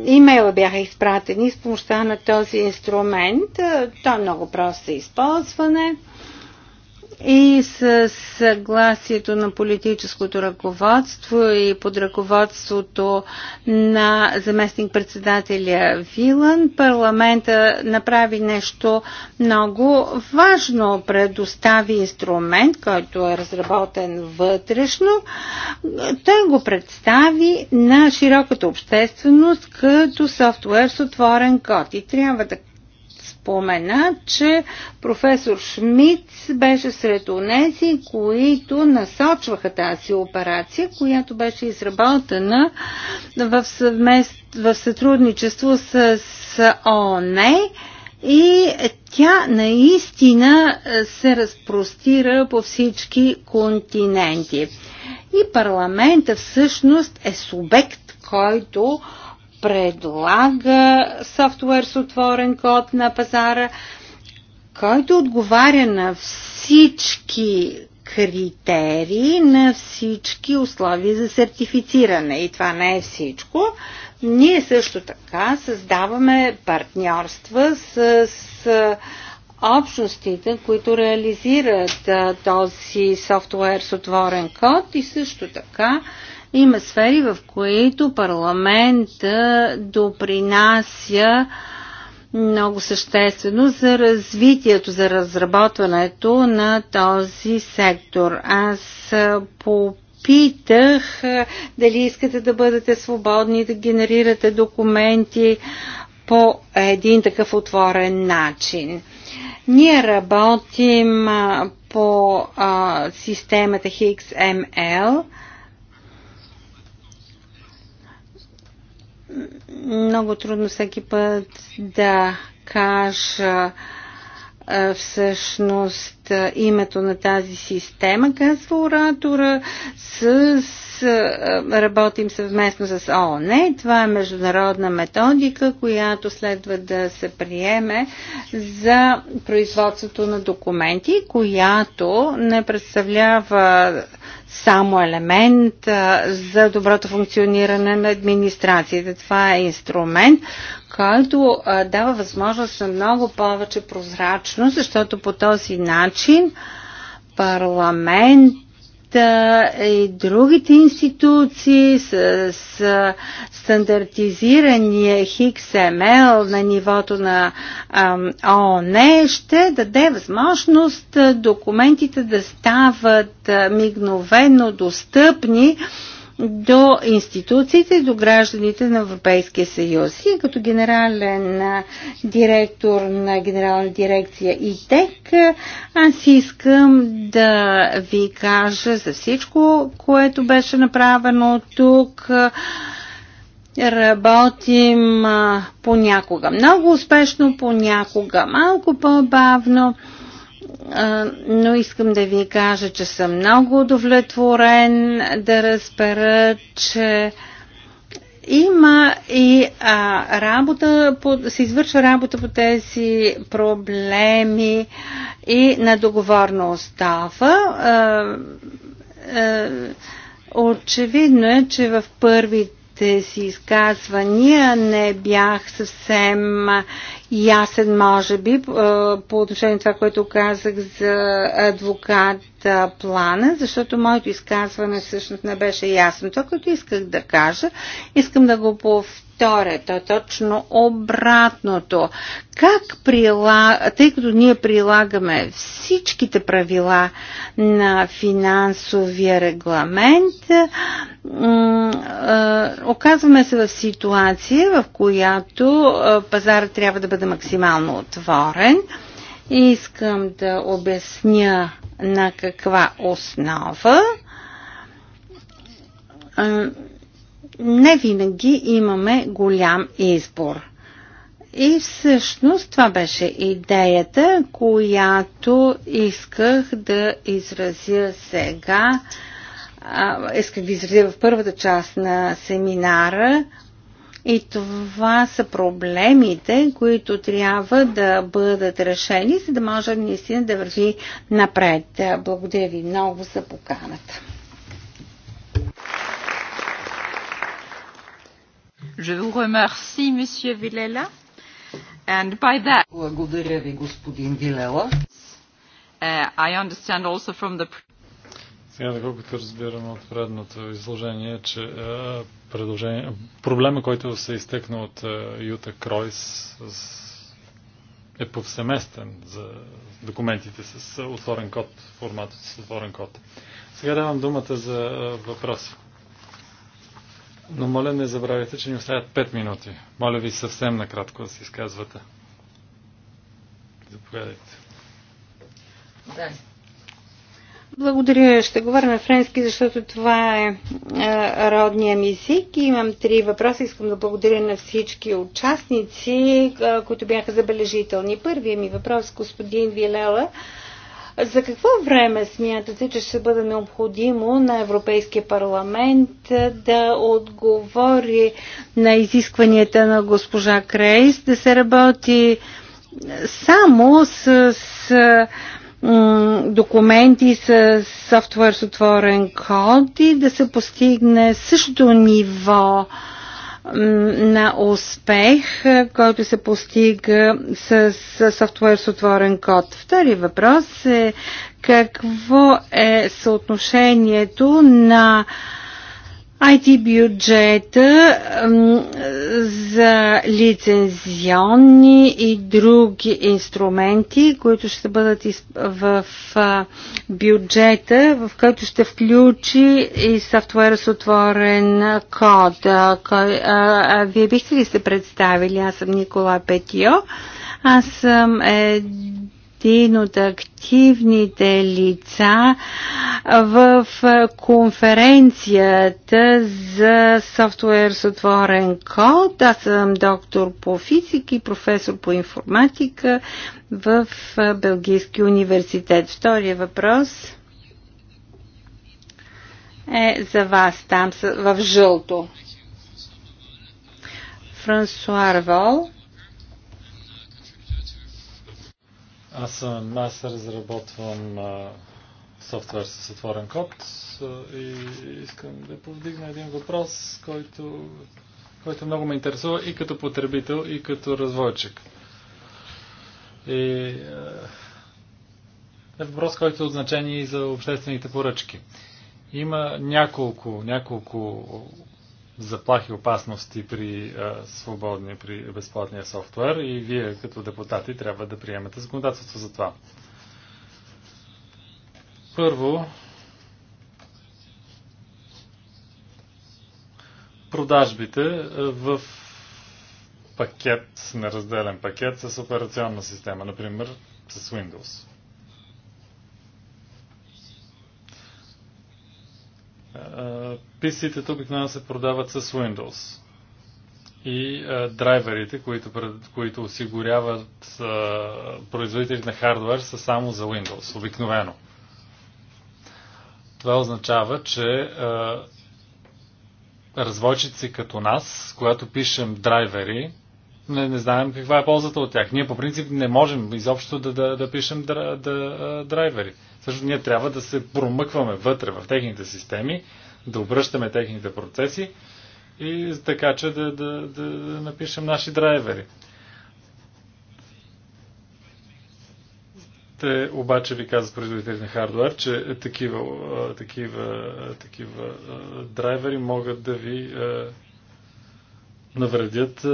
имейла бяха изпратени с помощта на този инструмент. Е, той е много просто използване. И с съгласието на политическото ръководство и под ръководството на заместник-председателя Вилан, парламента направи нещо много важно. Предостави инструмент, който е разработен вътрешно, той го представи на широката общественост като софтуер с отворен код. И трябва да спомена, че професор Шмидт беше сред онези, които насочваха тази операция, която беше изработена в, съвмест... в сътрудничество с ООН и тя наистина е, се разпростира по всички континенти. И парламента всъщност е субект, който предлага софтуер с отворен код на пазара, който отговаря на всички критерии, на всички условия за сертифициране. И това не е всичко. Ние също така създаваме партньорства с, с общностите, които реализират а, този софтуер с отворен код и също така има сфери, в които парламент допринася много съществено за развитието, за разработването на този сектор. Аз по питах дали искате да бъдете свободни, да генерирате документи по един такъв отворен начин. Ние работим по а, системата HXML. Много трудно всеки път да кажа всъщност името на тази система, казва оратора, с работим съвместно с ООН. Това е международна методика, която следва да се приеме за производството на документи, която не представлява само елемент за доброто функциониране на администрацията. Това е инструмент, който дава възможност на много повече прозрачност, защото по този начин парламент Та и другите институции с, с стандартизирания XML на нивото на ООН ще даде възможност документите да стават мигновено достъпни до институциите и до гражданите на Европейския съюз. И като генерален директор на генерална дирекция ИТЕК, аз искам да ви кажа за всичко, което беше направено тук. Работим понякога много успешно, понякога малко по-бавно но искам да ви кажа, че съм много удовлетворен да разбера, че има и а, работа, по, се извършва работа по тези проблеми и на договорна остава. А, а, очевидно е, че в първите моите си изказвания не бях съвсем ясен, може би, по отношение на това, което казах за адвокат плана, защото моето изказване всъщност не беше ясно. Това, което исках да кажа, искам да го повторя Втората, точно обратното. Как прилага, тъй като ние прилагаме всичките правила на финансовия регламент, оказваме се в ситуация, в която пазарът трябва да бъде максимално отворен. Искам да обясня на каква основа не винаги имаме голям избор. И всъщност това беше идеята, която исках да изразя сега. А, исках да изразя в първата част на семинара. И това са проблемите, които трябва да бъдат решени, за да може наистина да върви напред. Благодаря ви много за поканата. Je vous remercie, monsieur Вилела. And by that... Благодаря ви, господин Вилела. Uh, I understand also from the... Сега, доколкото разбирам от предното изложение, че е, проблема, който се изтъкна от е, Юта Кройс, е повсеместен за документите с е, отворен код, формата с отворен код. Сега давам думата за е, въпроси. Но моля не забравяйте, че ни оставят 5 минути. Моля ви съвсем накратко да се изказвате. Заповядайте. Да. Благодаря. Ще говоря на френски, защото това е, е родния ми език. Имам три въпроса. Искам да благодаря на всички участници, е, които бяха забележителни. Първият ми въпрос, господин Вилела, е, за какво време смятате, че ще бъде необходимо на Европейския парламент е, да отговори на изискванията на госпожа Крейс, да се работи е, само с, с документи с софтуер с отворен код и да се постигне същото ниво на успех, е, който се постига с, с софтуер с отворен код. Втори въпрос е какво е съотношението на IT бюджета за лицензионни и други инструменти, които ще бъдат в бюджета, в който ще включи и софтуера с отворен код. Вие бихте ли се представили? Аз съм Никола Петио. Аз съм е от активните лица в конференцията за софтуер с отворен код. Аз съм доктор по физик и професор по информатика в Белгийски университет. Втория въпрос е за вас там в жълто. Франсуар Вол. Аз, съм, аз разработвам а, софтуер с отворен код а, и искам да повдигна един въпрос, който, който много ме интересува и като потребител, и като разводчик. И, а, е въпрос, който е от значение и за обществените поръчки. Има няколко, няколко заплахи, опасности при свободния, при безплатния софтуер и вие като депутати трябва да приемете законодателство за това. Първо, продажбите в пакет, неразделен пакет с операционна система, например с Windows. PC-тата обикновено се продават с Windows. И а, драйверите, които, които осигуряват а, производителите на хардвер, са само за Windows, обикновено. Това означава, че а, разводчици като нас, когато пишем драйвери, не, не знаем каква е ползата от тях. Ние по принцип не можем изобщо да, да, да пишем дра, да, драйвери. Също ние трябва да се промъкваме вътре в техните системи, да обръщаме техните процеси и така, че да, да, да, да напишем наши драйвери. Те обаче ви казват производители на хардвер, че такива, такива, такива драйвери могат да ви навредят е,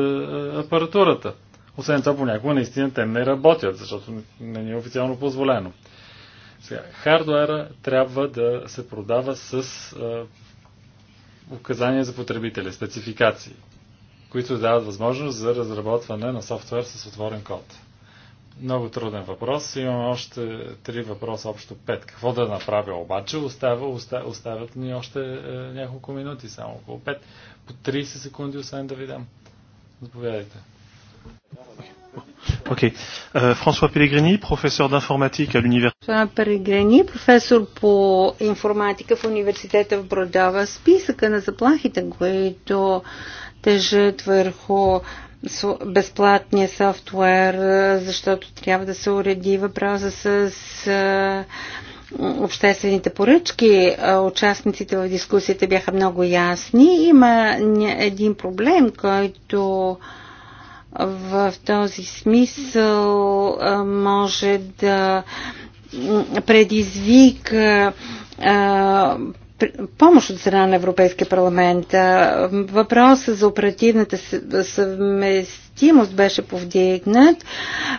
апаратурата. Освен това, понякога наистина те не работят, защото не ни е официално позволено. Сега, хардуера трябва да се продава с а, е, указания за потребители, спецификации, които дават възможност за разработване на софтуер с отворен код. Много труден въпрос. Имаме още три въпроса, общо пет. Какво да направя обаче? Остава, оста, остават ни още е, няколко минути, само около пет. По 30 секунди освен да ви дам. Заповядайте. Окей. Е, Франсуа Пелегрени, Pellegrini, professeur d'informatique à l'université. François Pellegrini, професор по информатика в университета в Бродава. Списъка на заплахите, които тежат върху безплатния софтуер, защото трябва да се уреди въпроса с обществените поръчки. Участниците в дискусията бяха много ясни. Има един проблем, който в този смисъл може да предизвика помощ от страна на Европейския парламент. Въпросът за оперативната съвместимост беше повдигнат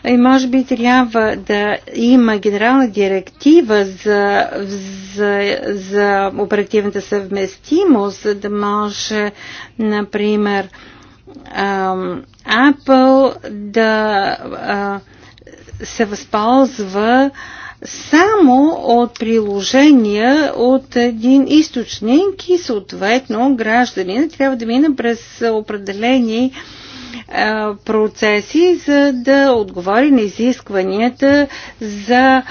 и може би трябва да има генерална директива за, за, за оперативната съвместимост, за да може, например, Apple да се възползва само от приложения от един източник и съответно гражданин трябва да мина през определени процеси, за да отговори на изискванията за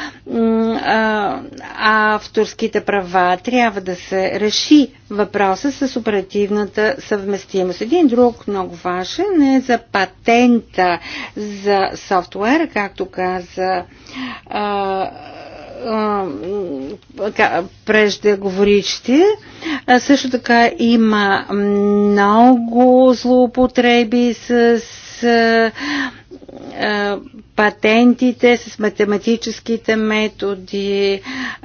авторските права. Трябва да се реши въпроса с оперативната съвместимост. Един друг много важен е за патента за софтуера, както каза преждеговорищите. Също така има много злоупотреби с е, патентите с математическите методи,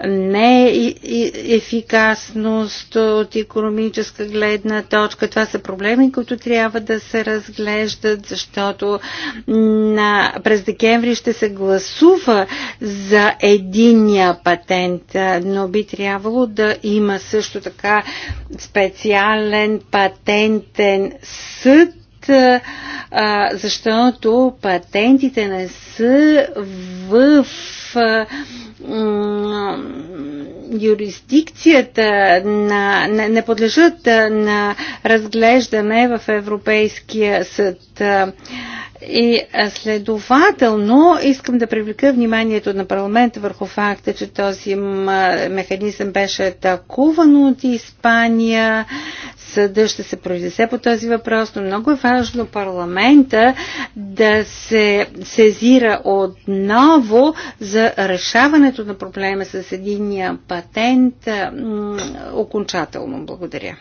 неефикасност от економическа гледна точка. Това са проблеми, които трябва да се разглеждат, защото на, през декември ще се гласува за единия патент, е, но би трябвало да има също така специален патентен съд, е, защото патентите не са в юрисдикцията на, не, не подлежат на разглеждане в Европейския съд. Е, и е, следователно искам да привлека вниманието на парламента върху факта, че този е, механизъм беше атакуван от Испания. Съда ще се произнесе по този въпрос, но много е важно парламента да се сезира отново за решаването на проблема с единия патент е, окончателно. Благодаря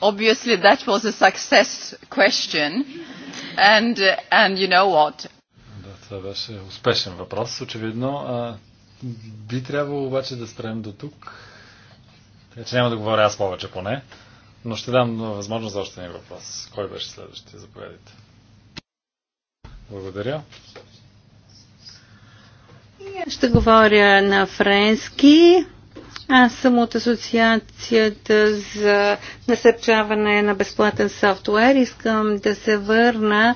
obviously that was a success question. And, uh, and you know what? Да, това беше успешен въпрос, очевидно. А, би трябвало обаче да спрем до тук. Така че няма да говоря аз повече поне. Но ще дам възможност за още един въпрос. Кой беше следващия? Заповядайте. Благодаря. Ще говоря на френски. Аз съм от Асоциацията за насърчаване на безплатен софтуер. Искам да се върна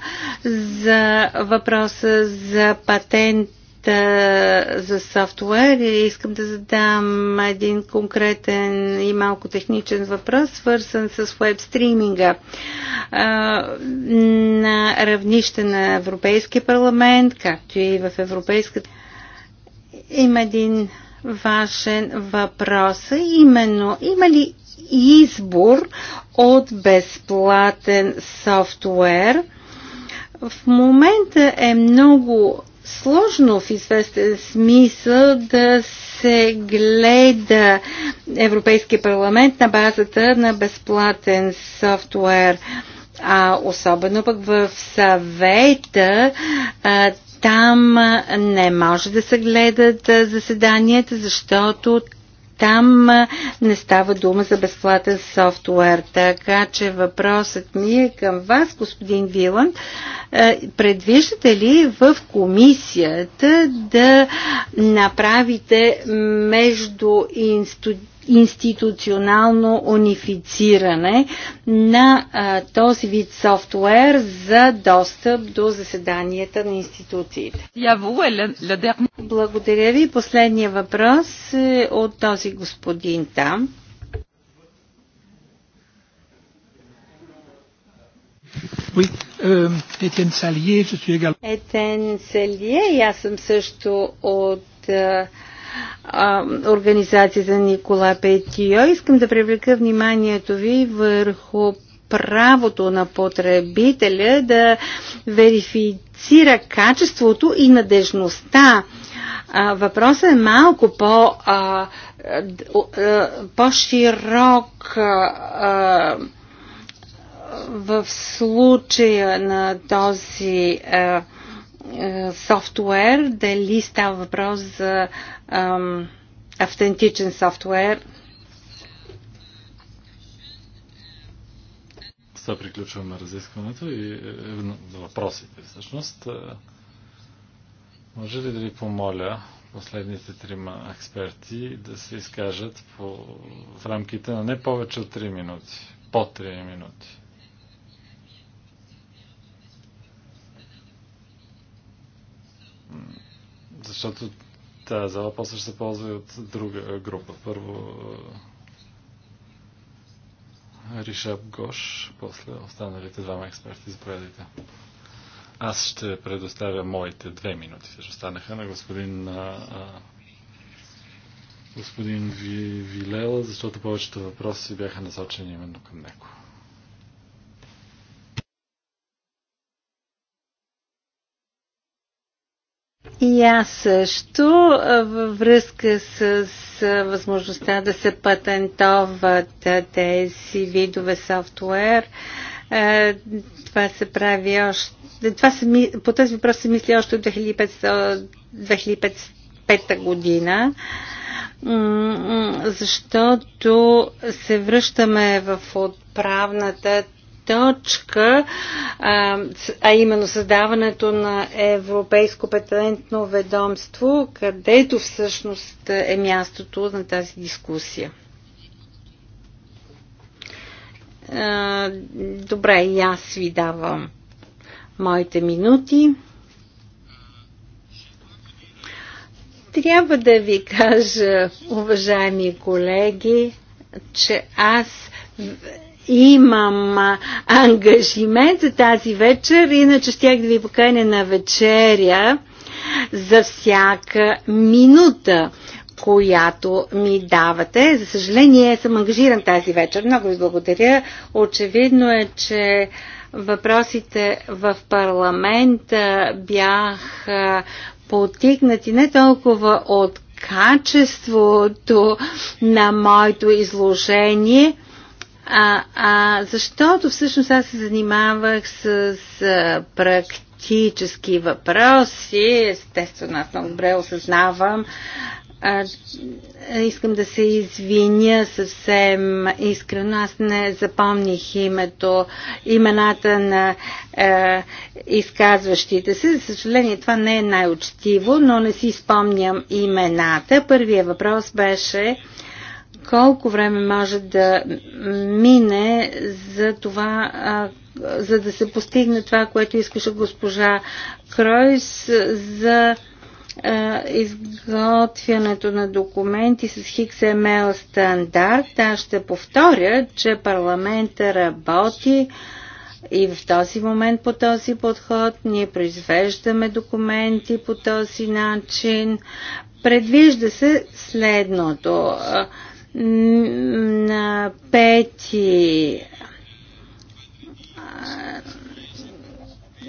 за въпроса за патент за софтуер и искам да задам един конкретен и малко техничен въпрос, свързан с веб стриминга. На равнище на Европейския парламент, както и в Европейската има един Вашен въпрос, именно има ли избор от безплатен софтуер. В момента е много сложно в известен смисъл да се гледа Европейския парламент на базата на безплатен софтуер. А особено пък в съвета там не може да се гледат заседанията, защото там не става дума за безплатен софтуер. Така че въпросът ми е към вас, господин Виланд. Предвиждате ли в комисията да направите между институт институционално унифициране на а, този вид софтуер за достъп до заседанията на институциите. Е, Благодаря ви. Последния въпрос е от този господин там. Oui, euh, Etienne Salier, je suis également. Etienne Salier, аз съм също от euh, Организацията организацията Никола Петио. Искам да привлека вниманието ви върху правото на потребителя да верифицира качеството и надежността. въпросът е малко по, а, по-широк в случая на този а, е, софтуер, дали става въпрос за ам, автентичен софтуер. Сега приключваме разискването и е, въпросите всъщност. Е, може ли да ви помоля последните трима експерти да се изкажат по, в рамките на не повече от 3 минути, по 3 минути? Защото тази зала после ще се ползва и от друга група. Първо е, Ришаб Гош, после останалите двама експерти. Заповядайте. Аз ще предоставя моите две минути, ще останаха на господин, а, господин Вилела, защото повечето въпроси бяха насочени именно към него. И аз също във връзка с възможността да се патентоват тези видове софтуер, това се прави още. Това се, по този въпрос се мисли още от 2005, 2005 година защото се връщаме в отправната точка, а именно създаването на Европейско патентно ведомство, където всъщност е мястото на тази дискусия. Добре, и аз ви давам моите минути. Трябва да ви кажа, уважаеми колеги, че аз имам ангажимент за тази вечер, иначе щях да ви поканя на вечеря за всяка минута, която ми давате. За съжаление, съм ангажиран тази вечер. Много ви благодаря. Очевидно е, че въпросите в парламента бяха потикнати не толкова от качеството на моето изложение – а, а, защото всъщност аз се занимавах с, с практически въпроси. Естествено, аз много добре осъзнавам. А, искам да се извиня съвсем искрено. Аз не запомних името, имената на е, изказващите се. За съжаление, това не е най-учтиво, но не си спомням имената. Първият въпрос беше колко време може да мине за това, а, за да се постигне това, което искаше госпожа Кройс за а, изготвянето на документи с XML стандарт. Аз ще повторя, че парламента работи и в този момент по този подход ние произвеждаме документи по този начин. Предвижда се следното. А, на 5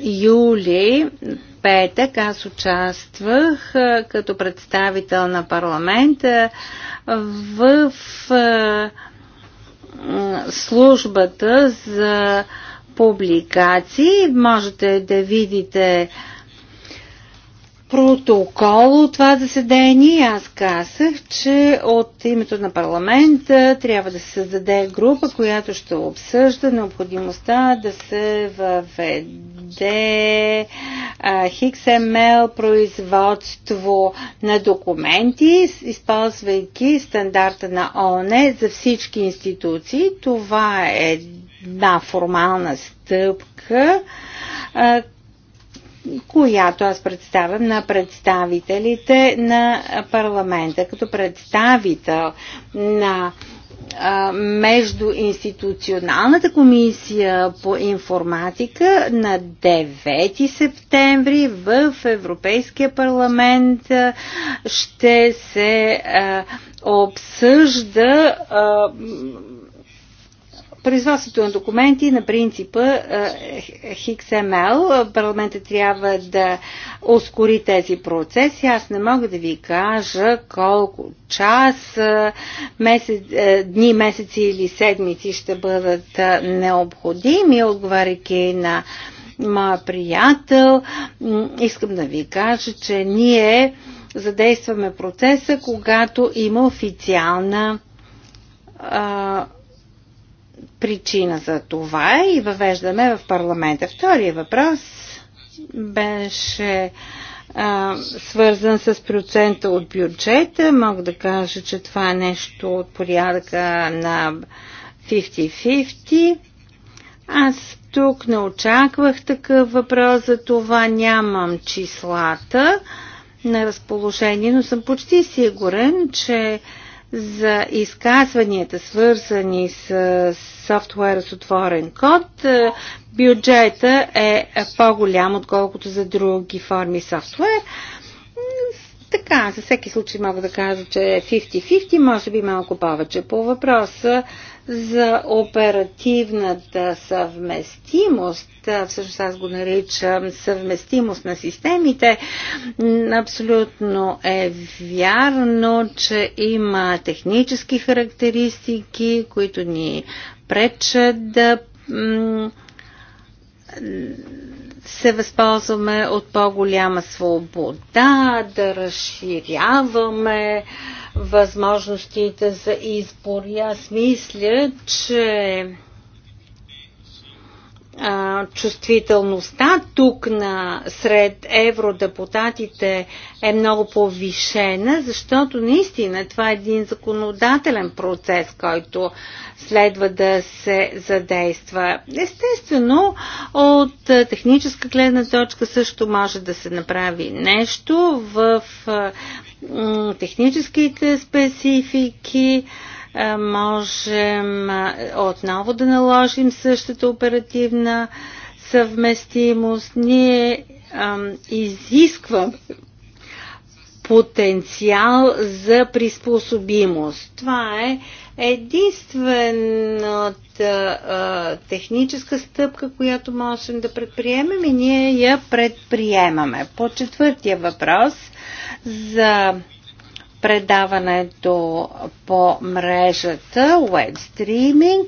юли петък аз участвах като представител на парламента в службата за публикации. Можете да видите протокол от това заседание. Аз казах, че от името на парламента трябва да се създаде група, която ще обсъжда необходимостта да се въведе XML производство на документи, използвайки стандарта на ООН за всички институции. Това е една формална стъпка, която аз представям на представителите на парламента. Като представител на Междуинституционалната комисия по информатика на 9 септември в Европейския парламент ще се обсъжда производството на документи на принципа XML. Е, Парламентът трябва да ускори тези процеси. Аз не мога да ви кажа колко час, е, месец, е, дни, месеци или седмици ще бъдат необходими, отговаряйки на моя приятел. Искам да ви кажа, че ние задействаме процеса, когато има официална а, причина за това и въвеждаме в парламента. Втория въпрос беше а, свързан с процента от бюджета. Мога да кажа, че това е нещо от порядъка на 50-50. Аз тук не очаквах такъв въпрос, за това нямам числата на разположение, но съм почти сигурен, че за изказванията, свързани с софтуера с отворен код, е, бюджета е по-голям, отколкото за други форми софтуер. Така, за всеки случай мога да кажа, че 50-50, е може би малко повече. По въпроса за оперативната съвместимост, всъщност аз го наричам съвместимост на системите, абсолютно е вярно, че има технически характеристики, които ни пречат да се възползваме от по-голяма свобода, да разширяваме възможностите за избор. И аз мисля, че а, чувствителността тук на сред евродепутатите е много повишена, защото наистина това е един законодателен процес, който следва да се задейства. Естествено, от техническа гледна точка също може да се направи нещо в техническите специфики е, можем е, отново да наложим същата оперативна съвместимост. Ние е, изискваме потенциал за приспособимост. Това е единствената а, техническа стъпка, която можем да предприемем и ние я предприемаме. По четвъртия въпрос за предаването по мрежата, web streaming,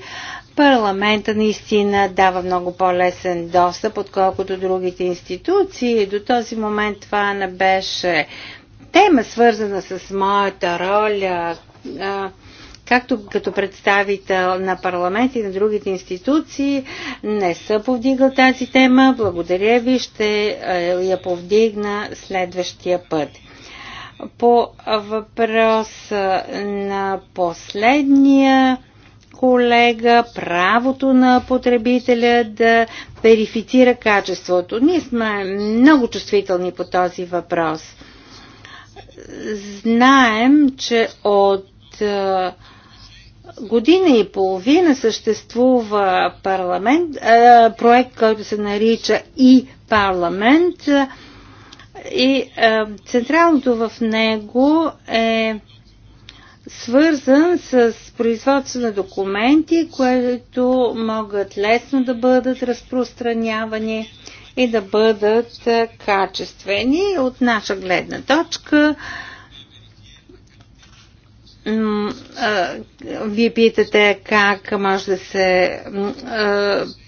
парламента наистина дава много по-лесен достъп, отколкото другите институции. До този момент това не беше тема, свързана с моята роля както като представител на парламент и на другите институции, не са повдигал тази тема. Благодаря ви, ще я повдигна следващия път. По въпроса на последния колега, правото на потребителя да верифицира качеството. Ние сме много чувствителни по този въпрос. Знаем, че от е, година и половина съществува парламент, е, проект, който се нарича и парламент, и а, е, централното в него е свързан с производство на документи, които могат лесно да бъдат разпространявани и да бъдат е, качествени. От наша гледна точка е, вие питате как може да се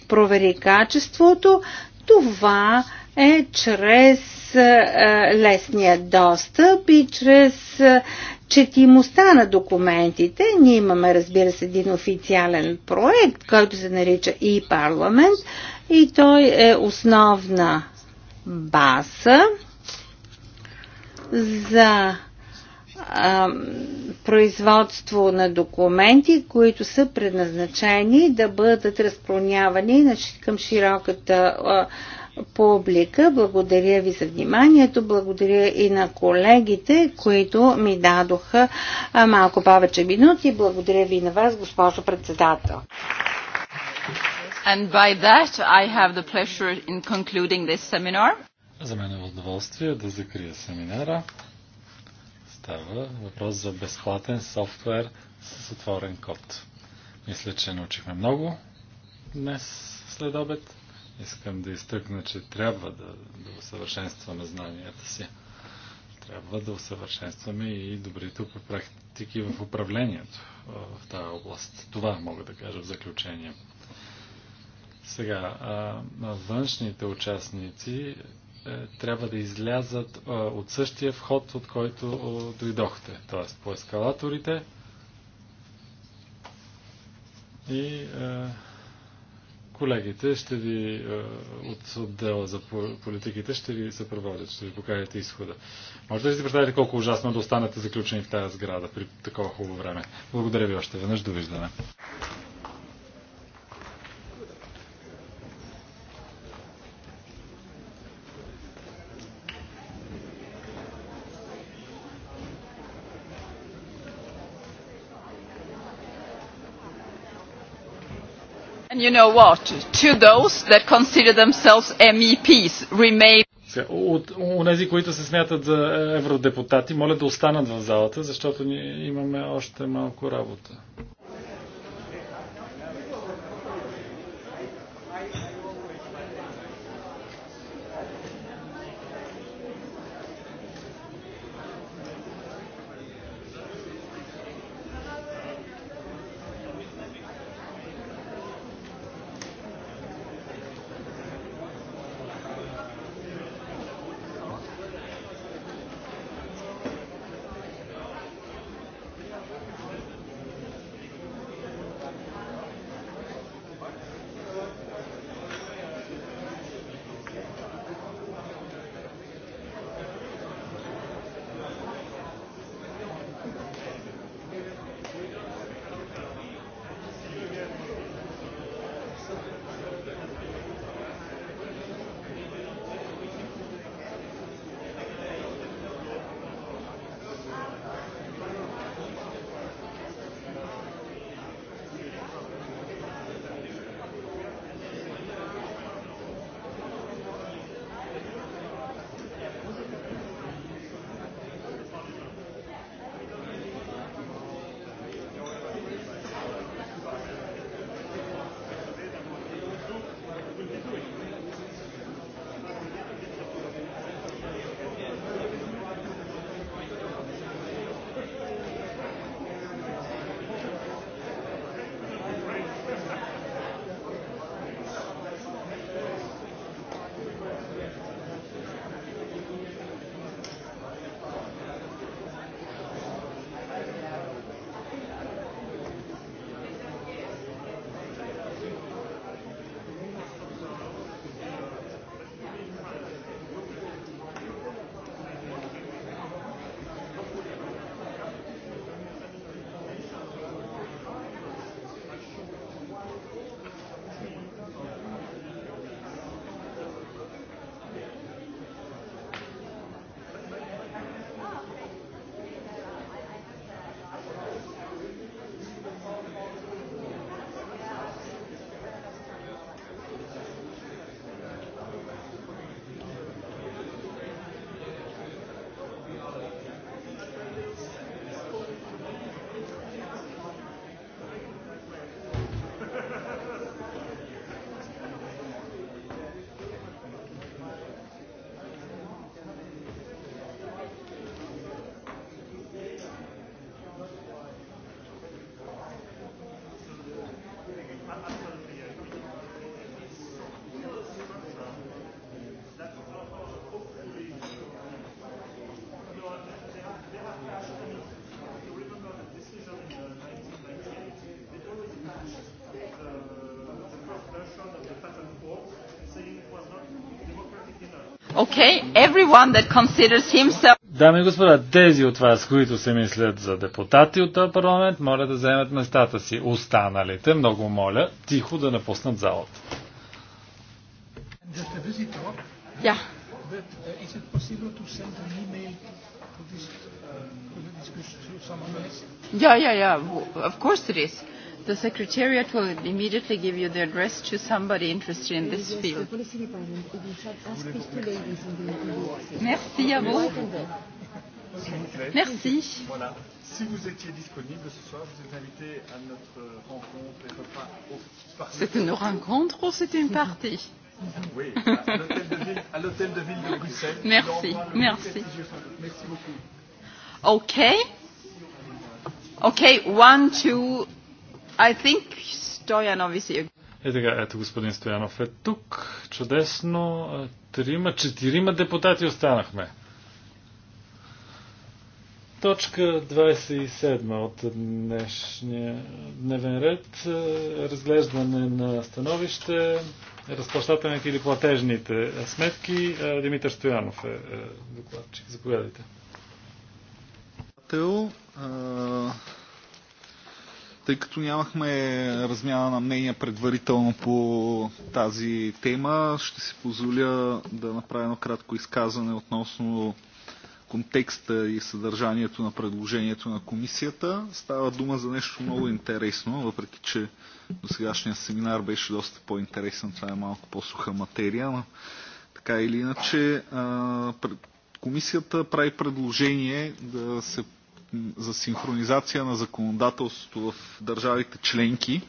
провери качеството. Това е е чрез е, лесния достъп и чрез е, четимостта на документите. Ние имаме, разбира се, един официален проект, който се нарича и e парламент и той е основна база за е, производство на документи, които са предназначени да бъдат разпронявани към широката а, публика. Благодаря ви за вниманието, благодаря и на колегите, които ми дадоха малко повече минути. Благодаря ви на вас, госпожо председател. And by that, I have the pleasure in concluding this seminar. За мен е удоволствие да закрия семинара. Става въпрос за безплатен софтуер с отворен код. Мисля, че научихме много днес след обед. Искам да изтъкна, че трябва да, да усъвършенстваме знанията си. Трябва да усъвършенстваме и добрите практики в управлението в тази област. Това мога да кажа в заключение. Сега, външните участници е, трябва да излязат от същия вход, от който дойдохте. Т.е. по ескалаторите и е, колегите ще ви е, от отдела за политиките ще ви съпроводят, ще ви покажете изхода. Можете ли да си представите колко ужасно е да останете заключени в тази сграда при такова хубаво време? Благодаря ви още веднъж. Довиждане. you know what? To those that consider themselves MEPs remain. От тези, които се смятат за евродепутати, моля да останат в залата, защото ние имаме още малко работа. Okay, everyone that considers himself... Дами и господа, тези от вас, които се мислят за депутати от този парламент, моля да вземат местата си. Останалите, много моля, тихо да напуснат залата. Yeah. But uh, is it possible to send an email to this, uh, to the discussion to someone else? Yeah, yeah, yeah. Of course it is. The Secretariat will immediately give you the address to somebody interested in this field. Merci à vous. Merci. C'est une rencontre ou c'est une partie Oui, à l'hôtel de ville de Bruxelles. Merci, merci. Merci beaucoup. Ok. Ok, one, two I think Stojanov is Е така, ето господин Стоянов е тук. Чудесно. Трима, четирима депутати останахме. Точка 27 от днешния дневен ред. Разглеждане на становище, разплащателните или платежните сметки. Димитър Стоянов е, е докладчик. Заповядайте тъй като нямахме размяна на мнения предварително по тази тема, ще си позволя да направя едно кратко изказване относно контекста и съдържанието на предложението на комисията. Става дума за нещо много интересно, въпреки че до сегашния семинар беше доста по-интересен, това е малко по-суха материя, но така или иначе комисията прави предложение да се за синхронизация на законодателството в държавите членки,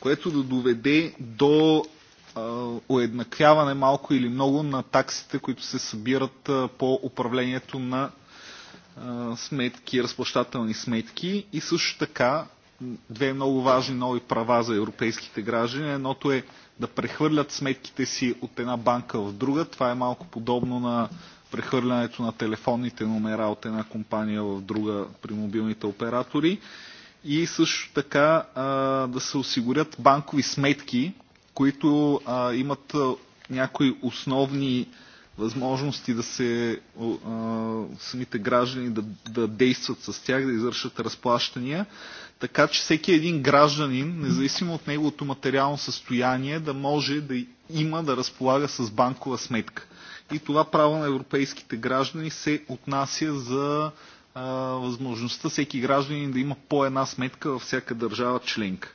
което да доведе до уеднаквяване малко или много на таксите, които се събират по управлението на сметки, разплащателни сметки и също така две много важни нови права за европейските граждани. Едното е да прехвърлят сметките си от една банка в друга. Това е малко подобно на прехвърлянето на телефонните номера от една компания в друга при мобилните оператори и също така а, да се осигурят банкови сметки, които а, имат а, някои основни възможности да се а, самите граждани да, да действат с тях, да извършат разплащания, така че всеки един гражданин, независимо от неговото материално състояние, да може да има да разполага с банкова сметка и това право на европейските граждани се отнася за възможността всеки гражданин да има по една сметка във всяка държава членка.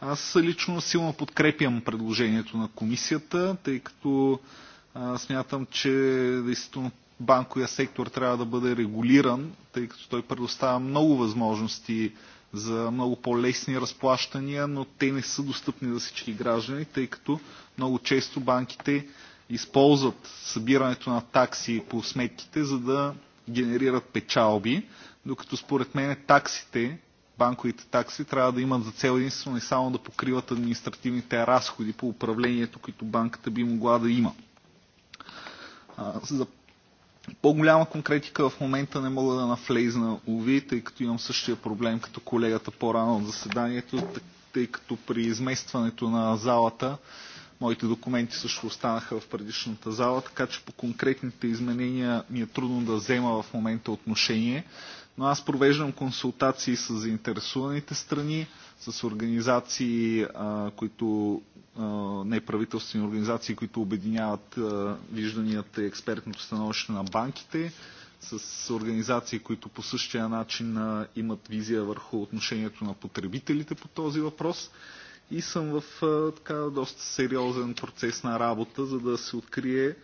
Аз лично силно подкрепям предложението на комисията, тъй като смятам, че действително банковия сектор трябва да бъде регулиран, тъй като той предоставя много възможности за много по-лесни разплащания, но те не са достъпни за всички граждани, тъй като много често банките използват събирането на такси по сметките, за да генерират печалби, докато според мен таксите, банковите такси, трябва да имат за цел единствено и само да покриват административните разходи по управлението, които банката би могла да има. За по-голяма конкретика в момента не мога да навлезна, уви, тъй като имам същия проблем като колегата по-рано от заседанието, тъй като при изместването на залата Моите документи също останаха в предишната зала, така че по конкретните изменения ми е трудно да взема в момента отношение, но аз провеждам консултации с заинтересуваните страни, с организации, а, които неправителствени организации, които обединяват вижданията и експертното становище на банките, с организации, които по същия начин имат визия върху отношението на потребителите по този въпрос и съм в а, така, доста сериозен процес на работа, за да се открие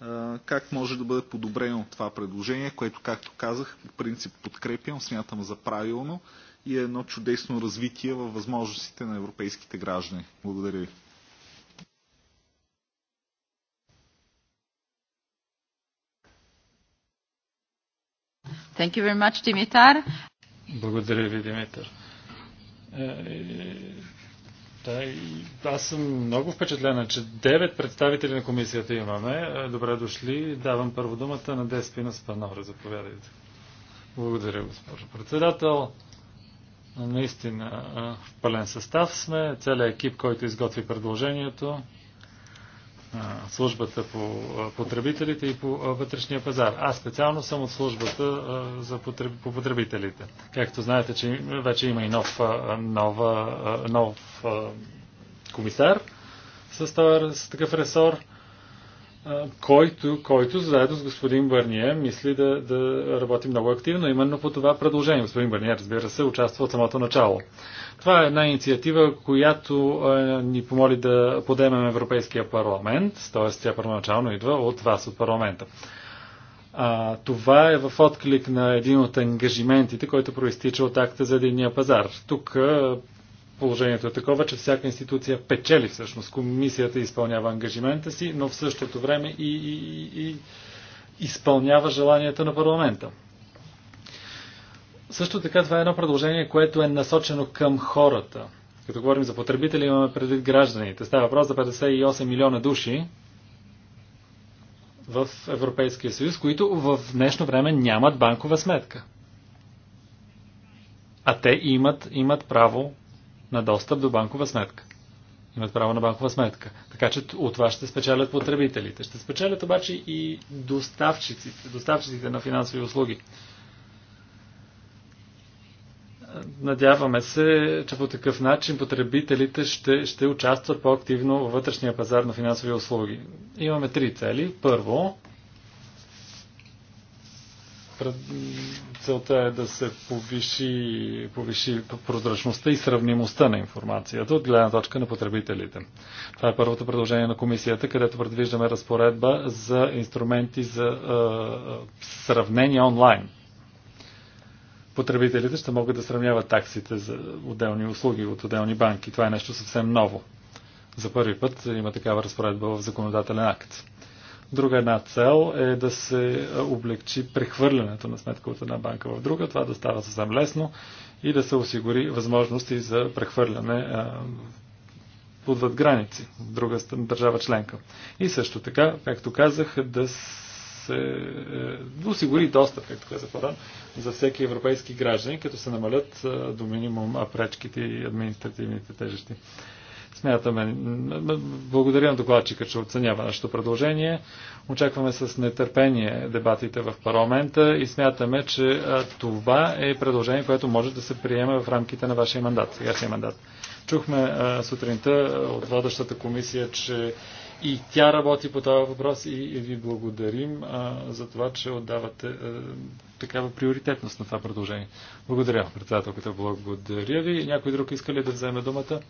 а, как може да бъде подобрено това предложение, което, както казах, по принцип подкрепям, смятам за правилно и е едно чудесно развитие във възможностите на европейските граждани. Благодаря ви. Thank you very much, Dimitar. Благодаря ви, Димитър. Е, да, и аз съм много впечатлена, че девет представители на комисията имаме. Е, добре дошли. Давам първо думата на Деспина Спанора. Заповядайте. Благодаря, госпожо председател. Наистина е, в пълен състав сме. Целият екип, който изготви предложението службата по потребителите и по вътрешния пазар. Аз специално съм от службата за потреб... по потребителите. Както знаете, че вече има и нов, нова, нов комисар с, с такъв ресор който, който заедно с господин Бърния мисли да, да работи много активно, именно по това предложение. Господин Бърния, разбира се, участва от самото начало. Това е една инициатива, която ни помоли да подемем Европейския парламент, т.е. тя първоначално идва от вас, от парламента. А, това е в отклик на един от ангажиментите, който проистича от акта за единния пазар. Тук положението е такова, че всяка институция печели всъщност. Комисията изпълнява ангажимента си, но в същото време и, и, и изпълнява желанията на парламента. Също така това е едно предложение, което е насочено към хората. Като говорим за потребители, имаме предвид гражданите. Става въпрос за 58 милиона души в Европейския съюз, които в днешно време нямат банкова сметка. А те имат, имат право на достъп до банкова сметка. Имат право на банкова сметка. Така че от това ще спечелят потребителите. Ще спечелят обаче и доставчиците, доставчиците на финансови услуги. Надяваме се, че по такъв начин потребителите ще, ще участват по-активно във вътрешния пазар на финансови услуги. Имаме три цели. Първо, целта е да се повиши, повиши прозрачността и сравнимостта на информацията от гледна точка на потребителите. Това е първото предложение на комисията, където предвиждаме разпоредба за инструменти за а, сравнение онлайн. Потребителите ще могат да сравняват таксите за отделни услуги от отделни банки. Това е нещо съвсем ново. За първи път има такава разпоредба в законодателен акт. Друга една цел е да се облегчи прехвърлянето на сметка от една банка в друга. Това да става съвсем лесно и да се осигури възможности за прехвърляне подвъд граници в друга държава членка. И също така, както казах, да се е, да осигури достъп, както казах по за всеки европейски граждани, като се намалят до минимум пречките и административните тежести. Смятаме, благодаря на докладчика, че оценява нашето предложение. Очакваме с нетърпение дебатите в парламента и смятаме, че това е предложение, което може да се приеме в рамките на вашия мандат, сегашния мандат. Чухме сутринта от водещата комисия, че и тя работи по този въпрос и ви благодарим за това, че отдавате такава приоритетност на това предложение. Благодаря, председателката. Благодаря ви. Някой друг иска ли да вземе думата?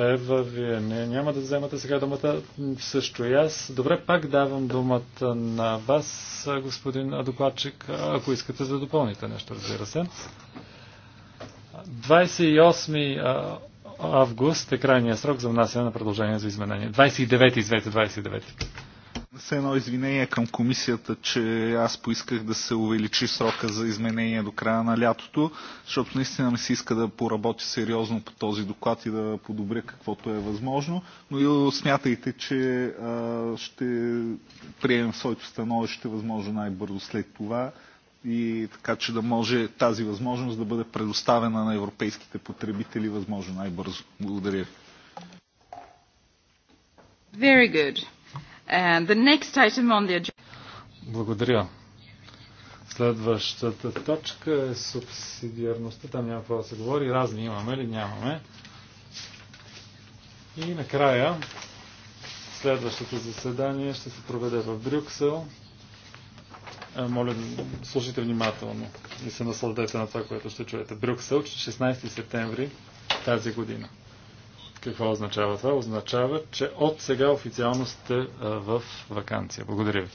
Ева, вие не, няма да вземате сега думата. Също и аз. Добре, пак давам думата на вас, господин докладчик, ако искате да допълните нещо, разбира се. 28 август е крайния срок за внасяне на предложение за изменение. 29, извете, 29 все едно извинение към комисията, че аз поисках да се увеличи срока за изменение до края на лятото, защото наистина ми се иска да поработи сериозно по този доклад и да подобря каквото е възможно, но и смятайте, че а, ще приемем своето становище възможно най-бързо след това и така, че да може тази възможност да бъде предоставена на европейските потребители възможно най-бързо. Благодаря ви. Very good. The... Благодаря. Следващата точка е субсидиарността. Там няма какво да се говори. Разни имаме ли? Нямаме. И накрая следващото заседание ще се проведе в Брюксел. Е, моля, слушайте внимателно и се насладете на това, което ще чуете. Брюксел, 16 септември тази година. Какво означава това? Означава, че от сега официално сте в вакансия. Благодаря ви.